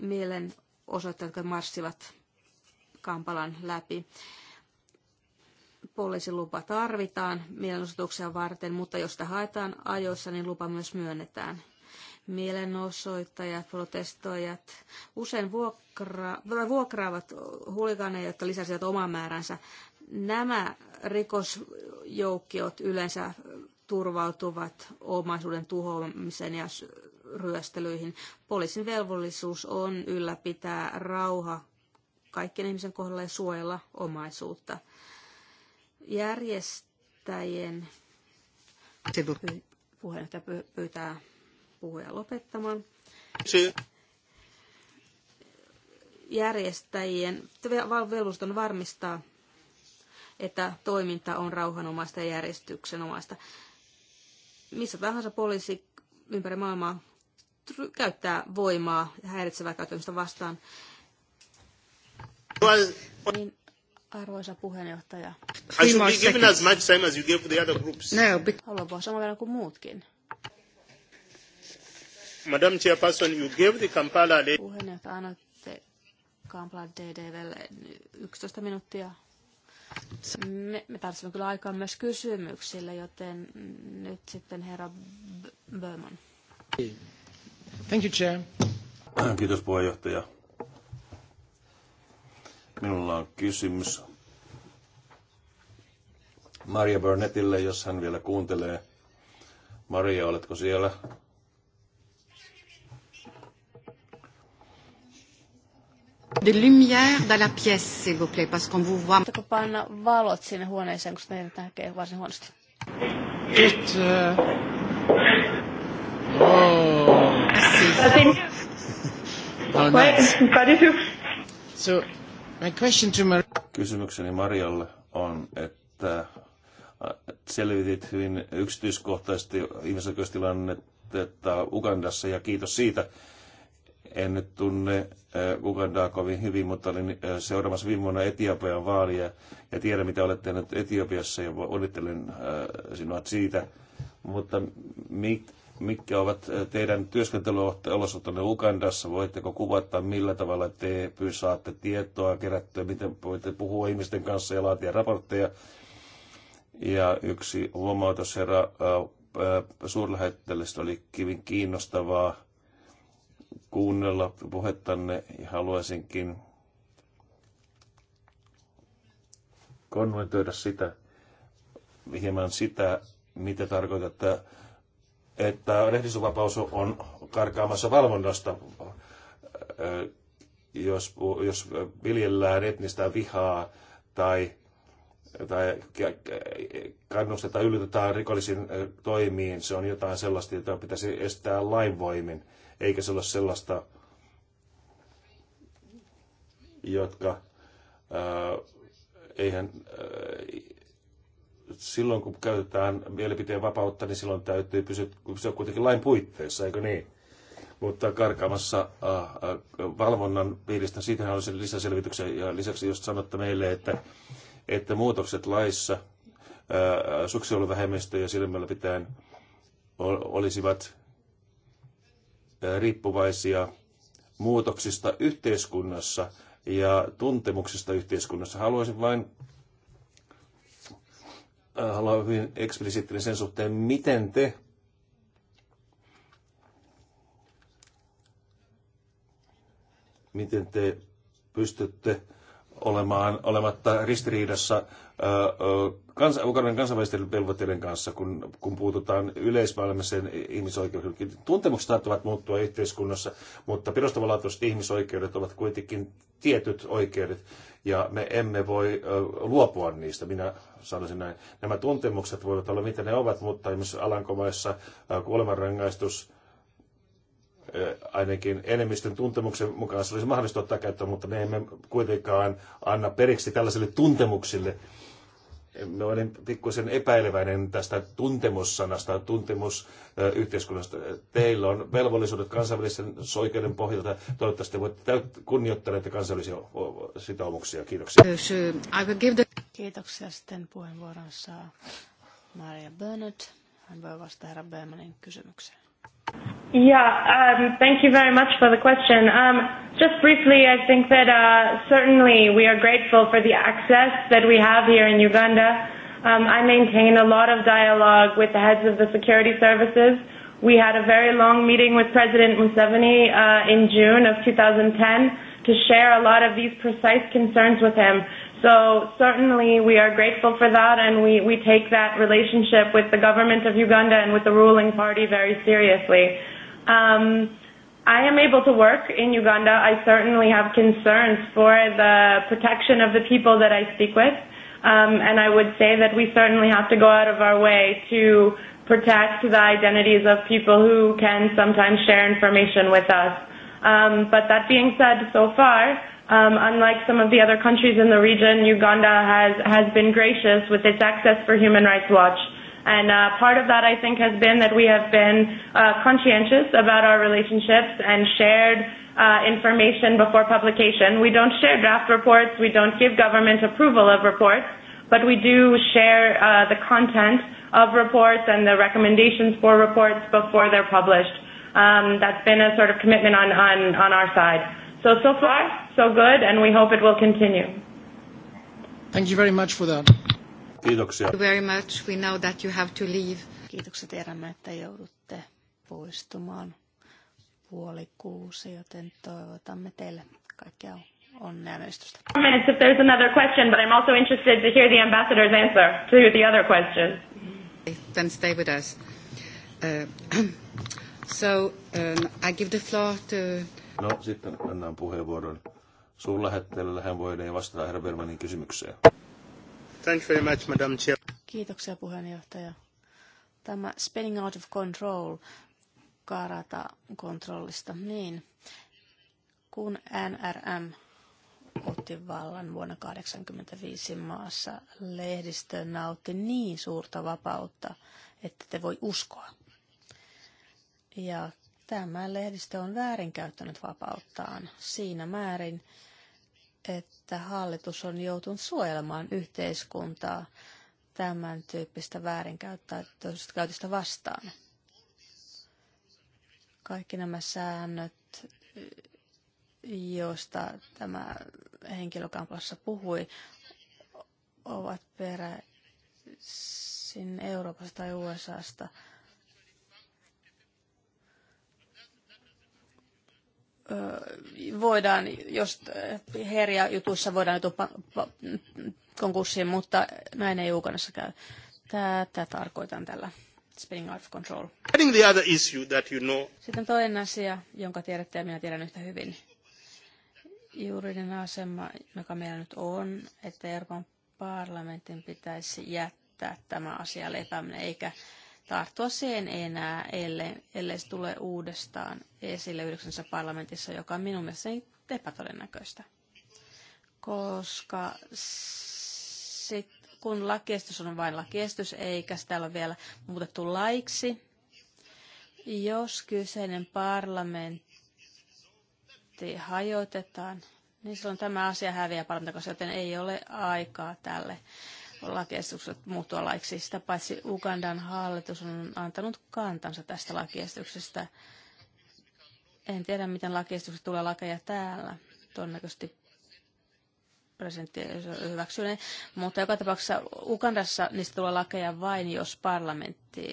mielenosoittajat, jotka marssivat Kampalan läpi. Poliisin lupa tarvitaan mielenosoituksia varten, mutta jos sitä haetaan ajoissa, niin lupa myös myönnetään. Mielenosoittajat, protestoijat usein vuokra, vuokraavat huligaaneja, jotka lisäsivät oman määränsä. Nämä rikosjoukkiot yleensä turvautuvat omaisuuden tuhoamiseen ja ryöstelyihin. Poliisin velvollisuus on ylläpitää rauha kaikkien ihmisen kohdalla ja suojella omaisuutta. Järjestäjien puheenjohtaja pyytää puhuja lopettamaan. Järjestäjien velvollisuus on varmistaa, että toiminta on rauhanomaista ja järjestyksenomaista missä tahansa poliisi ympäri maailmaa käyttää voimaa ja häiritsevää käyttämistä vastaan. Niin, arvoisa puheenjohtaja. No, Haluan puhua saman verran kuin muutkin. Madam Chairperson, you gave the Kampala... Puheenjohtaja, annoitte Kampala DDVlle 11 minuuttia me, me tarvitsemme kyllä aikaa myös kysymyksille, joten nyt sitten herra Böhman. Thank you, Chair. Kiitos puheenjohtaja. Minulla on kysymys Maria Burnettille, jos hän vielä kuuntelee. Maria, oletko siellä? de lumière dans la pièce, s'il vous plaît, parce qu'on vous voit. valot sinne huoneeseen, koska meidät näkee varsin huonosti? It, uh... Oh. Merci. Oh, nice. So, my question to Maria. Kysymykseni Marialle on, että äh, selvitit hyvin yksityiskohtaisesti ihmisoikeustilannetta Ugandassa ja kiitos siitä en tunne Ugandaa kovin hyvin, mutta olin seuraamassa viime vuonna Etiopian vaalia ja tiedän, mitä olet tehnyt Etiopiassa ja onnittelen sinua siitä. Mutta mit, mitkä ovat teidän työskentelyolosuhteenne Ugandassa? Voitteko kuvata, millä tavalla te saatte tietoa kerättyä, miten voitte puhua ihmisten kanssa ja laatia raportteja? Ja yksi huomautus herra suurlähettelystä oli kivin kiinnostavaa kuunnella puhettanne ja haluaisinkin kommentoida sitä, hieman sitä, mitä tarkoitatte, että lehdistönvapaus on karkaamassa valvonnasta. Jos, jos viljellään etnistä vihaa tai, tai kannustetaan, yllytetään rikollisiin eh, toimiin, se on jotain sellaista, jota pitäisi estää lainvoimin eikä se ole sellaista, jotka äh, eihän, äh, silloin kun käytetään mielipiteen vapautta, niin silloin täytyy pysyä, on kuitenkin lain puitteissa, eikö niin? Mutta karkaamassa äh, äh, valvonnan piiristä, siitähän olisi lisäselvityksen ja lisäksi just sanotte meille, että, että muutokset laissa äh, suksiolivähemmistö ja silmällä pitäen olisivat riippuvaisia muutoksista yhteiskunnassa ja tuntemuksista yhteiskunnassa. Haluaisin vain haluan hyvin eksplisiittinen sen suhteen, miten te miten te pystytte olemaan olematta ristiriidassa kansa, Ukrainan kansainvälisten velvoitteiden kanssa, kun, kun puututaan yleismaailmallisen ihmisoikeuksiin. Tuntemukset saattavat muuttua yhteiskunnassa, mutta perustavanlaatuiset ihmisoikeudet ovat kuitenkin tietyt oikeudet, ja me emme voi luopua niistä. Minä sanoisin näin. Nämä tuntemukset voivat olla, mitä ne ovat, mutta esimerkiksi Alankomaissa kuolemanrangaistus ainakin enemmistön tuntemuksen mukaan se olisi mahdollista ottaa käyttöön, mutta me emme kuitenkaan anna periksi tällaisille tuntemuksille, me olen pikkuisen epäileväinen tästä tuntemussanasta, tuntemusyhteiskunnasta. Teillä on velvollisuudet kansainvälisen oikeuden pohjalta. Toivottavasti voitte kunnioittaa näitä kansainvälisiä sitoumuksia. Kiitoksia. Uh, Kiitoksia. Sitten puheenvuoron saa Maria Bernard. Hän voi vastata herra Bermanin kysymykseen. Yeah, um, thank you very much for the question. Um, just briefly, I think that uh, certainly we are grateful for the access that we have here in Uganda. Um, I maintain a lot of dialogue with the heads of the security services. We had a very long meeting with President Museveni uh, in June of 2010 to share a lot of these precise concerns with him. So certainly we are grateful for that and we, we take that relationship with the government of Uganda and with the ruling party very seriously. Um, I am able to work in Uganda. I certainly have concerns for the protection of the people that I speak with. Um, and I would say that we certainly have to go out of our way to protect the identities of people who can sometimes share information with us. Um, but that being said, so far, Um, unlike some of the other countries in the region, Uganda has, has been gracious with its access for Human Rights Watch. And uh, part of that, I think, has been that we have been uh, conscientious about our relationships and shared uh, information before publication. We don't share draft reports. We don't give government approval of reports, but we do share uh, the content of reports and the recommendations for reports before they're published. Um, that's been a sort of commitment on, on, on our side. So, so far, so good, and we hope it will continue. Thank you very much for that. Kiitoksia. Thank you very much. We know that you have to leave. Kiitoksia tiedämme, että joudutte poistumaan puoli kuusi, joten toivotamme teille kaikkea onnea menestystä. Minutes if there's another question, but I'm also interested to hear the ambassador's answer to the other question. Then stay with us. Uh, <clears throat> so um, I give the floor to No, sitten annan puheenvuoron suurlähettelälle. Hän voi vastata herra Bermanin kysymykseen. Thank you very much, Madam Chair. Kiitoksia puheenjohtaja. Tämä spinning out of control, karata kontrollista, niin kun NRM otti vallan vuonna 1985 maassa, lehdistö nautti niin suurta vapautta, että te voi uskoa. Ja Tämä lehdistö on väärinkäyttänyt vapauttaan siinä määrin, että hallitus on joutunut suojelemaan yhteiskuntaa tämän tyyppistä väärinkäytöstä vastaan. Kaikki nämä säännöt, joista tämä henkilökamplassa puhui, ovat peräisin Euroopasta tai USAsta. voidaan, jos herja jutuissa voidaan joutua konkurssiin, mutta näin ei Uganassa käy. Tätä tarkoitan tällä spinning out of control. The other issue that you know. Sitten toinen asia, jonka tiedätte ja minä tiedän yhtä hyvin. Juridinen asema, joka meillä nyt on, että Euroopan parlamentin pitäisi jättää tämä asia lepäminen, eikä tarttua siihen enää, ellei, ellei se tule uudestaan esille yhdeksänsä parlamentissa, joka on minun mielestäni epätodennäköistä. Koska sit, kun lakiestys on vain lakiestys, eikä sitä ole vielä muutettu laiksi, jos kyseinen parlamentti hajotetaan, niin silloin tämä asia häviää parlamentin joten ei ole aikaa tälle lakiesitykset muuttua laiksi. Sitä paitsi Ugandan hallitus on antanut kantansa tästä lakiesityksestä. En tiedä, miten lakiesitykset tulee lakeja täällä. Todennäköisesti presidentti hyväksyy ne. Mutta joka tapauksessa Ugandassa niistä tulee lakeja vain, jos parlamentti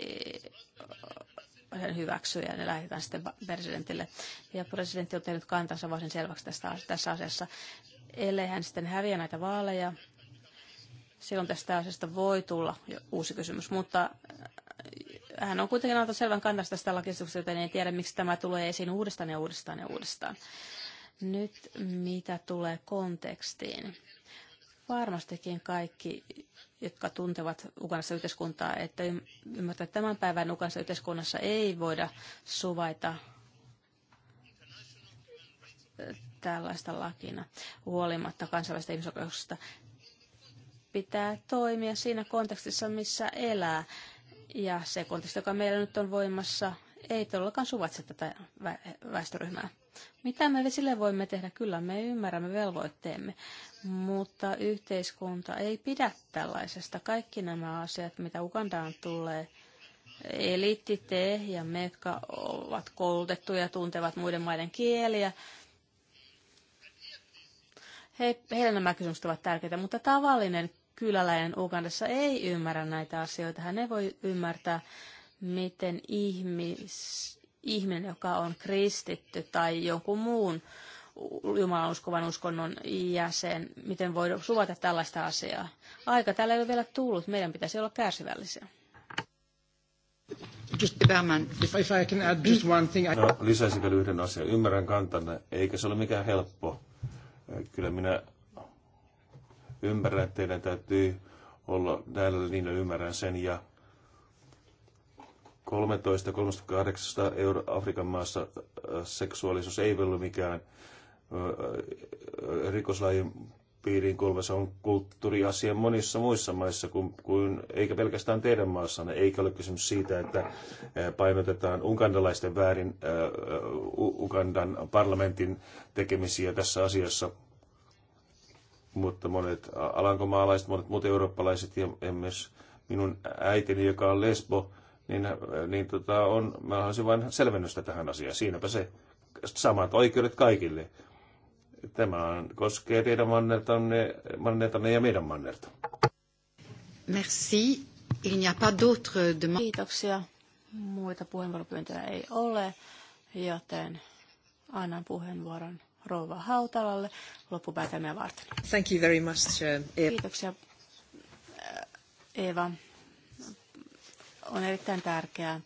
sen hyväksyy ja ne lähetetään sitten presidentille. Ja presidentti on tehnyt kantansa varsin selväksi tästä, tässä asiassa. Ellei hän sitten häviä näitä vaaleja, Silloin tästä asiasta voi tulla uusi kysymys, mutta äh, hän on kuitenkin antanut selvän kantaa tästä lakiesityksestä, joten ei tiedä, miksi tämä tulee esiin uudestaan ja uudestaan ja uudestaan. Nyt mitä tulee kontekstiin. Varmastikin kaikki, jotka tuntevat Ukrainassa yhteiskuntaa, että ymmärtää, että tämän päivän Ukrainassa yhteiskunnassa ei voida suvaita äh, tällaista lakina huolimatta kansainvälisestä ihmisoikeuksista pitää toimia siinä kontekstissa, missä elää. Ja se konteksti, joka meillä nyt on voimassa, ei todellakaan suvaitse tätä väestöryhmää. Mitä me sille voimme tehdä? Kyllä me ymmärrämme velvoitteemme, mutta yhteiskunta ei pidä tällaisesta. Kaikki nämä asiat, mitä Ugandaan tulee, eliitti te ja me, jotka ovat koulutettuja ja tuntevat muiden maiden kieliä, he, heillä nämä kysymykset ovat tärkeitä, mutta tavallinen kyläläinen Ugandassa ei ymmärrä näitä asioita. Hän ei voi ymmärtää, miten ihmis, ihminen, joka on kristitty tai jonkun muun Jumalan uskovan uskonnon jäsen, miten voi suvata tällaista asiaa. Aika täällä ei ole vielä tullut. Meidän pitäisi olla kärsivällisiä. Just if, if I can add just one thing. I... No, lisäisin vielä yhden asian. Ymmärrän kantanne, eikä se ole mikään helppo. Kyllä minä Ymmärrän, että teidän täytyy olla näillä linjoilla, ymmärrän sen. Ja 13-38 euro Afrikan maassa äh, seksuaalisuus ei ole mikään äh, rikoslajin piiriin kuuluva, se on kulttuuriasia monissa muissa maissa, kuin, kuin, eikä pelkästään teidän maassanne, eikä ole kysymys siitä, että äh, painotetaan ugandalaisten väärin uh, Ugandan parlamentin tekemisiä tässä asiassa mutta monet alankomaalaiset, monet muut eurooppalaiset ja myös minun äitini, joka on lesbo, niin, äh, niin tota, on, mä haluaisin vain selvennystä tähän asiaan. Siinäpä se samat oikeudet kaikille. Tämä on, koskee teidän mannertanne, mannertanne ja meidän mannerta. Merci. Il n'y a pas d'autres demandes. Kiitoksia. Muita puheenvuoropyyntöjä ei ole, joten annan puheenvuoron rouva Hautalalle loppupäätelmiä varten. Thank you very much, Eva. Kiitoksia, On erittäin tärkeää,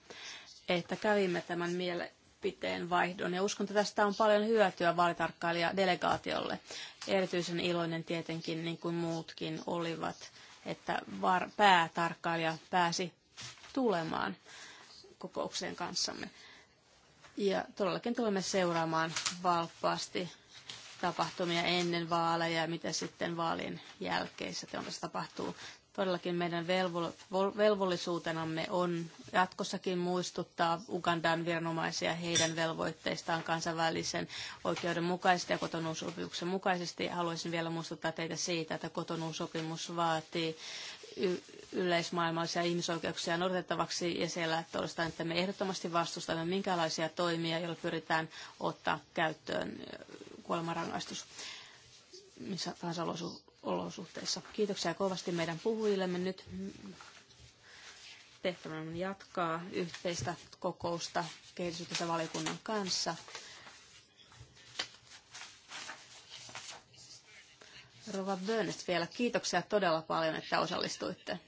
että kävimme tämän mielipiteen vaihdon ja uskon, että tästä on paljon hyötyä vaalitarkkailijadelegaatiolle. Erityisen iloinen tietenkin, niin kuin muutkin olivat, että päätarkkailija pääsi tulemaan kokoukseen kanssamme. Ja todellakin tulemme seuraamaan valppaasti tapahtumia ennen vaaleja ja mitä sitten vaalien jälkeissä teokassa tapahtuu. Todellakin meidän velvollisuutenamme on jatkossakin muistuttaa Ugandan viranomaisia heidän velvoitteistaan kansainvälisen oikeuden mukaisesti ja kotonuusopimuksen mukaisesti. Haluaisin vielä muistuttaa teitä siitä, että kotonuusopimus vaatii yleismaailmallisia ihmisoikeuksia noudatettavaksi ja siellä todistetaan, että me ehdottomasti vastustamme minkälaisia toimia, joilla pyritään ottaa käyttöön kuolemanrangaistus missä tahansa olosuhteissa. Kiitoksia kovasti meidän puhujillemme. Nyt tehtävän jatkaa yhteistä kokousta kehitysyhteisövaliokunnan kanssa. Rova Burnett vielä, kiitoksia todella paljon, että osallistuitte.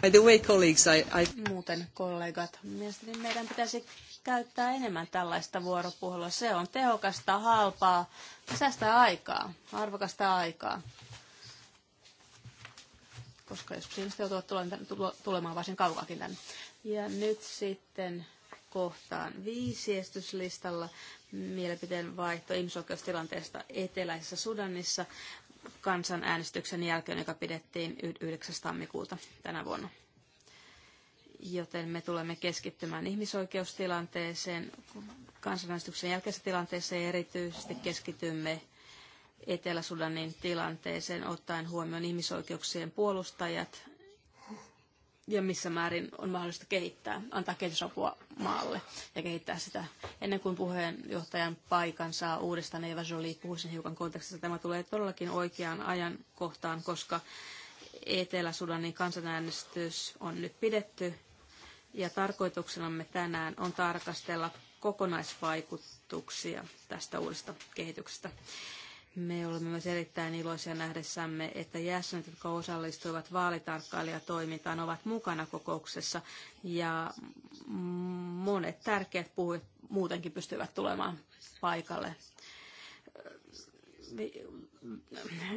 By the way, colleagues, I, I... Muuten kollegat, mielestäni meidän pitäisi käyttää enemmän tällaista vuoropuhelua. Se on tehokasta, halpaa, säästää aikaa, arvokasta aikaa. Koska joskus ihmiset joutuvat tulemaan varsin kaukaakin tänne. Ja nyt sitten kohtaan viisi estyslistalla mielipiteen vaihto ihmisoikeustilanteesta eteläisessä Sudanissa kansanäänestyksen jälkeen, joka pidettiin 9. tammikuuta tänä vuonna. Joten me tulemme keskittymään ihmisoikeustilanteeseen, kansanäänestyksen jälkeisessä tilanteessa erityisesti keskitymme Etelä-Sudanin tilanteeseen ottaen huomioon ihmisoikeuksien puolustajat, ja missä määrin on mahdollista kehittää, antaa kehitysapua maalle ja kehittää sitä. Ennen kuin puheenjohtajan paikan saa uudestaan, Eva Jolie puhuisin hiukan kontekstista, tämä tulee todellakin oikeaan ajan kohtaan, koska Etelä-Sudanin kansanäänestys on nyt pidetty ja tarkoituksenamme tänään on tarkastella kokonaisvaikutuksia tästä uudesta kehityksestä. Me olemme myös erittäin iloisia nähdessämme, että jäsenet, jotka osallistuivat vaalitarkkailijatoimintaan, ovat mukana kokouksessa ja monet tärkeät puhujat muutenkin pystyvät tulemaan paikalle.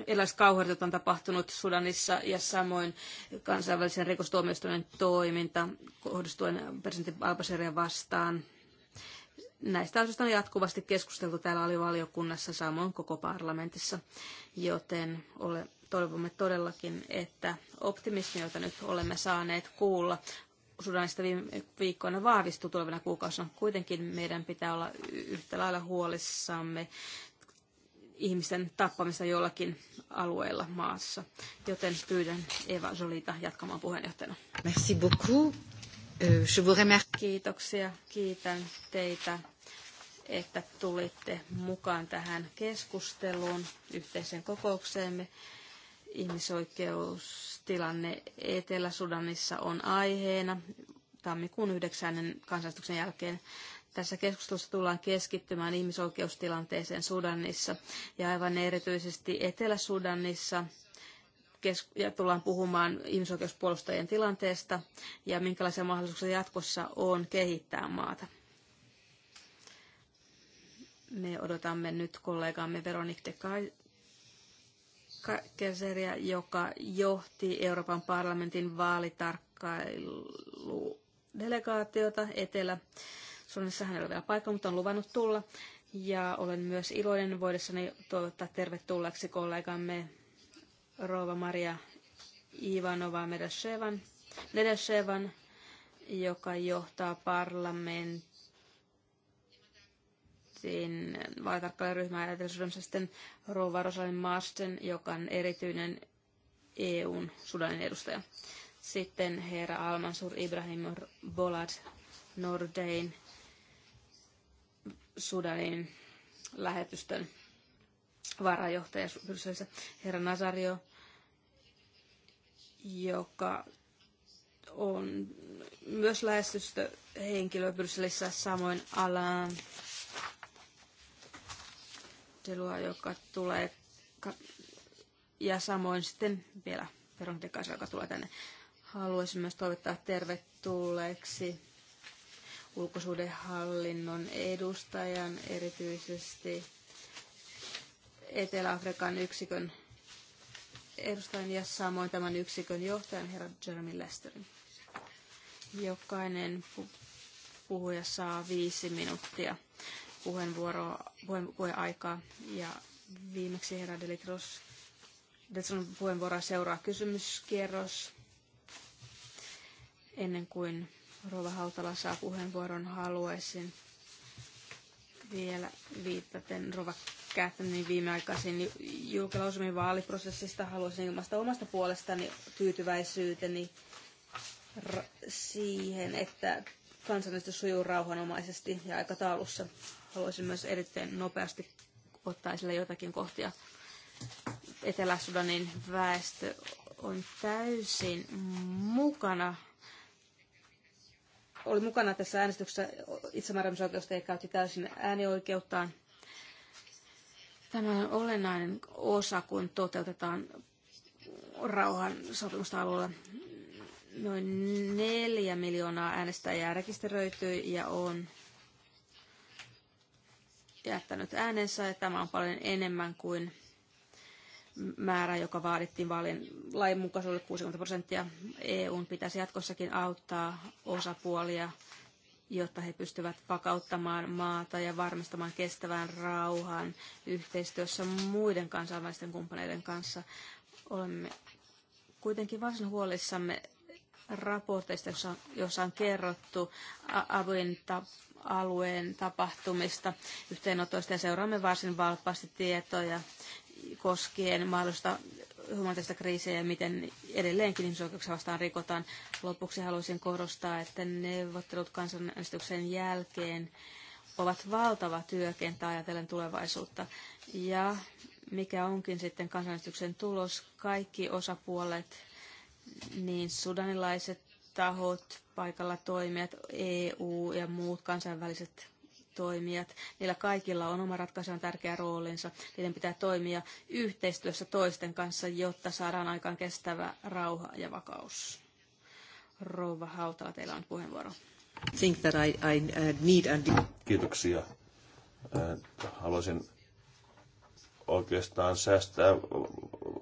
Erilaiset kauheudet on tapahtunut Sudanissa ja samoin kansainvälisen rikostuomioistuimen toiminta kohdistuen presidentti al vastaan – Näistä asioista on jatkuvasti keskusteltu täällä alivaliokunnassa samoin koko parlamentissa, joten ole, toivomme todellakin, että optimismi, jota nyt olemme saaneet kuulla, Sudanista viime viikkoina vahvistuu tulevina kuukausina. Kuitenkin meidän pitää olla yhtä lailla huolissamme ihmisten tappamista jollakin alueella maassa. Joten pyydän Eva Jolita jatkamaan puheenjohtajana. Merci beaucoup. Euh, je vous remercie. Kiitoksia. Kiitän teitä että tulitte mukaan tähän keskusteluun, yhteiseen kokoukseemme. Ihmisoikeustilanne Etelä-Sudanissa on aiheena tammikuun 9. kansanäänestyksen jälkeen. Tässä keskustelussa tullaan keskittymään ihmisoikeustilanteeseen Sudanissa ja aivan erityisesti Etelä-Sudanissa ja tullaan puhumaan ihmisoikeuspuolustajien tilanteesta ja minkälaisia mahdollisuuksia jatkossa on kehittää maata. Me odotamme nyt kollegaamme Veronikte de Keseriä, joka johti Euroopan parlamentin vaalitarkkailudelegaatiota etelä. Suomessa hän ei ole vielä paikka, mutta on luvannut tulla. Ja olen myös iloinen voidessani toivottaa tervetulleeksi kollegamme Rova Maria Ivanova Medeshevan, Medeshevan joka johtaa parlamentin Sin vaalitarkkailijaryhmää ajatellaan sitten Rova Rosalind Marston, joka on erityinen EUn Sudanin edustaja. Sitten herra Almansur Ibrahim Bolad Nordein Sudanin lähetystön varajohtaja Brysselissä, herra Nazario, joka on myös lähestystöhenkilö Brysselissä, samoin Alain kohtelua, joka tulee, ja samoin sitten vielä verontekaisen, joka tulee tänne. Haluaisin myös toivottaa tervetulleeksi ulkosuudenhallinnon edustajan, erityisesti Etelä-Afrikan yksikön edustajan ja samoin tämän yksikön johtajan herra Jeremy Lesterin. Jokainen puhuja saa viisi minuuttia puheenvuoroa, puheenvuoroaikaa. Ja viimeksi herra Delitros, Delitron puheenvuoroa seuraa kysymyskierros. Ennen kuin Rova Hautala saa puheenvuoron, haluaisin vielä viitaten Rova Catherine viimeaikaisiin julkilausumien vaaliprosessista haluaisin ilmaista omasta puolestani tyytyväisyyteni siihen, että kansanäänestys sujuu rauhanomaisesti ja aikataulussa. Haluaisin myös erittäin nopeasti ottaa esille jotakin kohtia. Etelä-Sudanin väestö on täysin mukana oli mukana tässä äänestyksessä itsemääräämisoikeusta ja käytti täysin äänioikeuttaan. Tämä on olennainen osa, kun toteutetaan rauhan sopimusta alueella. Noin neljä miljoonaa äänestäjää rekisteröityi ja on jättänyt äänensä ja tämä on paljon enemmän kuin määrä, joka vaadittiin vaalien mukaisuudelle 60 prosenttia. EU pitäisi jatkossakin auttaa osapuolia, jotta he pystyvät vakauttamaan maata ja varmistamaan kestävän rauhan yhteistyössä muiden kansainvälisten kumppaneiden kanssa. Olemme kuitenkin varsin huolissamme raporteista, joissa on kerrottu avun alueen tapahtumista yhteenotoista ja seuraamme varsin valppaasti tietoja koskien mahdollista humanitaarista kriisiä ja miten edelleenkin ihmisoikeuksia vastaan rikotaan. Lopuksi haluaisin korostaa, että neuvottelut kansanäänestyksen jälkeen ovat valtava työkenttä ajatellen tulevaisuutta. Ja mikä onkin sitten kansanäänestyksen tulos, kaikki osapuolet niin sudanilaiset tahot, paikalla toimijat, EU ja muut kansainväliset toimijat, niillä kaikilla on oma ratkaisun tärkeä roolinsa. Niiden pitää toimia yhteistyössä toisten kanssa, jotta saadaan aikaan kestävä rauha ja vakaus. Rouva Hautala, teillä on puheenvuoro. Think that I, I uh, need and... Kiitoksia. Äh, haluaisin oikeastaan säästää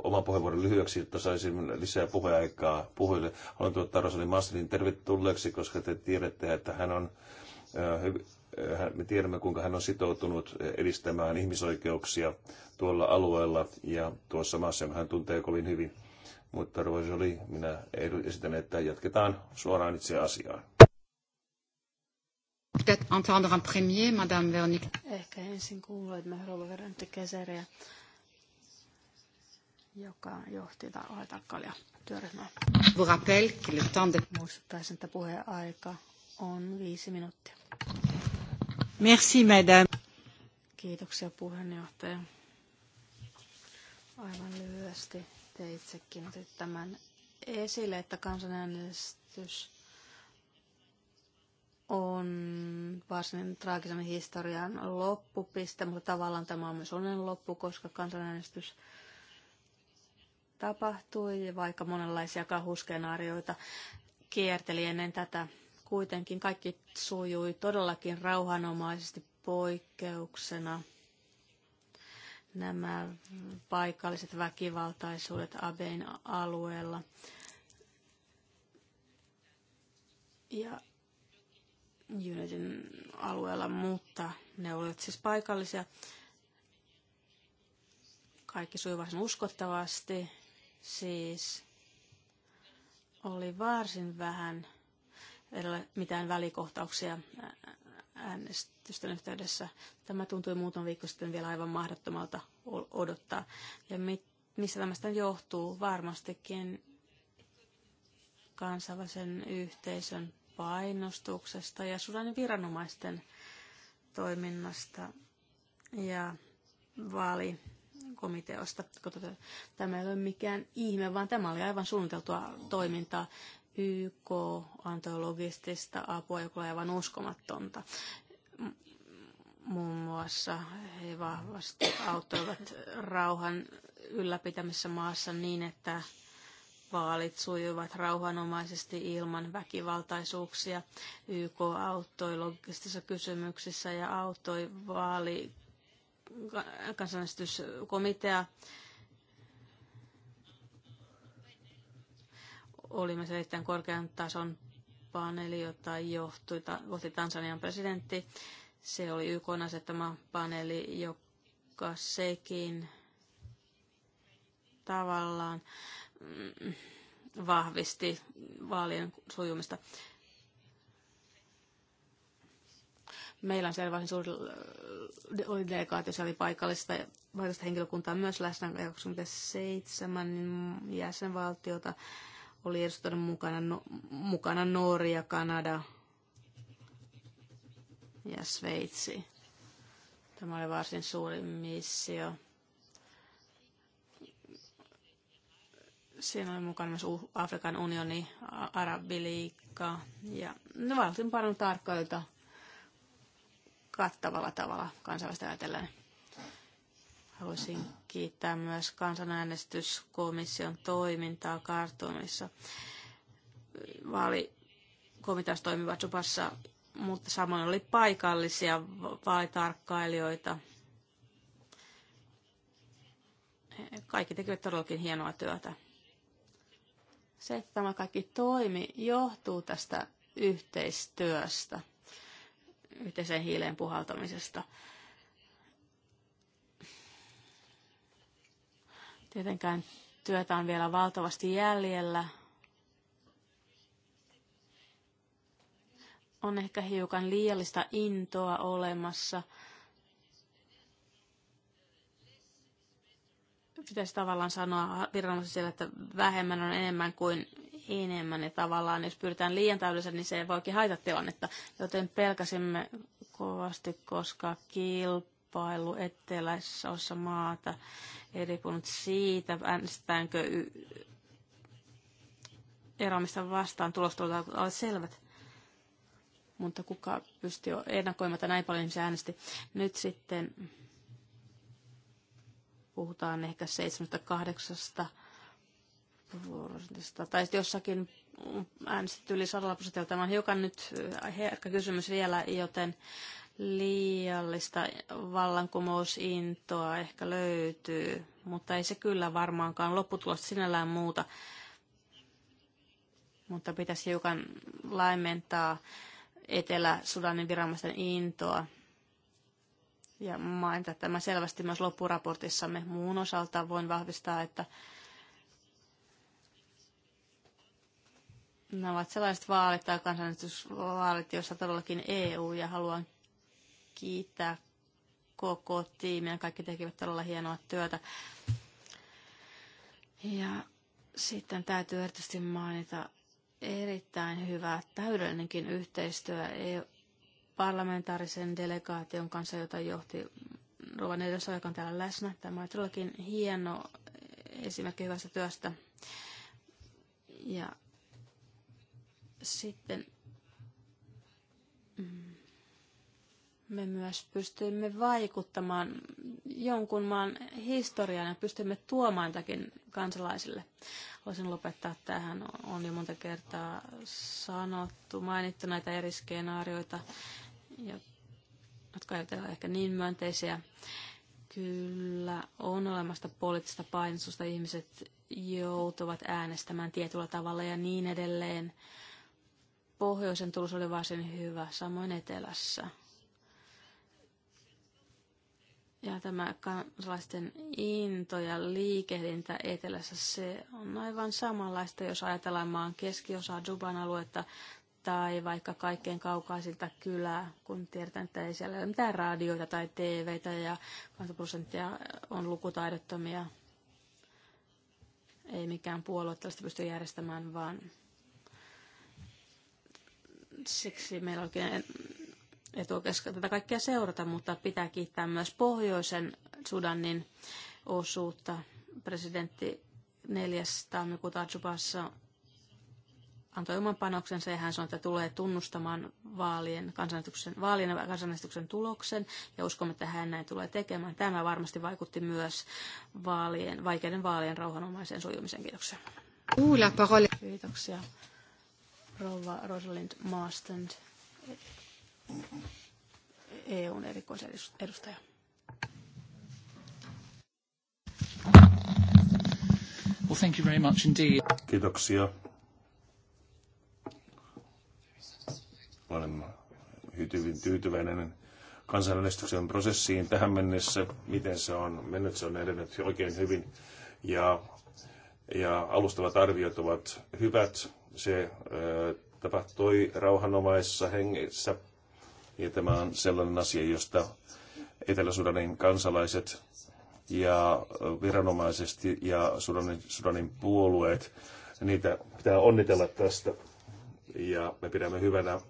oman puheenvuoron lyhyeksi, jotta saisin lisää puheaikaa puhujille. Haluan tuottaa Rosali Masselin tervetulleeksi, koska te tiedätte, että hän on äh, äh, me tiedämme, kuinka hän on sitoutunut äh, edistämään ihmisoikeuksia tuolla alueella ja tuossa maassa, jonka hän tuntee kovin hyvin. Mutta Rosali, minä esitän, että jatketaan suoraan itse asiaan. Peut-être entendre en premier, Madame Veronique. Ehkä ensin kuulemme Rouva Veronique joka johti Altakkalia työryhmää. Muistuttaisin, että puheaika on viisi minuuttia. Merci, madame. Kiitoksia puheenjohtaja. Aivan lyhyesti te itsekin otit tämän esille, että kansanäänestys on varsin traagisen historian loppupiste, mutta tavallaan tämä on myös onnen loppu, koska kansanäänestys tapahtui, vaikka monenlaisia kahuskenaarioita kierteli ennen tätä. Kuitenkin kaikki sujui todellakin rauhanomaisesti poikkeuksena. Nämä paikalliset väkivaltaisuudet Abein alueella. Ja Unitin alueella, mutta ne olivat siis paikallisia. Kaikki sujui uskottavasti Siis oli varsin vähän mitään välikohtauksia äänestysten yhteydessä. Tämä tuntui muutaman viikko sitten vielä aivan mahdottomalta odottaa. Ja mit, missä tämästä johtuu? Varmastikin kansainvälisen yhteisön painostuksesta ja Sudanin viranomaisten toiminnasta ja vaali komiteasta. Tämä ei ole mikään ihme, vaan tämä oli aivan suunniteltua toimintaa. YK antoi logistista apua, joka oli aivan uskomatonta. Muun muassa he vahvasti auttoivat rauhan ylläpitämisessä maassa niin, että vaalit sujuivat rauhanomaisesti ilman väkivaltaisuuksia. YK auttoi logistisissa kysymyksissä ja auttoi vaali kansanäänestyskomitea. Oli myös erittäin korkean tason paneeli, jota johtui, johti Tansanian presidentti. Se oli YK asettama paneeli, joka sekin tavallaan mm, vahvisti vaalien sujumista. Meillä on siellä varsin suuri äh, oli delegaatio, oli paikallista, paikallista henkilökuntaa myös läsnä 27 jäsenvaltiota. Oli edustettu mukana, no, mukana Norja, Kanada ja Sveitsi. Tämä oli varsin suuri missio. siinä oli mukana myös Afrikan unioni, Arabiliikka ja no, varsin paljon tarkkailta kattavalla tavalla kansalaisten ajatellen. Haluaisin kiittää myös kansanäänestyskomission toimintaa kartumissa. Vaalikomiteassa toimi Vatsupassa, mutta samoin oli paikallisia vaalitarkkailijoita. Kaikki tekivät todellakin hienoa työtä. Se, että tämä kaikki toimi, johtuu tästä yhteistyöstä – yhteiseen hiileen puhaltamisesta. Tietenkään työtä on vielä valtavasti jäljellä. On ehkä hiukan liiallista intoa olemassa. Pitäisi tavallaan sanoa viranomaisille, että vähemmän on enemmän kuin enemmän. Ja tavallaan jos pyritään liian täydellisen, niin se voikin haita tilannetta. Joten pelkäsimme kovasti, koska kilpailu eteläisessä osassa maata eri riippunut siitä, äänestetäänkö eroamista vastaan tulostulot olivat selvät. Mutta kuka pystyi jo ennakoimatta näin paljon se äänesti. Nyt sitten puhutaan ehkä 78 prosentista, tai jossakin äänestetty yli 100 prosenttia Tämä on hiukan nyt äh, herkkä kysymys vielä, joten liiallista vallankumousintoa ehkä löytyy, mutta ei se kyllä varmaankaan lopputulosta sinällään muuta. Mutta pitäisi hiukan laimentaa Etelä-Sudanin viranomaisten intoa ja mainita tämä selvästi myös loppuraportissamme. Muun osalta voin vahvistaa, että Ne no, ovat sellaiset vaalit tai kansanäänestysvaalit, joissa todellakin EU ja haluan kiittää koko tiimiä. Kaikki tekivät todella hienoa työtä. Ja sitten täytyy erityisesti mainita erittäin hyvä täydellinenkin yhteistyö e parlamentaarisen delegaation kanssa, jota johti Ruvan edessä, joka on täällä läsnä. Tämä on todellakin hieno esimerkki hyvästä työstä. Ja sitten mm, me myös pystymme vaikuttamaan jonkun maan historiaan ja pystymme tuomaan takin kansalaisille. Voisin lopettaa tähän. On jo monta kertaa sanottu, mainittu näitä eri skenaarioita, jotka eivät ole ehkä niin myönteisiä. Kyllä on olemasta poliittista painostusta. Ihmiset joutuvat äänestämään tietyllä tavalla ja niin edelleen pohjoisen tulos oli varsin hyvä, samoin etelässä. Ja tämä kansalaisten into ja liikehdintä etelässä, se on aivan samanlaista, jos ajatellaan maan keskiosaa Juban aluetta tai vaikka kaikkein kaukaisinta kylää, kun tiedetään, että ei siellä ole mitään radioita tai TVtä ja 20 prosenttia on lukutaidottomia. Ei mikään puolue tällaista pysty järjestämään, vaan siksi meillä oikein etuoikeus tätä kaikkea seurata, mutta pitää kiittää myös pohjoisen Sudanin osuutta. Presidentti 4. tammikuuta Ajubassa antoi oman panoksensa ja hän sanoi, että tulee tunnustamaan vaalien, kansanäänestyksen, vaalien kansanäänestyksen tuloksen ja uskomme, että hän näin tulee tekemään. Tämä varmasti vaikutti myös vaalien, vaikeiden vaalien rauhanomaiseen sujumiseen. Kiitoksia. Kiitoksia rouva Rosalind Marstand, EUn erikoisedustaja. Well, thank you very much indeed. Kiitoksia. Olen hyvin tyytyväinen kansanäänestyksen prosessiin tähän mennessä, miten se on mennyt, se on edennyt oikein hyvin ja, ja alustavat arviot ovat hyvät se tapahtui rauhanomaisessa hengessä. Ja tämä on sellainen asia, josta Etelä-Sudanin kansalaiset ja viranomaisesti ja Sudanin, Sudanin puolueet, niitä pitää onnitella tästä. Ja me pidämme hyvänä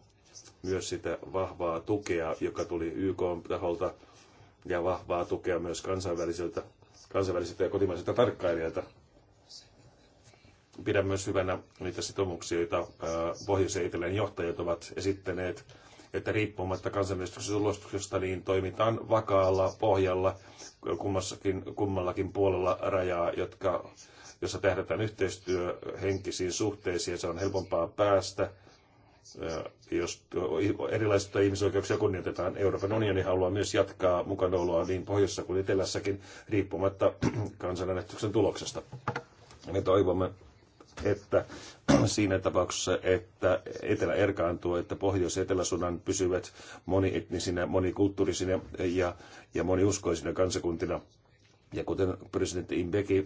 myös sitä vahvaa tukea, joka tuli YK taholta ja vahvaa tukea myös kansainvälisiltä, kansainvälisiltä ja kotimaisilta tarkkailijoilta Pidän myös hyvänä niitä sitoumuksia, joita pohjois- ja johtajat ovat esittäneet, että riippumatta kansanäänestyksestä niin toimitaan vakaalla pohjalla kummassakin, kummallakin puolella rajaa, jotka, jossa tähdätään yhteistyöhenkisiin suhteisiin. Se on helpompaa päästä jos erilaisista ihmisoikeuksia kunnioitetaan. Euroopan unioni haluaa myös jatkaa mukanaoloa niin pohjoisessa kuin etelässäkin riippumatta <clears throat> kansanäänestyksen tuloksesta. Me toivomme, että <clears throat> siinä tapauksessa, että Etelä erkaantuu, että Pohjois- ja Etelä-Sudan pysyvät monietnisinä, monikulttuurisina ja, ja moniuskoisina kansakuntina. Ja kuten presidentti Imbeki,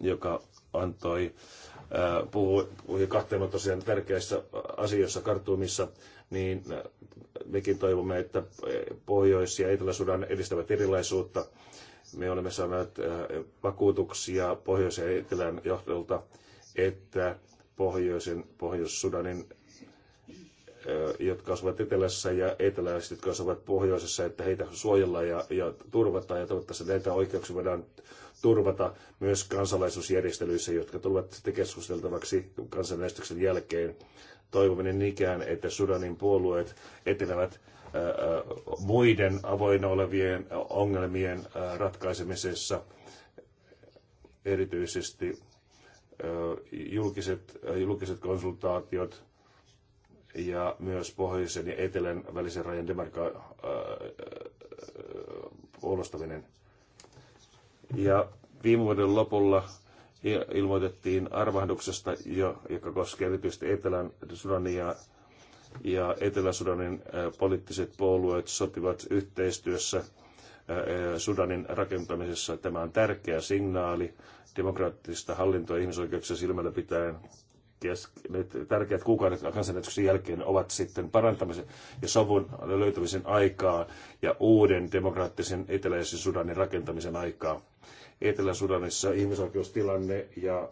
joka antoi äh, puhui, puhui tosiaan tärkeässä asioissa kartuumissa, niin äh, mekin toivomme, että äh, Pohjois- ja Etelä-Sudan edistävät erilaisuutta. Me olemme saaneet vakuutuksia Pohjois- ja Etelän johdolta että pohjoisen, Pohjois-Sudanin, jotka asuvat etelässä ja eteläiset, jotka asuvat pohjoisessa, että heitä suojellaan ja, ja turvataan ja toivottavasti näitä oikeuksia voidaan turvata myös kansalaisuusjärjestelyissä, jotka tulevat sitten keskusteltavaksi kansanäänestyksen jälkeen. Toivominen niin ikään, että Sudanin puolueet etenevät muiden avoinna olevien ongelmien ratkaisemisessa, erityisesti julkiset, julkiset konsultaatiot ja myös pohjoisen ja etelän välisen rajan demarka- puolustaminen. Ja viime vuoden lopulla ilmoitettiin arvahduksesta, joka koskee erityisesti Etelän Sudania ja Etelä-Sudanin poliittiset puolueet sopivat yhteistyössä Sudanin rakentamisessa. Tämä on tärkeä signaali demokraattista hallintoa ja ihmisoikeuksia silmällä pitäen tärkeät kuukaudet kansanäytöksen jälkeen ovat sitten parantamisen ja sovun löytämisen aikaa ja uuden demokraattisen eteläisen Sudanin rakentamisen aikaa. Etelä-Sudanissa ihmisoikeustilanne ja,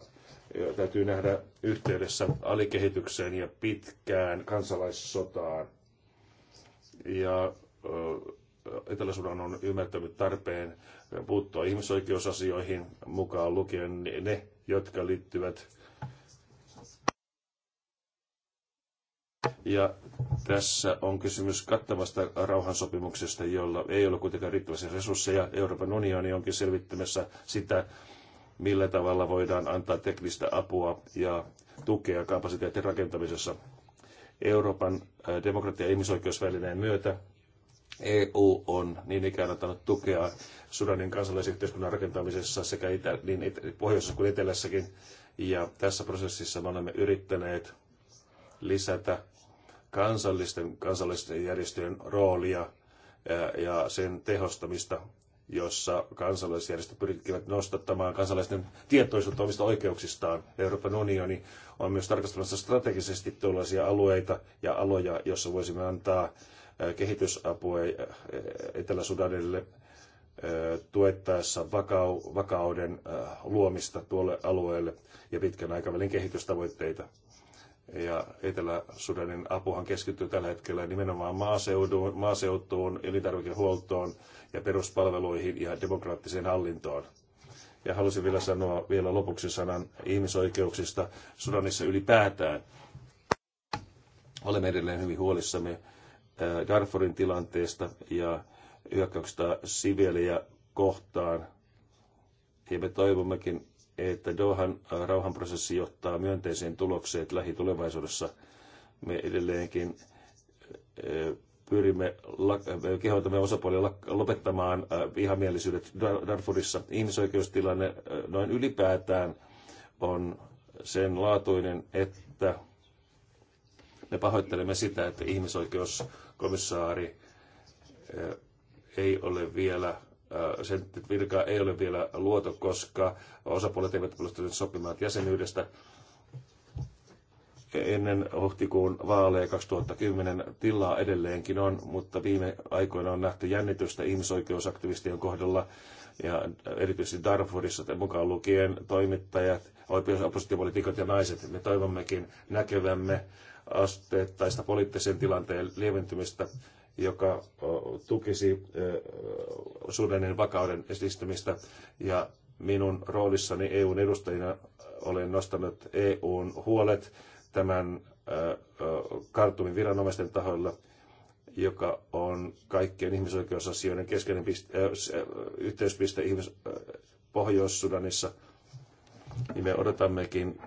ja täytyy nähdä yhteydessä alikehitykseen ja pitkään kansalaissotaan. Ja ö, Etelä-Sudan on ymmärtänyt tarpeen puuttua ihmisoikeusasioihin mukaan lukien ne, jotka liittyvät. Ja tässä on kysymys kattavasta rauhansopimuksesta, jolla ei ole kuitenkaan riittävästi resursseja. Euroopan unioni onkin selvittämässä sitä, millä tavalla voidaan antaa teknistä apua ja tukea kapasiteetin rakentamisessa. Euroopan äh, demokratia- ja ihmisoikeusvälineen myötä EU on niin ikään antanut tukea Sudanin kansalaisyhteiskunnan rakentamisessa sekä itä, niin itä, pohjoisessa kuin etelässäkin. Ja tässä prosessissa me olemme yrittäneet lisätä kansallisten, kansallisten järjestöjen roolia ja sen tehostamista, jossa kansalaisjärjestöt pyrkivät nostattamaan kansalaisten tietoisuutta omista oikeuksistaan. Euroopan unioni on myös tarkastelemassa strategisesti tuollaisia alueita ja aloja, joissa voisimme antaa kehitysapua Etelä-Sudanille tuettaessa vakau- vakauden luomista tuolle alueelle ja pitkän aikavälin kehitystavoitteita. Ja Etelä-Sudanin apuhan keskittyy tällä hetkellä nimenomaan maaseuduun, maaseutuun, elintarvikehuoltoon ja peruspalveluihin ja demokraattiseen hallintoon. Ja halusin vielä sanoa vielä lopuksi sanan ihmisoikeuksista Sudanissa ylipäätään. Olemme edelleen hyvin huolissamme Darfurin tilanteesta ja hyökkäyksestä siviilejä kohtaan. Ja me toivommekin, että Dohan rauhanprosessi johtaa myönteiseen tulokseen lähitulevaisuudessa. Me edelleenkin pyrimme, me kehoitamme osapuolia lopettamaan vihamielisyydet Darfurissa. Ihmisoikeustilanne noin ylipäätään on sen laatuinen, että me pahoittelemme sitä, että ihmisoikeuskomissaari ei ole vielä sen virka ei ole vielä luotu, koska osapuolet eivät pystyneet sopimaan jäsenyydestä ennen huhtikuun vaaleja 2010 tilaa edelleenkin on, mutta viime aikoina on nähty jännitystä ihmisoikeusaktivistien kohdalla ja erityisesti Darfurissa mukaan lukien toimittajat, oppositiopolitiikot ja naiset. Me toivommekin näkevämme asteittaista poliittisen tilanteen lieventymistä, joka tukisi Sudanin vakauden edistymistä. Ja minun roolissani EUn edustajina olen nostanut EUn huolet tämän kartumin viranomaisten tahoilla, joka on kaikkien ihmisoikeusasioiden keskeinen piste, äh, yhteyspiste ihmis, äh, Pohjois-Sudanissa. Niin me odotammekin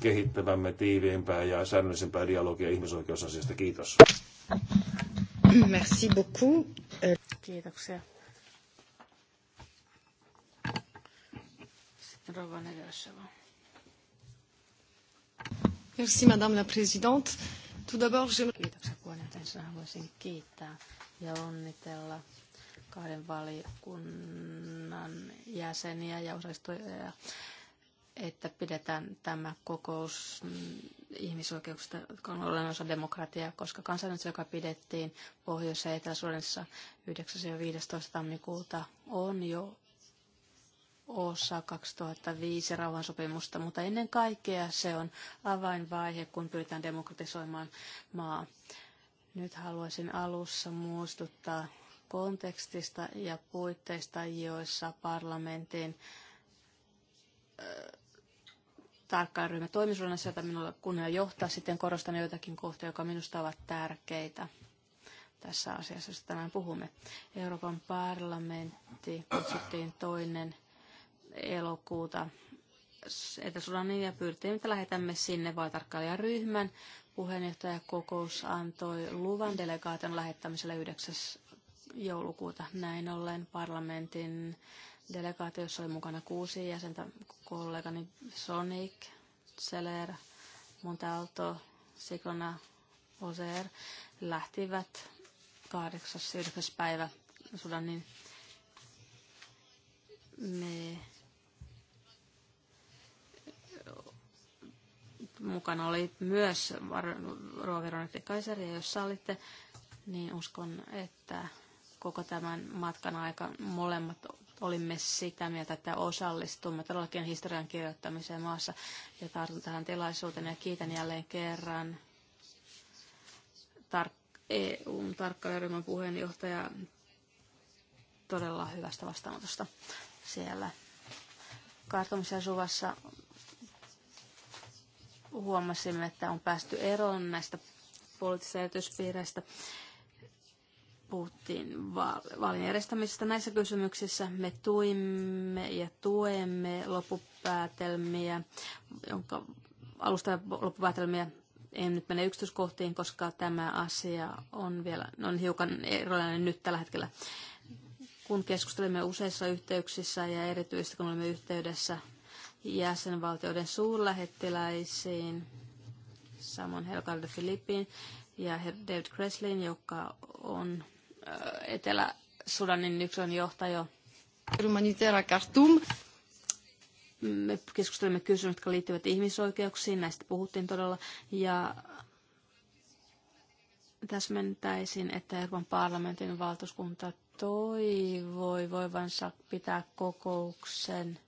kehittämämme tiiviimpää ja säännöllisempää dialogia ihmisoikeusasiasta. Kiitos. Merci beaucoup. Kiitoksia. Sitten Rova Nedelsheva. Merci Madame la Présidente. Tout d'abord, je... Kiitoksia puheenjohtaja. haluaisin kiittää ja onnitella kahden valiokunnan jäseniä ja osallistujia että pidetään tämä kokous mm, ihmisoikeuksista, jotka on olennainen osa demokratiaa, koska kansanäänestys, joka pidettiin Pohjois- ja Etelä-Suomessa 9. ja 15. tammikuuta, on jo osa 2005 rauhansopimusta, mutta ennen kaikkea se on avainvaihe, kun pyritään demokratisoimaan maa. Nyt haluaisin alussa muistuttaa kontekstista ja puitteista, joissa parlamentin tarkkaan ryhmä toimisuunnassa, jota minulla kunnia johtaa. Sitten korostan joitakin kohtia, jotka minusta ovat tärkeitä tässä asiassa, josta tänään puhumme. Euroopan parlamentti kutsuttiin toinen elokuuta Etelä-Sudanin niin, ja pyydettiin, että lähetämme sinne vaalitarkkailijaryhmän. Puheenjohtajakokous antoi luvan delegaation lähettämiselle 9. joulukuuta. Näin ollen parlamentin Delegaatiossa oli mukana kuusi jäsentä, kollegani Sonic, Seler, Montalto, Sikona, Oser lähtivät 8. päivä Sudanin. Niin me mukana oli myös Ruoveronikki Kaiseri, ja jos sallitte, niin uskon, että koko tämän matkan aika molemmat olimme sitä mieltä, että osallistumme todellakin historian kirjoittamiseen maassa. Ja tartun tähän tilaisuuteen ja kiitän jälleen kerran tar- EUn tarkkailijaryhmän puheenjohtaja todella hyvästä vastaanotosta siellä kartumisen suvassa huomasimme, että on päästy eroon näistä poliittisista erityispiireistä puhuttiin vaalien järjestämisestä. Näissä kysymyksissä me tuimme ja tuemme loppupäätelmiä, jonka alusta loppupäätelmiä en nyt mene yksityiskohtiin, koska tämä asia on vielä on hiukan erilainen nyt tällä hetkellä. Kun keskustelimme useissa yhteyksissä ja erityisesti kun olemme yhteydessä jäsenvaltioiden suurlähettiläisiin, samoin Helgarde Filippiin ja David Kresslin joka on Etelä-Sudanin yksilön johtaja. Humanitera Khartoum. Me keskustelimme kysymyksiä, jotka liittyvät ihmisoikeuksiin, näistä puhuttiin todella, ja täsmentäisin, että Euroopan parlamentin valtuuskunta toivoi voivansa pitää kokouksen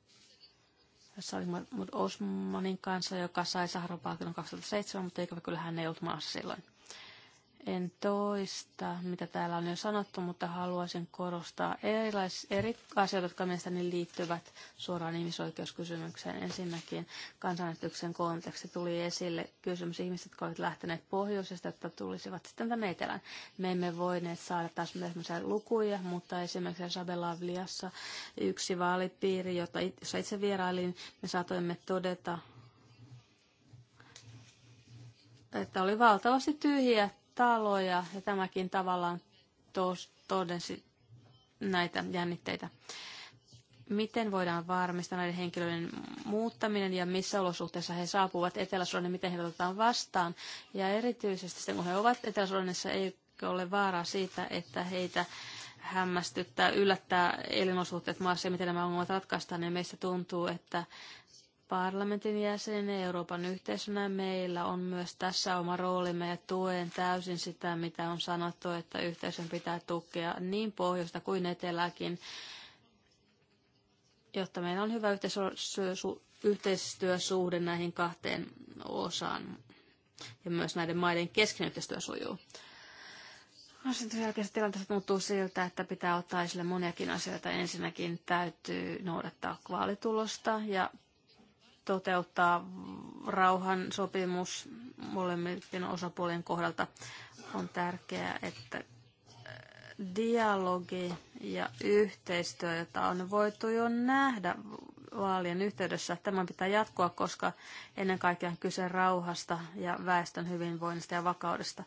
Tässä oli Osmanin kanssa, joka sai Saharopalkinnon 2007, mutta ikävä kyllä hän ei ollut maassa silloin. En toista, mitä täällä on jo sanottu, mutta haluaisin korostaa erilais, eri asioita, jotka mielestäni liittyvät suoraan ihmisoikeuskysymykseen. Ensinnäkin kansanäänestyksen konteksti tuli esille kysymys ihmistä, jotka olivat lähteneet pohjoisesta, että tulisivat sitten tänne etelään. Me emme voineet saada taas lukuja, mutta esimerkiksi Sabelavliassa yksi vaalipiiri, jota jossa itse vierailin, me saatoimme todeta, että oli valtavasti tyhjiä taloja ja tämäkin tavallaan todensi näitä jännitteitä. Miten voidaan varmistaa näiden henkilöiden muuttaminen ja missä olosuhteissa he saapuvat etelä ja miten he otetaan vastaan? Ja erityisesti sitten, kun he ovat etelä ei ole vaaraa siitä, että heitä hämmästyttää, yllättää elinolosuhteet maassa ja miten nämä ongelmat ratkaistaan, niin meistä tuntuu, että parlamentin jäsenen Euroopan yhteisönä meillä on myös tässä oma roolimme ja tuen täysin sitä, mitä on sanottu, että yhteisön pitää tukea niin pohjoista kuin eteläkin, jotta meillä on hyvä yhteistyösuhde näihin kahteen osaan ja myös näiden maiden kesken yhteistyö sujuu. No sitten jälkeisessä tilanteessa muuttuu siltä, että pitää ottaa esille moniakin asioita. Ensinnäkin täytyy noudattaa vaalitulosta ja toteuttaa rauhan sopimus molemmien osapuolien kohdalta. On tärkeää, että äh, dialogi ja yhteistyö, jota on voitu jo nähdä vaalien yhteydessä, tämän pitää jatkua, koska ennen kaikkea on kyse rauhasta ja väestön hyvinvoinnista ja vakaudesta.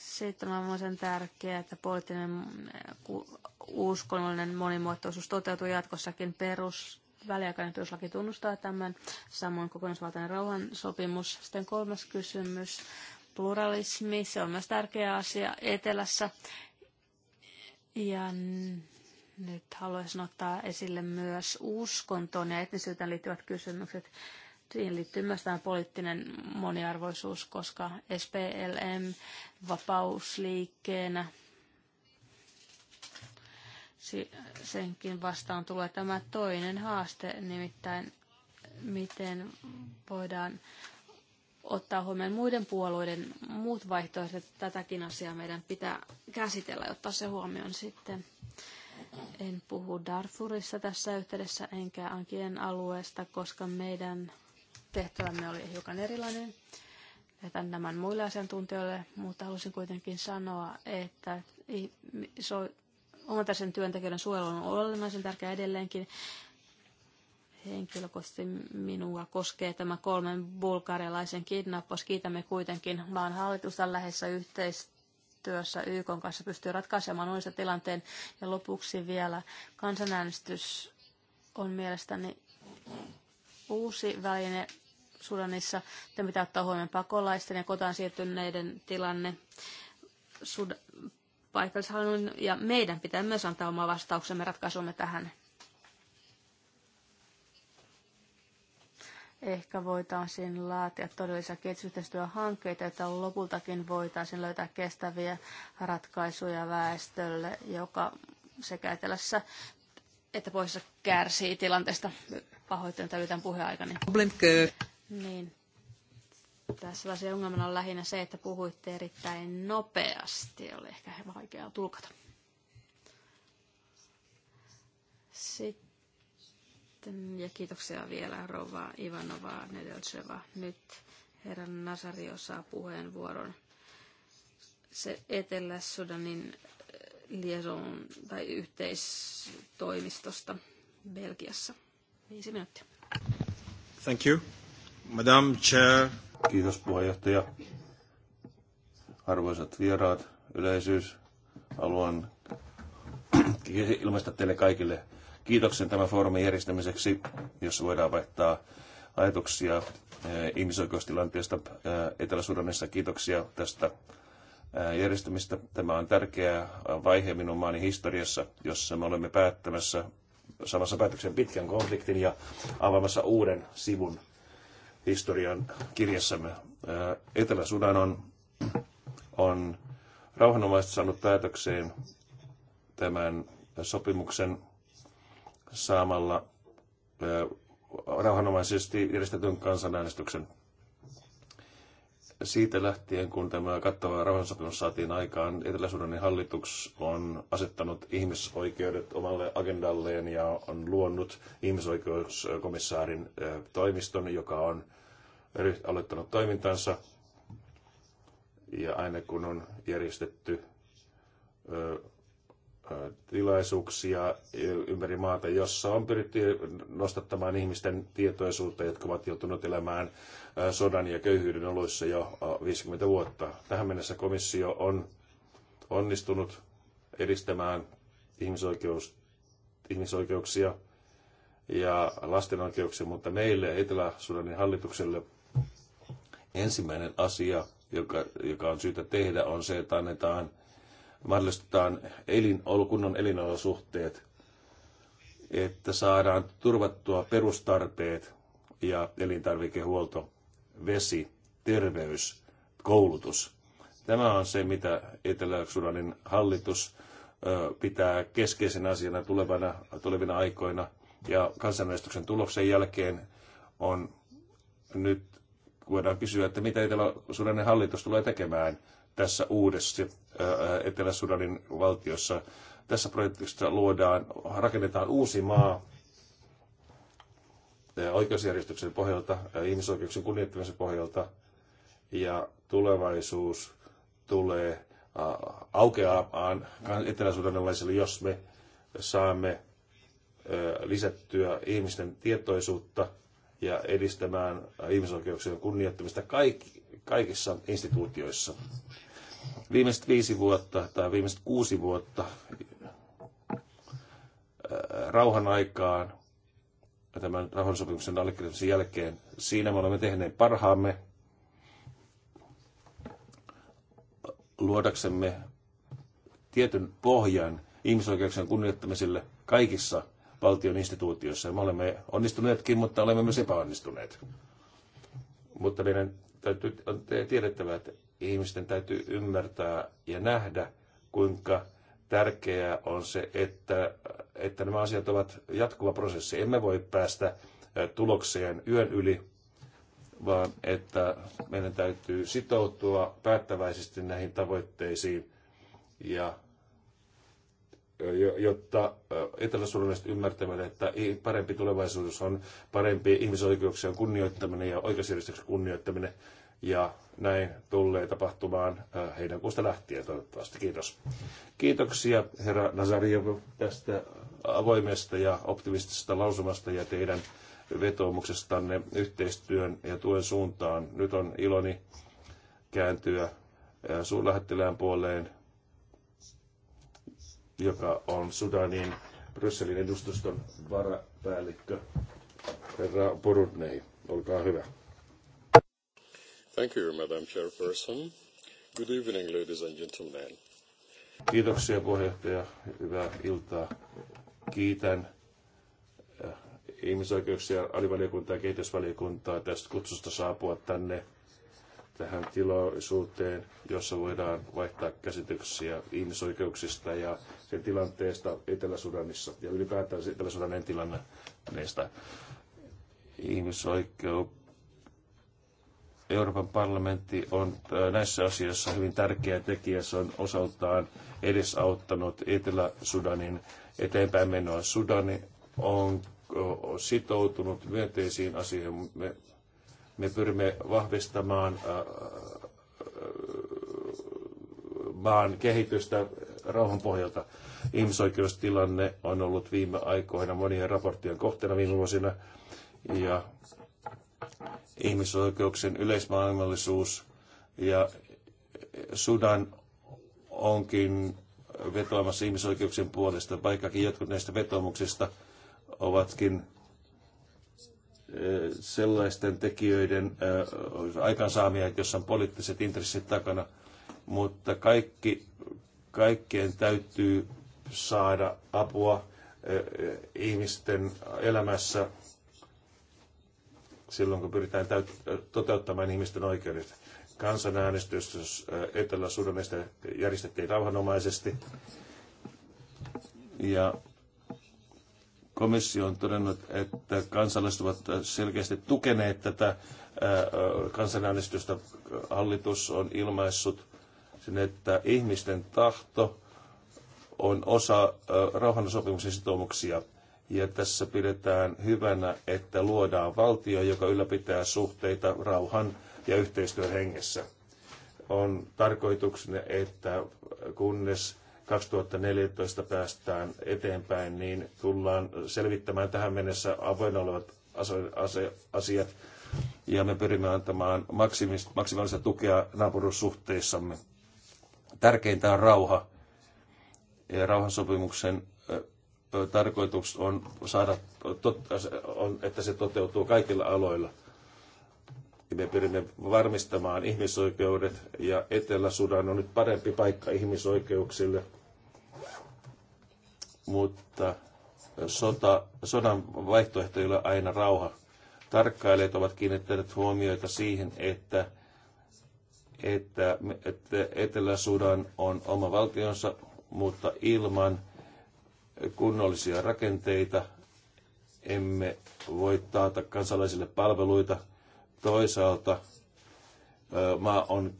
Sitten on sen tärkeää, että poliittinen äh, uskonnollinen monimuotoisuus toteutuu jatkossakin perus väliaikainen peruslaki tunnustaa tämän, samoin kokonaisvaltainen rauhansopimus. Sitten kolmas kysymys, pluralismi, se on myös tärkeä asia etelässä. Ja nyt haluaisin ottaa esille myös uskontoon ja etnisyyteen liittyvät kysymykset. Siihen liittyy myös tämä poliittinen moniarvoisuus, koska SPLM vapausliikkeenä senkin vastaan tulee tämä toinen haaste, nimittäin miten voidaan ottaa huomioon muiden puolueiden muut vaihtoehdot. Tätäkin asiaa meidän pitää käsitellä ottaa se huomioon sitten. En puhu Darfurissa tässä yhteydessä enkä Ankien alueesta, koska meidän tehtävämme oli hiukan erilainen. Jätän tämän muille asiantuntijoille, mutta halusin kuitenkin sanoa, että Omapäisen työntekijöiden suojelu on olennaisen tärkeä edelleenkin. Henkilökohtaisesti minua koskee tämä kolmen bulgarialaisen kidnappaus. Kiitämme kuitenkin maan hallitusta läheisessä yhteistyössä YK kanssa pystyy ratkaisemaan uudesta tilanteen. Ja lopuksi vielä kansanäänestys on mielestäni uusi väline Sudanissa. Tämä pitää ottaa huomioon pakolaisten ja kotaan siirtyneiden tilanne. Sud- paikallishallinnon ja meidän pitää myös antaa oma vastauksemme ratkaisumme tähän. Ehkä voitaisiin laatia todellisia kehitysyhteistyöhankkeita, että lopultakin voitaisiin löytää kestäviä ratkaisuja väestölle, joka sekä etelässä että poissa kärsii tilanteesta. Pahoittelen, että yritän puheaikani. Niin, tässä se ongelmana on lähinnä se, että puhuitte erittäin nopeasti. Oli ehkä vaikea tulkata. Sitten, ja kiitoksia vielä Rova Ivanova Nedeltseva. Nyt herran Nasari osaa puheenvuoron. Se Etelä-Sudanin eh, liaison tai yhteistoimistosta Belgiassa. Viisi minuuttia. Thank you. Madam Chair. Kiitos puheenjohtaja. Arvoisat vieraat, yleisyys, haluan <clears throat> ilmaista teille kaikille kiitoksen tämän foorumin järjestämiseksi, jossa voidaan vaihtaa ajatuksia eh, ihmisoikeustilanteesta eh, Etelä-Sudanissa. Kiitoksia tästä eh, järjestämistä. Tämä on tärkeä vaihe minun maani historiassa, jossa me olemme päättämässä samassa päätöksen pitkän konfliktin ja avaamassa uuden sivun historian kirjassamme. Etelä-Sudan on, on rauhanomaisesti saanut päätökseen tämän sopimuksen saamalla rauhanomaisesti järjestetyn kansanäänestyksen. Siitä lähtien, kun tämä kattava rauhansopimus saatiin aikaan, Etelä-Sudanin hallitus on asettanut ihmisoikeudet omalle agendalleen ja on luonut ihmisoikeuskomissaarin toimiston, joka on aloittanut toimintansa. Ja aina kun on järjestetty tilaisuuksia ympäri maata, jossa on pyritty nostattamaan ihmisten tietoisuutta, jotka ovat joutuneet elämään sodan ja köyhyyden oloissa jo 50 vuotta. Tähän mennessä komissio on onnistunut edistämään ihmisoikeus, ihmisoikeuksia ja lasten oikeuksia, mutta meille Etelä-Sudanin hallitukselle – Ensimmäinen asia, joka, joka on syytä tehdä, on se, että annetaan, mahdollistetaan elin, kunnon elinolosuhteet, että saadaan turvattua perustarpeet ja elintarvikehuolto, vesi, terveys, koulutus. Tämä on se, mitä Etelä-Sudanin hallitus pitää keskeisen asiana tulevana, tulevina aikoina. Ja kansanäänestyksen tuloksen jälkeen on nyt voidaan kysyä, että mitä Etelä-Sudanin hallitus tulee tekemään tässä uudessa Etelä-Sudanin valtiossa. Tässä projektissa luodaan, rakennetaan uusi maa oikeusjärjestyksen pohjalta, ihmisoikeuksien kunnioittamisen pohjalta ja tulevaisuus tulee aukeamaan eteläsudanilaisille, jos me saamme lisättyä ihmisten tietoisuutta – ja edistämään ihmisoikeuksien kunnioittamista kaikki, kaikissa instituutioissa. Viimeiset viisi vuotta tai viimeiset kuusi vuotta äh, rauhan aikaan, tämän rauhansopimuksen allekirjoituksen jälkeen, siinä me olemme tehneet parhaamme luodaksemme tietyn pohjan ihmisoikeuksien kunnioittamiselle kaikissa valtion instituutioissa. Me olemme onnistuneetkin, mutta olemme myös epäonnistuneet. Mutta meidän täytyy on tiedettävä, että ihmisten täytyy ymmärtää ja nähdä, kuinka tärkeää on se, että, että nämä asiat ovat jatkuva prosessi. Emme voi päästä tulokseen yön yli, vaan että meidän täytyy sitoutua päättäväisesti näihin tavoitteisiin ja jotta eteläsuomalaiset ymmärtävät, että parempi tulevaisuus on parempi ihmisoikeuksien kunnioittaminen ja oikeusjärjestyksen kunnioittaminen. Ja näin tulee tapahtumaan heinäkuusta lähtien toivottavasti. Kiitos. Kiitoksia herra Nazariev tästä avoimesta ja optimistisesta lausumasta ja teidän vetoomuksestanne yhteistyön ja tuen suuntaan. Nyt on iloni kääntyä suurlähettilään puoleen joka on Sudanin Brysselin edustuston varapäällikkö, herra Borudnei. Olkaa hyvä. Thank you, Madam Chairperson. Good evening, ladies and gentlemen. Kiitoksia puheenjohtaja. Hyvää iltaa. Kiitän eh, ihmisoikeuksia, alivaliokuntaa ja kehitysvaliokuntaa tästä kutsusta saapua tänne tähän tilaisuuteen, jossa voidaan vaihtaa käsityksiä ihmisoikeuksista ja sen tilanteesta Etelä-Sudanissa ja ylipäätään Etelä-Sudanin tilanneista ihmisoikeuksista. Euroopan parlamentti on äh, näissä asioissa hyvin tärkeä tekijä. Se on osaltaan edesauttanut Etelä-Sudanin eteenpäin menoa. Sudani on äh, sitoutunut myönteisiin asioihin. Me me pyrimme vahvistamaan äh, äh, maan kehitystä rauhan pohjalta. Ihmisoikeustilanne on ollut viime aikoina monien raporttien kohteena viime vuosina ja ihmisoikeuksien yleismaailmallisuus ja Sudan onkin vetoamassa ihmisoikeuksien puolesta, vaikkakin jotkut näistä vetoomuksista ovatkin sellaisten tekijöiden aikaansaamia, jossa on poliittiset intressit takana, mutta kaikki, kaikkien täytyy saada apua ihmisten elämässä silloin, kun pyritään täyt- toteuttamaan ihmisten oikeudet. Kansanäänestys Etelä-Sudanista järjestettiin rauhanomaisesti ja Komissio on todennut, että kansalaiset ovat selkeästi tukeneet tätä kansanäänestystä. Hallitus on ilmaissut sen, että ihmisten tahto on osa rauhansopimuksen sitoumuksia. Ja tässä pidetään hyvänä, että luodaan valtio, joka ylläpitää suhteita rauhan ja yhteistyön hengessä. On tarkoituksena, että kunnes 2014 päästään eteenpäin, niin tullaan selvittämään tähän mennessä avoinna olevat asiat ja me pyrimme antamaan maksimaalista tukea naapurussuhteissamme. Tärkeintä on rauha. Ja rauhansopimuksen tarkoitus on saada, on, että se toteutuu kaikilla aloilla. Me pyrimme varmistamaan ihmisoikeudet ja Etelä-Sudan on nyt parempi paikka ihmisoikeuksille – mutta sota, sodan vaihtoehto ei ole aina rauha. Tarkkailijat ovat kiinnittäneet huomioita siihen, että, että, että Etelä-Sudan on oma valtionsa, mutta ilman kunnollisia rakenteita emme voi taata kansalaisille palveluita. Toisaalta maa on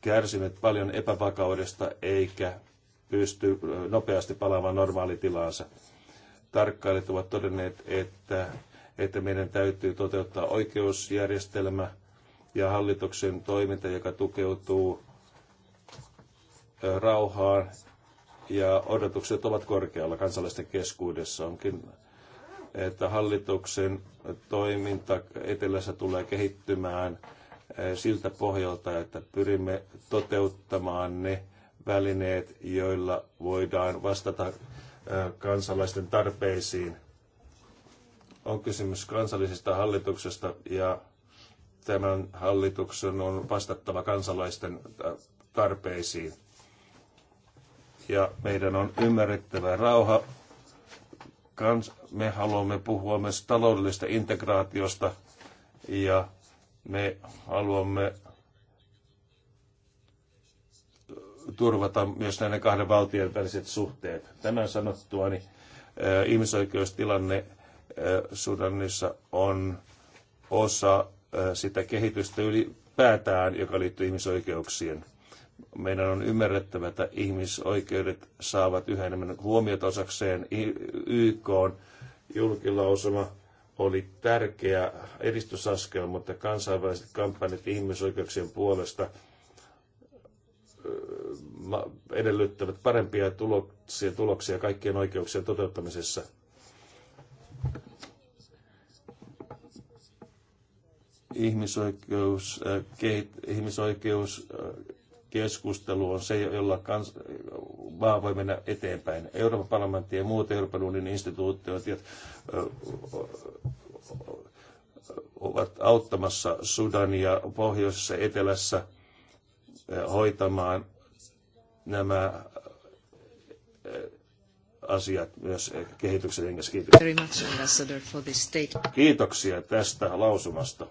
kärsinyt paljon epävakaudesta eikä pystyy nopeasti palaamaan normaalitilaansa. Tarkkailijat ovat todenneet, että, että meidän täytyy toteuttaa oikeusjärjestelmä ja hallituksen toiminta, joka tukeutuu rauhaan ja odotukset ovat korkealla kansalaisten keskuudessa. Onkin, että hallituksen toiminta etelässä tulee kehittymään siltä pohjalta, että pyrimme toteuttamaan ne välineet, joilla voidaan vastata kansalaisten tarpeisiin. On kysymys kansallisesta hallituksesta ja tämän hallituksen on vastattava kansalaisten tarpeisiin. Ja meidän on ymmärrettävä rauha. Kans, me haluamme puhua myös taloudellista integraatiosta ja me haluamme turvata myös näiden kahden valtion väliset suhteet. Tämän sanottua niin ihmisoikeustilanne Sudanissa on osa sitä kehitystä ylipäätään, joka liittyy ihmisoikeuksien. Meidän on ymmärrettävä, että ihmisoikeudet saavat yhä enemmän huomiota osakseen. YK on julkilausuma oli tärkeä edistysaskel, mutta kansainväliset kampanjat ihmisoikeuksien puolesta – edellyttävät parempia tuloksia, tuloksia kaikkien oikeuksien toteuttamisessa. Ihmisoikeus, ke, on se, jolla kans, maa voi mennä eteenpäin. Euroopan parlamentti ja muut Euroopan unionin instituutiot ovat auttamassa Sudania pohjoisessa, etelässä – hoitamaan nämä asiat myös kehityksen hengessä. Kiitoksia. tästä lausumasta.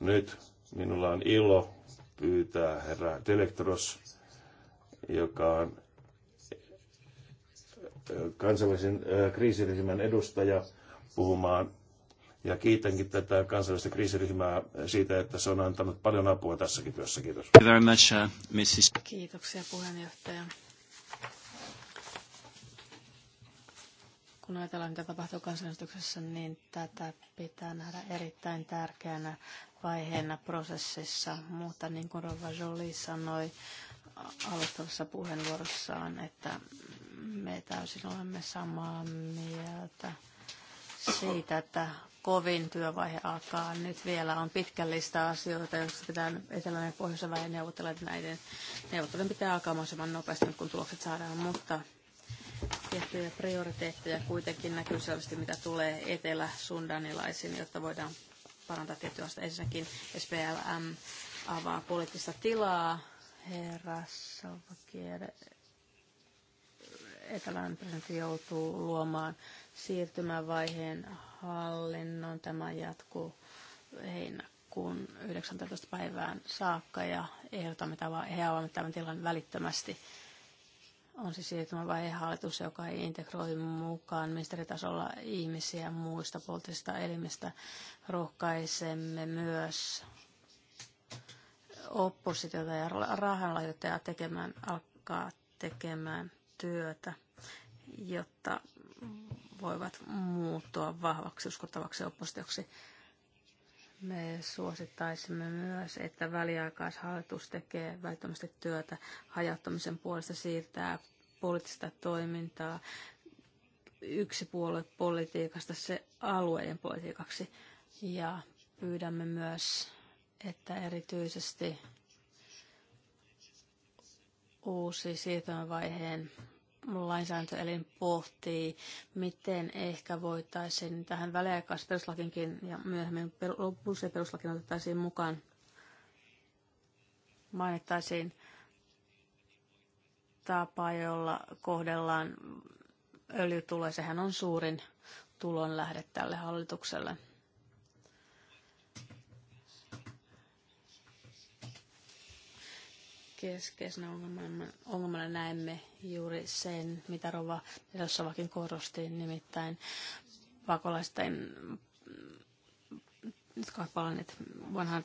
Nyt minulla on ilo pyytää herra Delektros, joka on kansainvälisen kriisiryhmän edustaja, puhumaan ja kiitänkin tätä kansallista kriisiryhmää siitä, että se on antanut paljon apua tässäkin työssä. Kiitos. Very much, uh, Mrs. Kiitoksia puheenjohtaja. Kun ajatellaan, mitä tapahtuu kansanedustuksessa, niin tätä pitää nähdä erittäin tärkeänä vaiheena prosessissa. Mutta niin kuin Rova Jolie sanoi aloittavassa puheenvuorossaan, että me täysin olemme samaa mieltä siitä, että kovin työvaihe alkaa. Nyt vielä on pitkä lista asioita, joissa pitää etelän ja pohjoisen väen neuvotella. Näiden neuvottelujen pitää alkaa mahdollisimman nopeasti, kun tulokset saadaan, mutta tiettyjä prioriteetteja kuitenkin näkyy selvästi, mitä tulee etelä-sundanilaisiin, jotta voidaan parantaa tiettyä asioita. Ensinnäkin SPLM avaa poliittista tilaa. Herra Salvakier, etelän presidentti joutuu luomaan siirtymävaiheen hallinnon. Tämä jatkuu heinäkuun 19. päivään saakka ja ehdotamme tämän, he tämän tilan välittömästi. On siis siirtymävaihe hallitus, joka ei integroi mukaan ministeritasolla ihmisiä muista poliittisista elimistä. Rohkaisemme myös oppositiota ja rahanlajoittajaa tekemään, alkaa tekemään työtä, jotta voivat muuttua vahvaksi uskottavaksi oppositioksi. Me suosittaisimme myös, että väliaikaishallitus tekee välttämättä työtä hajauttamisen puolesta siirtää poliittista toimintaa politiikasta se alueiden politiikaksi. Ja pyydämme myös, että erityisesti uusi siirtymävaiheen lainsäädäntöelin pohtii, miten ehkä voitaisiin tähän väliaikaisen peruslakinkin ja myöhemmin lopulliseen peruslakin otettaisiin mukaan, mainittaisiin tapa, jolla kohdellaan öljytulo. Sehän on suurin tulonlähde tälle hallitukselle. keskeisenä ongelmana, ongelmana näemme juuri sen, mitä Rova Elossavakin korosti, nimittäin pakolaisten, jotka ovat palanneet vanhaan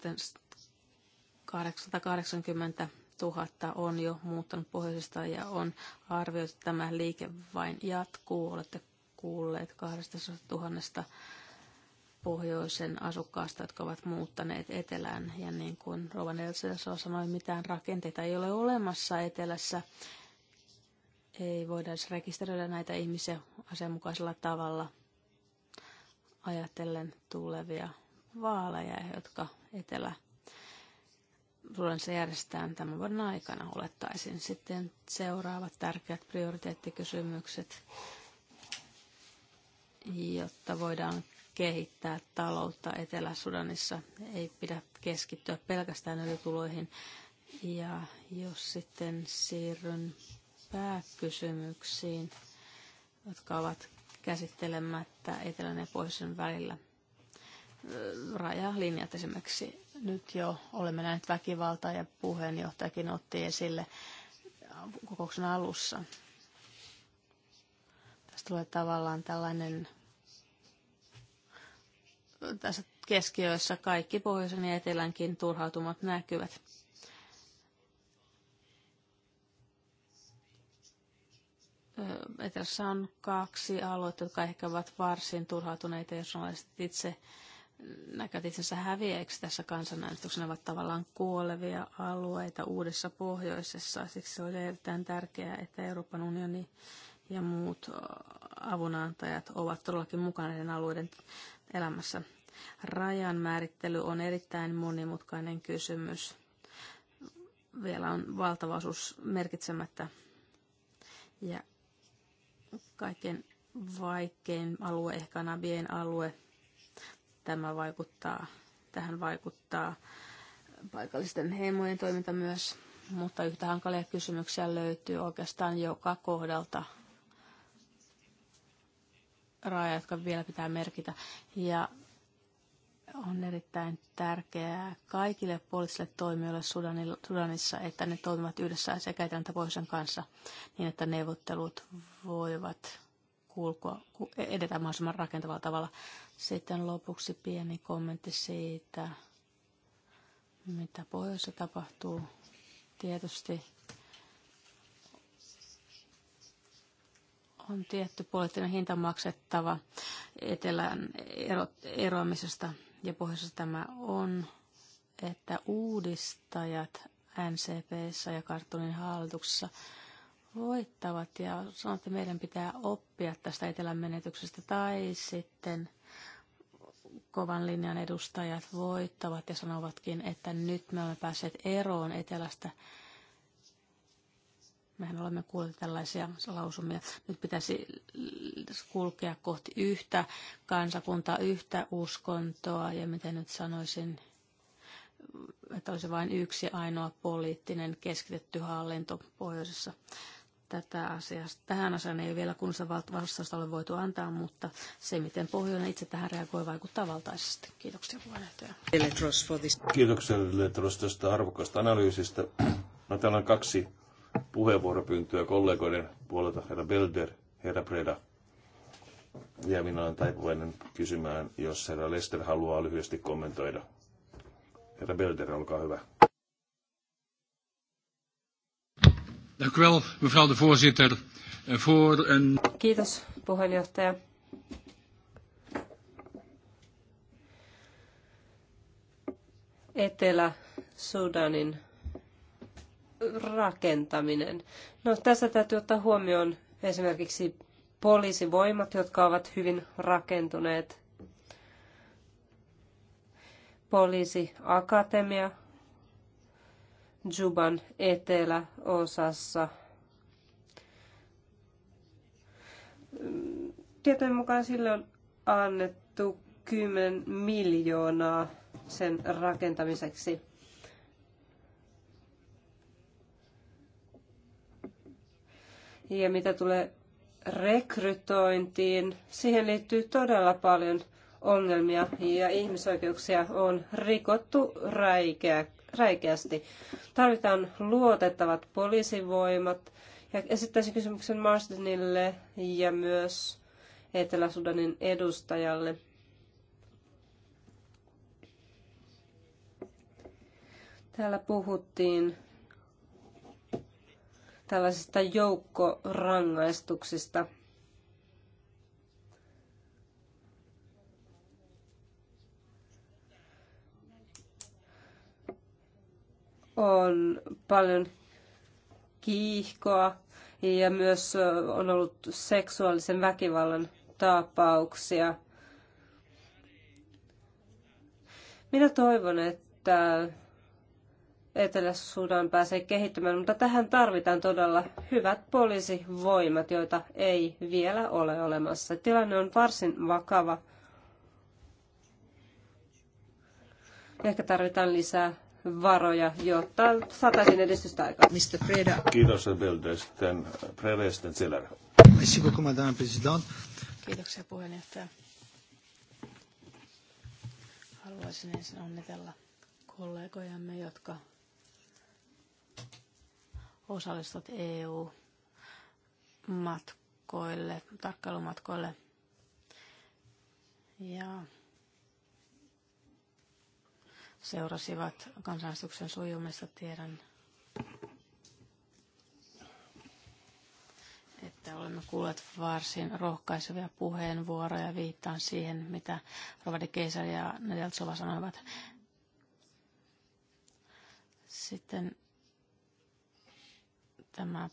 880 000 on jo muuttanut pohjoisesta ja on arvioitu, että tämä liike vain jatkuu. Olette kuulleet 200 000 pohjoisen asukkaasta, jotka ovat muuttaneet etelään. Ja niin kuin Rovan Elsa sanoi, mitään rakenteita ei ole olemassa etelässä. Ei voida edes rekisteröidä näitä ihmisiä asianmukaisella tavalla ajatellen tulevia vaaleja, jotka etelä Suomessa järjestetään tämän vuoden aikana, olettaisin. Sitten seuraavat tärkeät prioriteettikysymykset, jotta voidaan kehittää taloutta Etelä-Sudanissa. Ei pidä keskittyä pelkästään öljytuloihin. Ja jos sitten siirryn pääkysymyksiin, jotka ovat käsittelemättä etelän ja pohjoisen välillä. Rajalinjat esimerkiksi. Nyt jo olemme nähneet väkivaltaa ja puheenjohtajakin otti esille kokouksen alussa. Tästä tulee tavallaan tällainen tässä keskiössä kaikki pohjoisen ja etelänkin turhautumat näkyvät. Etelässä on kaksi aluetta, jotka ehkä ovat varsin turhautuneita, jos olisit itse näkevät itsensä häviäjiksi tässä kansanäänestyksessä. Ne ovat tavallaan kuolevia alueita uudessa pohjoisessa. Siksi oli erittäin tärkeää, että Euroopan unioni ja muut avunantajat ovat todellakin mukana näiden alueiden elämässä. Rajan määrittely on erittäin monimutkainen kysymys. Vielä on valtava osuus merkitsemättä. Ja kaiken vaikein alue, ehkä Nabien alue, tämä vaikuttaa, tähän vaikuttaa paikallisten heimojen toiminta myös, mutta yhtä hankalia kysymyksiä löytyy oikeastaan joka kohdalta – raja, jotka vielä pitää merkitä. Ja on erittäin tärkeää kaikille poliittisille toimijoille Sudanissa, että ne toimivat yhdessä sekä tämän pohjoisen kanssa niin, että neuvottelut voivat kulkua, edetä mahdollisimman rakentavalla tavalla. Sitten lopuksi pieni kommentti siitä, mitä pohjoissa tapahtuu. Tietysti on tietty poliittinen hinta maksettava etelän ero, eroamisesta ja pohjoisessa tämä on, että uudistajat NCPssä ja karttunin hallituksessa voittavat ja sanovat, että meidän pitää oppia tästä etelän menetyksestä tai sitten kovan linjan edustajat voittavat ja sanovatkin, että nyt me olemme päässeet eroon etelästä Mehän olemme kuulleet tällaisia lausumia. Nyt pitäisi kulkea kohti yhtä kansakuntaa, yhtä uskontoa ja miten nyt sanoisin, että olisi vain yksi ainoa poliittinen keskitetty hallinto pohjoisessa. Tätä asiasta. Tähän asiaan ei vielä kunnossa vastausta ole voitu antaa, mutta se, miten Pohjoinen itse tähän reagoi, vaikuttaa valtaisesti. Kiitoksia puheenjohtaja. Kiitoksia Letros tästä arvokkaasta analyysistä. No, täällä on kaksi puheenvuoropyyntöä kollegoiden puolelta, herra Belder, herra Preda. Ja minä olen taipuvainen kysymään, jos herra Lester haluaa lyhyesti kommentoida. Herra Belder, olkaa hyvä. Eh, Kiitos, puheenjohtaja. Etelä-Sudanin rakentaminen. No, tässä täytyy ottaa huomioon esimerkiksi poliisivoimat, jotka ovat hyvin rakentuneet. Poliisiakatemia Juban eteläosassa. Tietojen mukaan sille on annettu 10 miljoonaa sen rakentamiseksi. Ja mitä tulee rekrytointiin, siihen liittyy todella paljon ongelmia ja ihmisoikeuksia on rikottu räikeä, räikeästi. Tarvitaan luotettavat poliisivoimat. Ja esittäisin kysymyksen Marsdenille ja myös Etelä-Sudanin edustajalle. Täällä puhuttiin tällaisista joukkorangaistuksista. On paljon kiihkoa ja myös on ollut seksuaalisen väkivallan tapauksia. Minä toivon, että Etelä-Sudan pääsee kehittymään, mutta tähän tarvitaan todella hyvät poliisivoimat, joita ei vielä ole olemassa. Tilanne on varsin vakava. Ehkä tarvitaan lisää varoja, jotta saataisiin edistystä aikaa. Mr. Preda. Kiitos, Bildesten. Preresten Zeller. President. Kiitoksia puheenjohtaja. Haluaisin ensin onnitella kollegojamme, jotka osallistut EU-matkoille, tarkkailumatkoille. Ja seurasivat kansanäänestyksen sujumista. Tiedän, että olemme kuulleet varsin rohkaisevia puheenvuoroja. Viittaan siihen, mitä Rovadi Keisari ja Nedeltsova sanoivat. Sitten tämä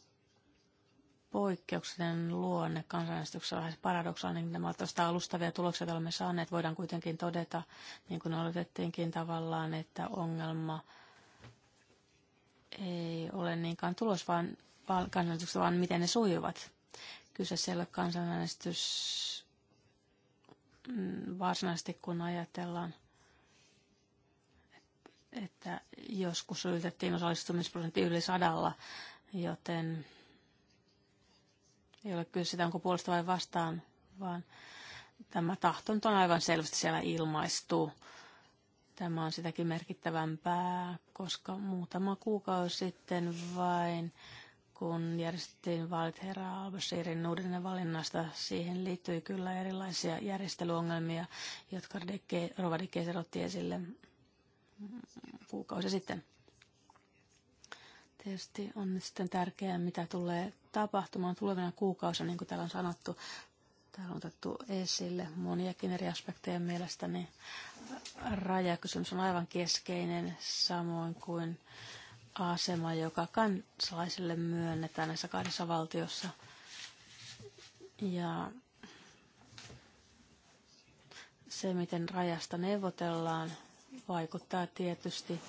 poikkeuksellinen luonne kansanäänestyksessä lähes paradoksaalinen, niin tämä tästä alustavia tuloksia, joita olemme saaneet, voidaan kuitenkin todeta, niin kuin oletettiinkin tavallaan, että ongelma ei ole niinkään tulos, vaan, vaan vaan miten ne sujuvat. Kyse ei ole kansanäänestys mm, varsinaisesti, kun ajatellaan että joskus ylitettiin osallistumisprosentti yli sadalla joten ei ole kyllä sitä, onko puolesta vai vastaan, vaan tämä tahto on aivan selvästi siellä ilmaistu. Tämä on sitäkin merkittävämpää, koska muutama kuukausi sitten vain, kun järjestettiin vaalit herra Albersirin uudelleen valinnasta, siihen liittyi kyllä erilaisia järjestelyongelmia, jotka rovadi Dike otti esille kuukausi sitten. Tietysti on sitten tärkeää, mitä tulee tapahtumaan tulevina kuukausina, niin kuin täällä on sanottu. Täällä on otettu esille moniakin eri aspekteja mielestäni. Rajakysymys on aivan keskeinen, samoin kuin asema, joka kansalaisille myönnetään näissä kahdessa valtiossa. Ja se, miten rajasta neuvotellaan, vaikuttaa tietysti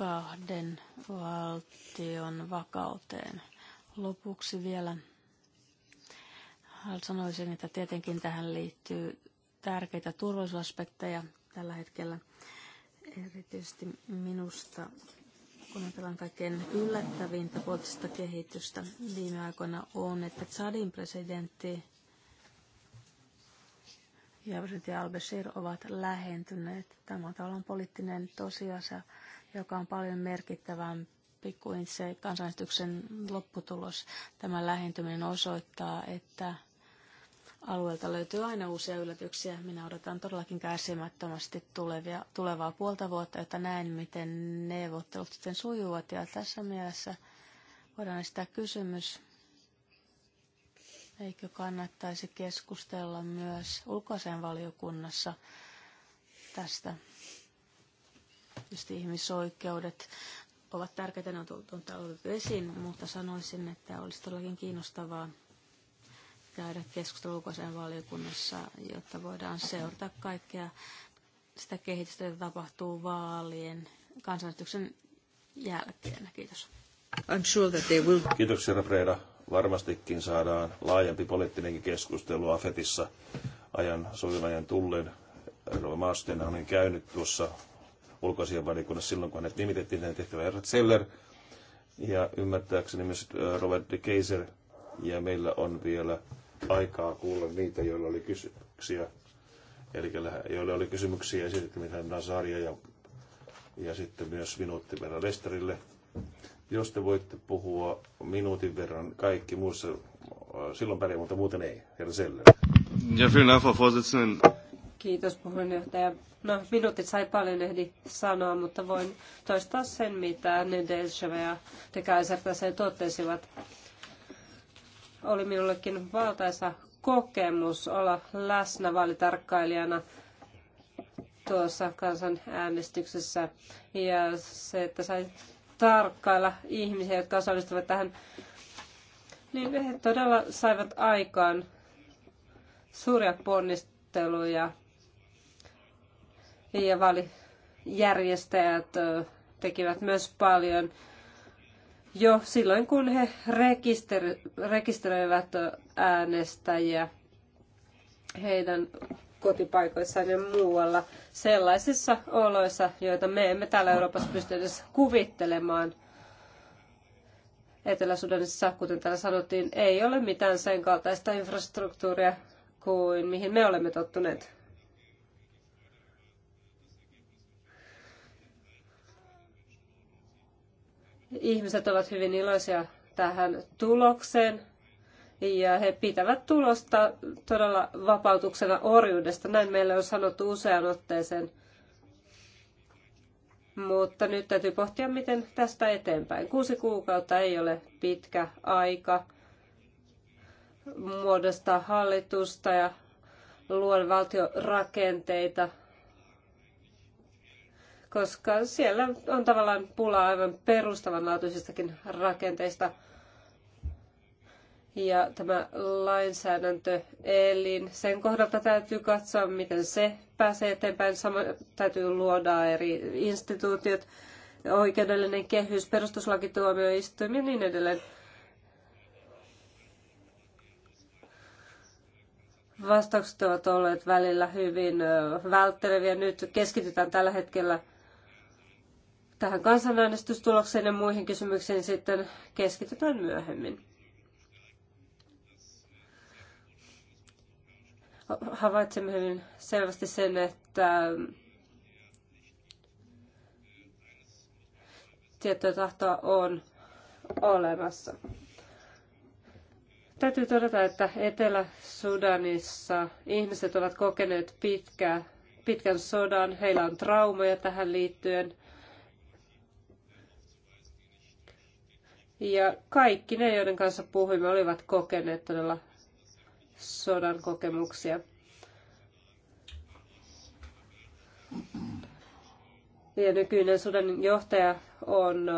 kahden valtion vakauteen. Lopuksi vielä sanoisin, että tietenkin tähän liittyy tärkeitä turvallisuusaspekteja tällä hetkellä. Erityisesti minusta, kun ajatellaan kaikkein yllättävintä poliittista kehitystä viime aikoina on, että Tsadin presidentti ja presidentti Al-Bashir ovat lähentyneet. Tämä on tavallaan poliittinen tosiasia joka on paljon merkittävämpi kuin se kansanäänestyksen lopputulos. Tämä lähentyminen osoittaa, että alueelta löytyy aina uusia yllätyksiä. Minä odotan todellakin kärsimättömästi tulevia, tulevaa puolta vuotta, jotta näen, miten neuvottelut sitten sujuvat. Ja tässä mielessä voidaan esittää kysymys, eikö kannattaisi keskustella myös ulkoisen valiokunnassa tästä Tietysti ihmisoikeudet ovat tärkeitä, ne on, tullut esiin, mutta sanoisin, että olisi todellakin kiinnostavaa käydä keskustelua ulkoisen valiokunnassa, jotta voidaan seurata kaikkea sitä kehitystä, jota tapahtuu vaalien kansanäytöksen jälkeen. Kiitos. I'm sure that they will... Kiitoksia, Rapreda. Varmastikin saadaan laajempi poliittinenkin keskustelu AFETissa ajan, sovinajan tulleen. Rova Maastenhan on niin käynyt tuossa ulkoasianvaliokunnassa silloin, kun hänet nimitettiin tähän tehtävään Erhard Seller ja ymmärtääkseni myös äh, Robert de Keiser. Ja meillä on vielä aikaa kuulla niitä, joilla oli kysymyksiä. Eli joille oli kysymyksiä esitetty mitään Nazaria ja, ja sitten myös minuutti verran Lesterille. Jos te voitte puhua minuutin verran kaikki muussa, äh, silloin pärjää, mutta muuten ei. Herra Seller. Ja, vielen Dank, Frau Vorsitzenden. Kiitos puheenjohtaja. No, minuutit sai paljon ehdi sanoa, mutta voin toistaa sen, mitä Nedelsheva ja sen totesivat. Oli minullekin valtaisa kokemus olla läsnä vaalitarkkailijana tuossa kansanäänestyksessä. Ja se, että sai tarkkailla ihmisiä, jotka osallistuvat tähän, niin he todella saivat aikaan suuria ponnisteluja ja vaalijärjestäjät tekivät myös paljon jo silloin, kun he rekisteröivät äänestäjiä heidän kotipaikoissaan ja muualla sellaisissa oloissa, joita me emme täällä Euroopassa pysty edes kuvittelemaan. Etelä-Sudanissa, kuten täällä sanottiin, ei ole mitään sen kaltaista infrastruktuuria kuin mihin me olemme tottuneet. Ihmiset ovat hyvin iloisia tähän tulokseen ja he pitävät tulosta todella vapautuksena orjuudesta. Näin meille on sanottu usean otteeseen. Mutta nyt täytyy pohtia, miten tästä eteenpäin. Kuusi kuukautta ei ole pitkä aika muodostaa hallitusta ja luoda valtiorakenteita – koska siellä on tavallaan pulaa aivan perustavanlaatuisistakin rakenteista. Ja tämä lainsäädäntö, eli sen kohdalta täytyy katsoa, miten se pääsee eteenpäin. Sama, täytyy luoda eri instituutiot, oikeudellinen kehys, perustuslakituomioistuin ja niin edelleen. Vastaukset ovat olleet välillä hyvin vältteleviä. Nyt keskitytään tällä hetkellä Tähän kansanäänestystulokseen ja muihin kysymyksiin sitten keskitytään myöhemmin. Havaitsemme hyvin selvästi sen, että tiettyä tahtoa on olemassa. Täytyy todeta, että Etelä-Sudanissa ihmiset ovat kokeneet pitkä, pitkän sodan, heillä on traumoja tähän liittyen – Ja kaikki ne, joiden kanssa puhuimme, olivat kokeneet todella sodan kokemuksia. Ja nykyinen sodan johtaja on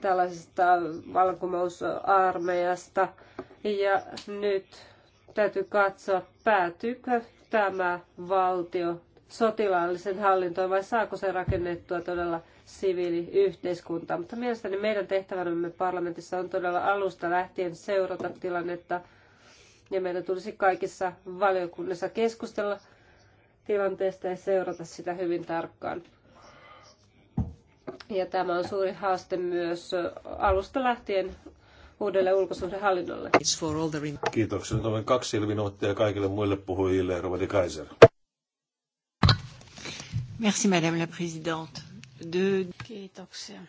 tällaisesta vallankumousarmeijasta. Ja nyt täytyy katsoa, päätyykö tämä valtio sotilaallisen hallintoon vai saako se rakennettua todella siviiliyhteiskuntaa. Mutta mielestäni meidän tehtävämme parlamentissa on todella alusta lähtien seurata tilannetta ja meidän tulisi kaikissa valiokunnissa keskustella tilanteesta ja seurata sitä hyvin tarkkaan. Ja tämä on suuri haaste myös alusta lähtien uudelle ulkosuhdehallinnolle. Kiitoksia. Nyt olen kaksi ilminuottia kaikille muille puhujille. Robert Kaiser. Merci, Madame la Présidente de... Kiitoksia.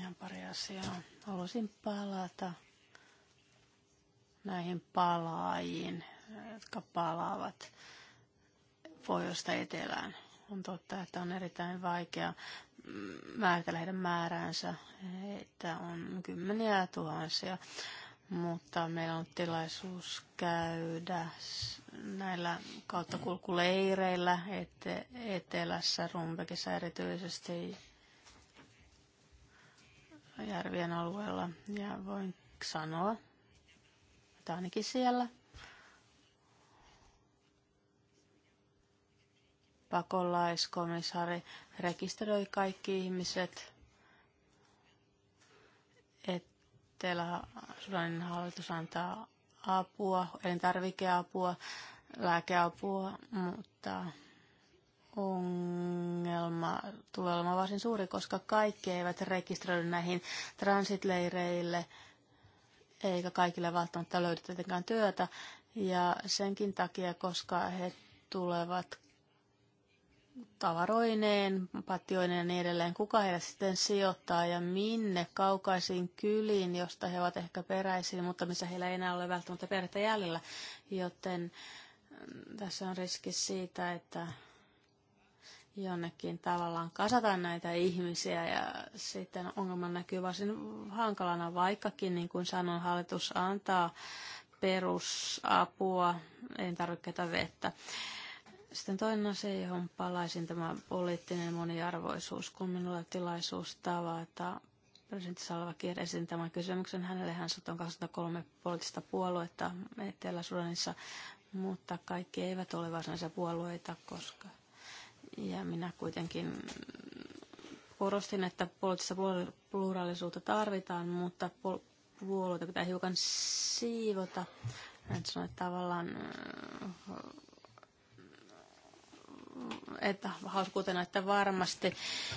Ihan pari asiaa. Haluaisin palata näihin palaajiin, jotka palaavat pohjoista etelään. On totta, että on erittäin vaikea määritellä heidän määräänsä, että on kymmeniä tuhansia, mutta meillä on tilaisuus käydä näillä kauttakulkuleireillä ette etelässä, Rumpekissa erityisesti, järvien alueella ja voin sanoa, että ainakin siellä pakolaiskomissaari rekisteröi kaikki ihmiset. Etelä-Sudanin hallitus antaa apua, elintarvikeapua, lääkeapua, mutta ongelma tulee olemaan varsin suuri, koska kaikki eivät rekisteröidy näihin transitleireille, eikä kaikille välttämättä löydy tietenkään työtä. Ja senkin takia, koska he tulevat tavaroineen, patioineen ja niin edelleen, kuka heidät sitten sijoittaa ja minne kaukaisiin kyliin, josta he ovat ehkä peräisin, mutta missä heillä ei enää ole välttämättä perhettä jäljellä. Joten mm, tässä on riski siitä, että jonnekin tavallaan kasata näitä ihmisiä ja sitten ongelma näkyy varsin hankalana, vaikkakin niin kuin sanon, hallitus antaa perusapua, ei elintarvikkeita vettä. Sitten toinen asia, johon palaisin, tämä poliittinen moniarvoisuus. Kun minulla oli tilaisuus tavata presidentti Salva Kiir tämän kysymyksen, hänelle hän on 23 poliittista puoluetta Etelä-Sudanissa, mutta kaikki eivät ole varsinaisia puolueita, koska ja minä kuitenkin korostin, että poliittista pluraalisuutta tarvitaan, mutta puolueita pitää hiukan siivota. Nyt sanoi tavallaan, että hauskuutena, että varmasti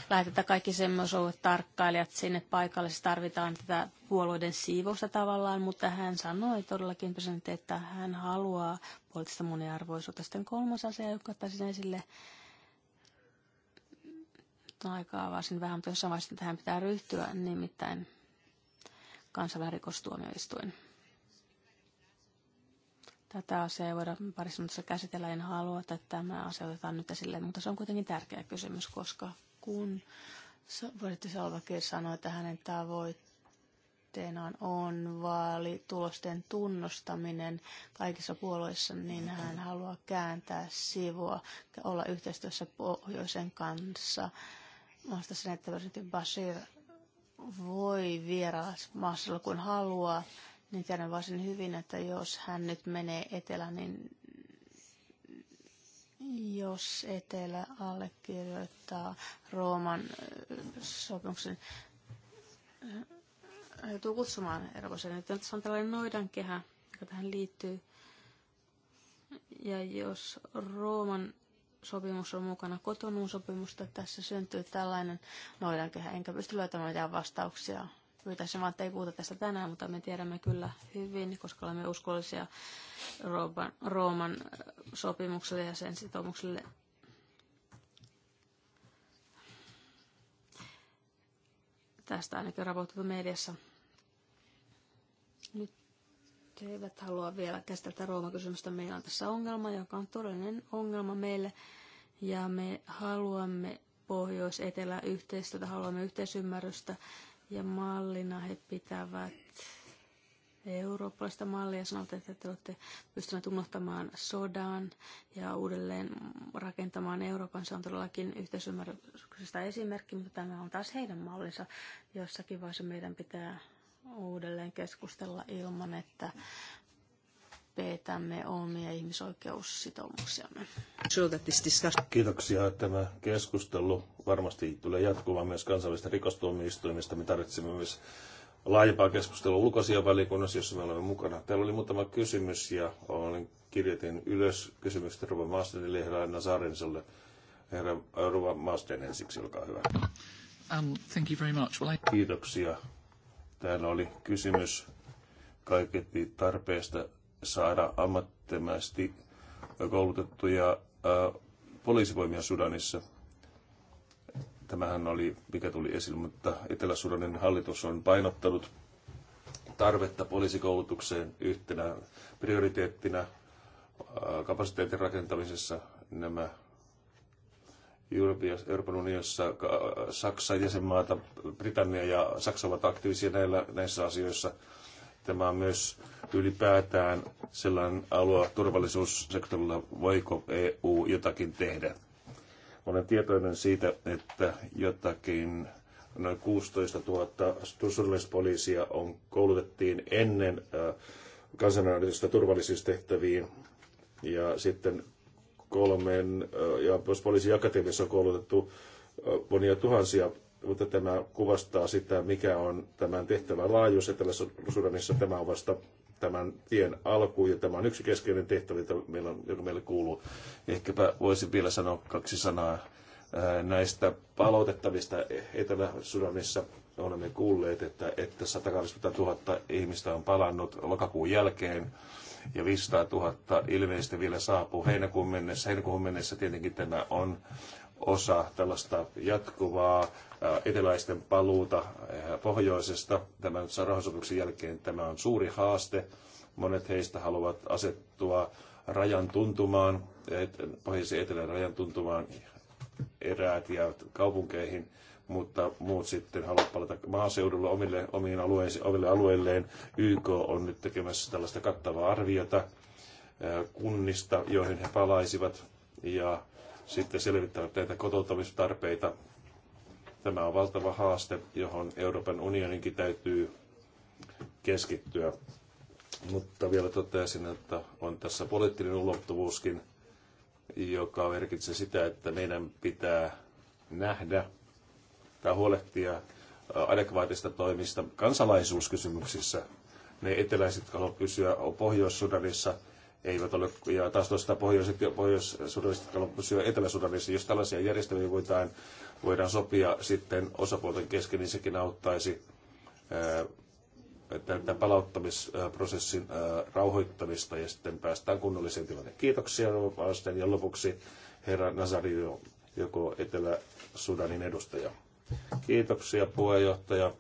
lähetetään kaikki semmoiset tarkkailijat sinne paikallisessa siis tarvitaan tätä puolueiden siivousta tavallaan, mutta hän sanoi todellakin presidentti, että hän haluaa poliittista moniarvoisuutta. Sitten kolmas asia, joka ottaisin esille, nyt on aikaa varsin vähän, mutta jossain vaiheessa tähän pitää ryhtyä, nimittäin kansanvärikostuomioistuin. Tätä asiaa ei voida parissa minuutissa käsitellä, en halua, että tämä asia otetaan nyt esille, mutta se on kuitenkin tärkeä kysymys, koska kun Voitti Salvakir sanoi, että hänen tavoitteenaan on vaalitulosten tunnustaminen kaikissa puolueissa, niin hän haluaa kääntää sivua olla yhteistyössä pohjoisen kanssa mahdollista sen, että presidentti Bashir voi vierailla maassa kun haluaa, niin tiedän varsin hyvin, että jos hän nyt menee etelään, niin jos etelä allekirjoittaa Rooman äh, sopimuksen, äh, joutuu kutsumaan Ervosen. Nyt tässä on tällainen noidankehä, joka tähän liittyy. Ja jos Rooman sopimus on mukana kotonuun sopimusta. Tässä syntyy tällainen noidankehä, enkä pysty löytämään mitään vastauksia. Pyytäisin vaan, että ei puhuta tästä tänään, mutta me tiedämme kyllä hyvin, koska olemme uskollisia Rooman, Rooman äh, sopimukselle ja sen sitoumukselle. Tästä ainakin raportoitu mediassa. Nyt he eivät halua vielä käsitellä Rooman kysymystä. Meillä on tässä ongelma, joka on todellinen ongelma meille. Ja me haluamme pohjois-etelä yhteistyötä, haluamme yhteisymmärrystä. Ja mallina he pitävät eurooppalaista mallia. Sanoit, että te olette pystyneet unohtamaan sodan ja uudelleen rakentamaan Euroopan. Se on todellakin yhteisymmärryksestä esimerkki, mutta tämä on taas heidän mallinsa. Jossakin vaiheessa meidän pitää uudelleen keskustella ilman, että peetämme omia ihmisoikeussitoumuksiamme. Kiitoksia. Tämä keskustelu varmasti tulee jatkumaan myös kansallisesta rikostuomioistuimista. Me tarvitsemme myös laajempaa keskustelua ulkoasianvaliokunnassa, jossa me olemme mukana. Täällä oli muutama kysymys ja olen kirjoitin ylös kysymykset Ruva Maastenille ja Herra Saarinsolle. Herra Ruva Maasten ensiksi, olkaa hyvä. Um, thank you very much. Well, I... Kiitoksia. Täällä oli kysymys kaiketti tarpeesta saada ammattimaisesti koulutettuja poliisivoimia Sudanissa. Tämähän oli, mikä tuli esille, mutta Etelä-Sudanin hallitus on painottanut tarvetta poliisikoulutukseen yhtenä prioriteettina kapasiteetin rakentamisessa. Nämä Euroopan unionissa Saksa, jäsenmaata, Britannia ja Saksa ovat aktiivisia näillä, näissä asioissa. Tämä on myös ylipäätään sellainen alue turvallisuussektorilla, voiko EU jotakin tehdä. Olen tietoinen siitä, että jotakin noin 16 000 turvallisuuspoliisia on, koulutettiin ennen äh, kansainvälisistä turvallisuustehtäviin. Ja sitten kolmen ja myös poliisiakatemiassa on koulutettu monia tuhansia, mutta tämä kuvastaa sitä, mikä on tämän tehtävän laajuus. Etelä-Sudanissa tämä on vasta tämän tien alkuun ja tämä on yksi keskeinen tehtävä, joka meille kuuluu. Ehkäpä voisin vielä sanoa kaksi sanaa näistä palautettavista Etelä-Sudanissa olemme kuulleet, että, että 180 000 ihmistä on palannut lokakuun jälkeen ja 500 000 ilmeisesti vielä saapuu heinäkuun mennessä. Heinäkuun mennessä tietenkin tämä on osa tällaista jatkuvaa eteläisten paluuta pohjoisesta. Tämän rahoitusopimuksen jälkeen tämä on suuri haaste. Monet heistä haluavat asettua rajan tuntumaan, pohjoisen etelän rajan tuntumaan eräät ja kaupunkeihin mutta muut sitten haluavat palata maaseudulla omille, omiin alueisi, omille alueilleen. YK on nyt tekemässä tällaista kattavaa arviota kunnista, joihin he palaisivat ja sitten selvittävät näitä kotouttamistarpeita. Tämä on valtava haaste, johon Euroopan unioninkin täytyy keskittyä. Mutta vielä toteaisin, että on tässä poliittinen ulottuvuuskin, joka merkitsee sitä, että meidän pitää nähdä tai huolehtia adekvaatista toimista kansalaisuuskysymyksissä. Ne eteläiset, jotka haluavat pysyä Pohjois-Sudanissa, eivät ole, ja taas tuosta pohjoiset ja pohjois-sudanista, jotka haluavat pysyä Etelä-Sudanissa, jos tällaisia järjestelyjä voidaan, voidaan sopia sitten osapuolten kesken, niin sekin auttaisi tämän palauttamisprosessin rauhoittamista ja sitten päästään kunnolliseen tilanteeseen. Kiitoksia Vaasten ja lopuksi herra Nazario, joko Etelä-Sudanin edustaja. Kiitoksia puheenjohtaja.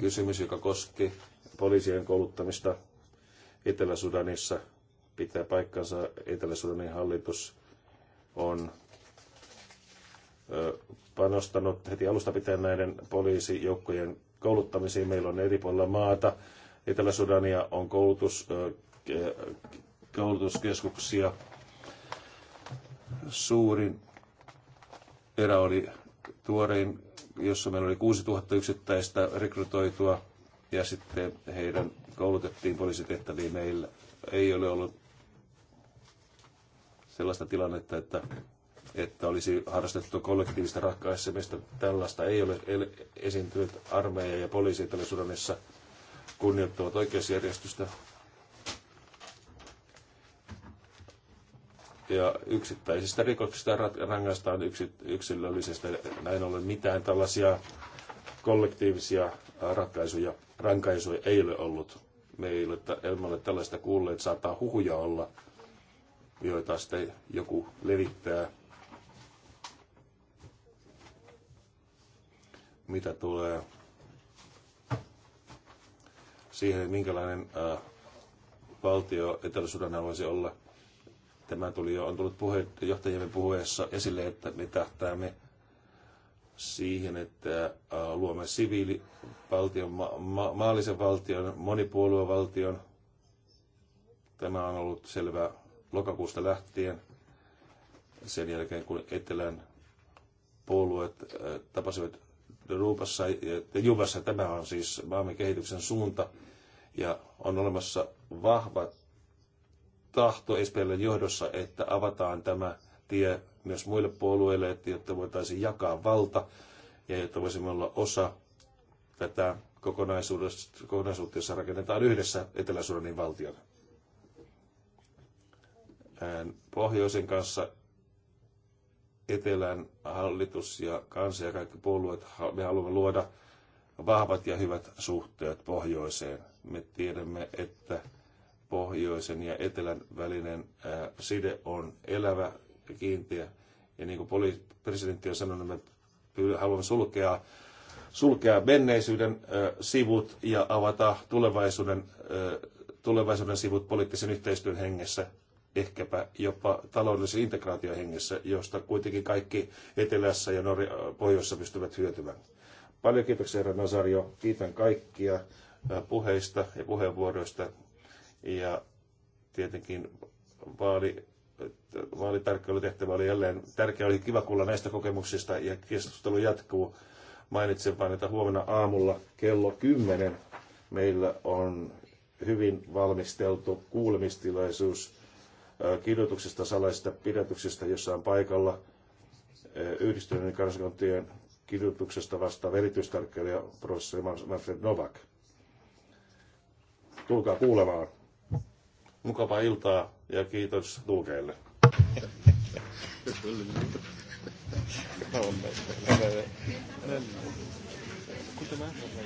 Kysymys, joka koski poliisien kouluttamista Etelä-Sudanissa, pitää paikkansa. Etelä-Sudanin hallitus on panostanut heti alusta pitäen näiden poliisijoukkojen kouluttamisiin. Meillä on eri puolilla maata. Etelä-Sudania on koulutus, koulutuskeskuksia. Suurin erä oli tuorein, jossa meillä oli 6000 yksittäistä rekrytoitua ja sitten heidän koulutettiin poliisitehtäviin. Meillä ei ole ollut sellaista tilannetta, että, että olisi harrastettu kollektiivista ratkaisemista. Tällaista ei ole esiintynyt armeija ja poliisi Sudanissa kunnioittavat oikeusjärjestystä ja yksittäisistä rikoksista rangaistaan yksilöllisesti. Näin ollen mitään tällaisia kollektiivisia ratkaisuja, rankaisuja ei ole ollut. Me ei ole, emme ole tällaista kuulleet, saattaa huhuja olla, joita sitten joku levittää. Mitä tulee siihen, minkälainen valtio Etelä-Sudan haluaisi olla – Tämä tuli jo, on tullut puhe, johtajien puheessa esille, että me tähtäämme siihen, että äh, luomme siviilivaltion, ma- ma- maallisen valtion, monipuoluevaltion. Tämä on ollut selvä lokakuusta lähtien. Sen jälkeen, kun Etelän puolueet äh, tapasivat Ruupassa ja Juvassa, tämä on siis maamme kehityksen suunta. Ja on olemassa vahvat tahto SPLn johdossa, että avataan tämä tie myös muille puolueille, että jotta voitaisiin jakaa valta ja jotta voisimme olla osa tätä kokonaisuutta, jossa rakennetaan yhdessä Etelä-Sudanin valtiota. Pohjoisen kanssa Etelän hallitus ja kansa ja kaikki puolueet, me haluamme luoda vahvat ja hyvät suhteet pohjoiseen. Me tiedämme, että pohjoisen ja etelän välinen side on elävä ja kiinteä. Ja niin kuin presidentti on sanonut, me haluamme sulkea, sulkea menneisyyden sivut ja avata tulevaisuuden, tulevaisuuden sivut poliittisen yhteistyön hengessä ehkäpä jopa taloudellisen integraation hengessä, josta kuitenkin kaikki etelässä ja Norja, pohjoissa pystyvät hyötymään. Paljon kiitoksia, herra Nazario. Kiitän kaikkia puheista ja puheenvuoroista. Ja tietenkin vaali, vaalitarkkailutehtävä oli jälleen tärkeä. Oli kiva kuulla näistä kokemuksista ja keskustelu jatkuu. Mainitsen vain, että huomenna aamulla kello 10 meillä on hyvin valmisteltu kuulemistilaisuus kidutuksesta, salaisista pidätyksistä, jossa on paikalla yhdistyneiden kansakuntien kidutuksesta vastaava erityistarkkailija professori Manfred Novak. Tulkaa kuulemaan. Mukavaa iltaa ja kiitos tulkeille. Kuten mä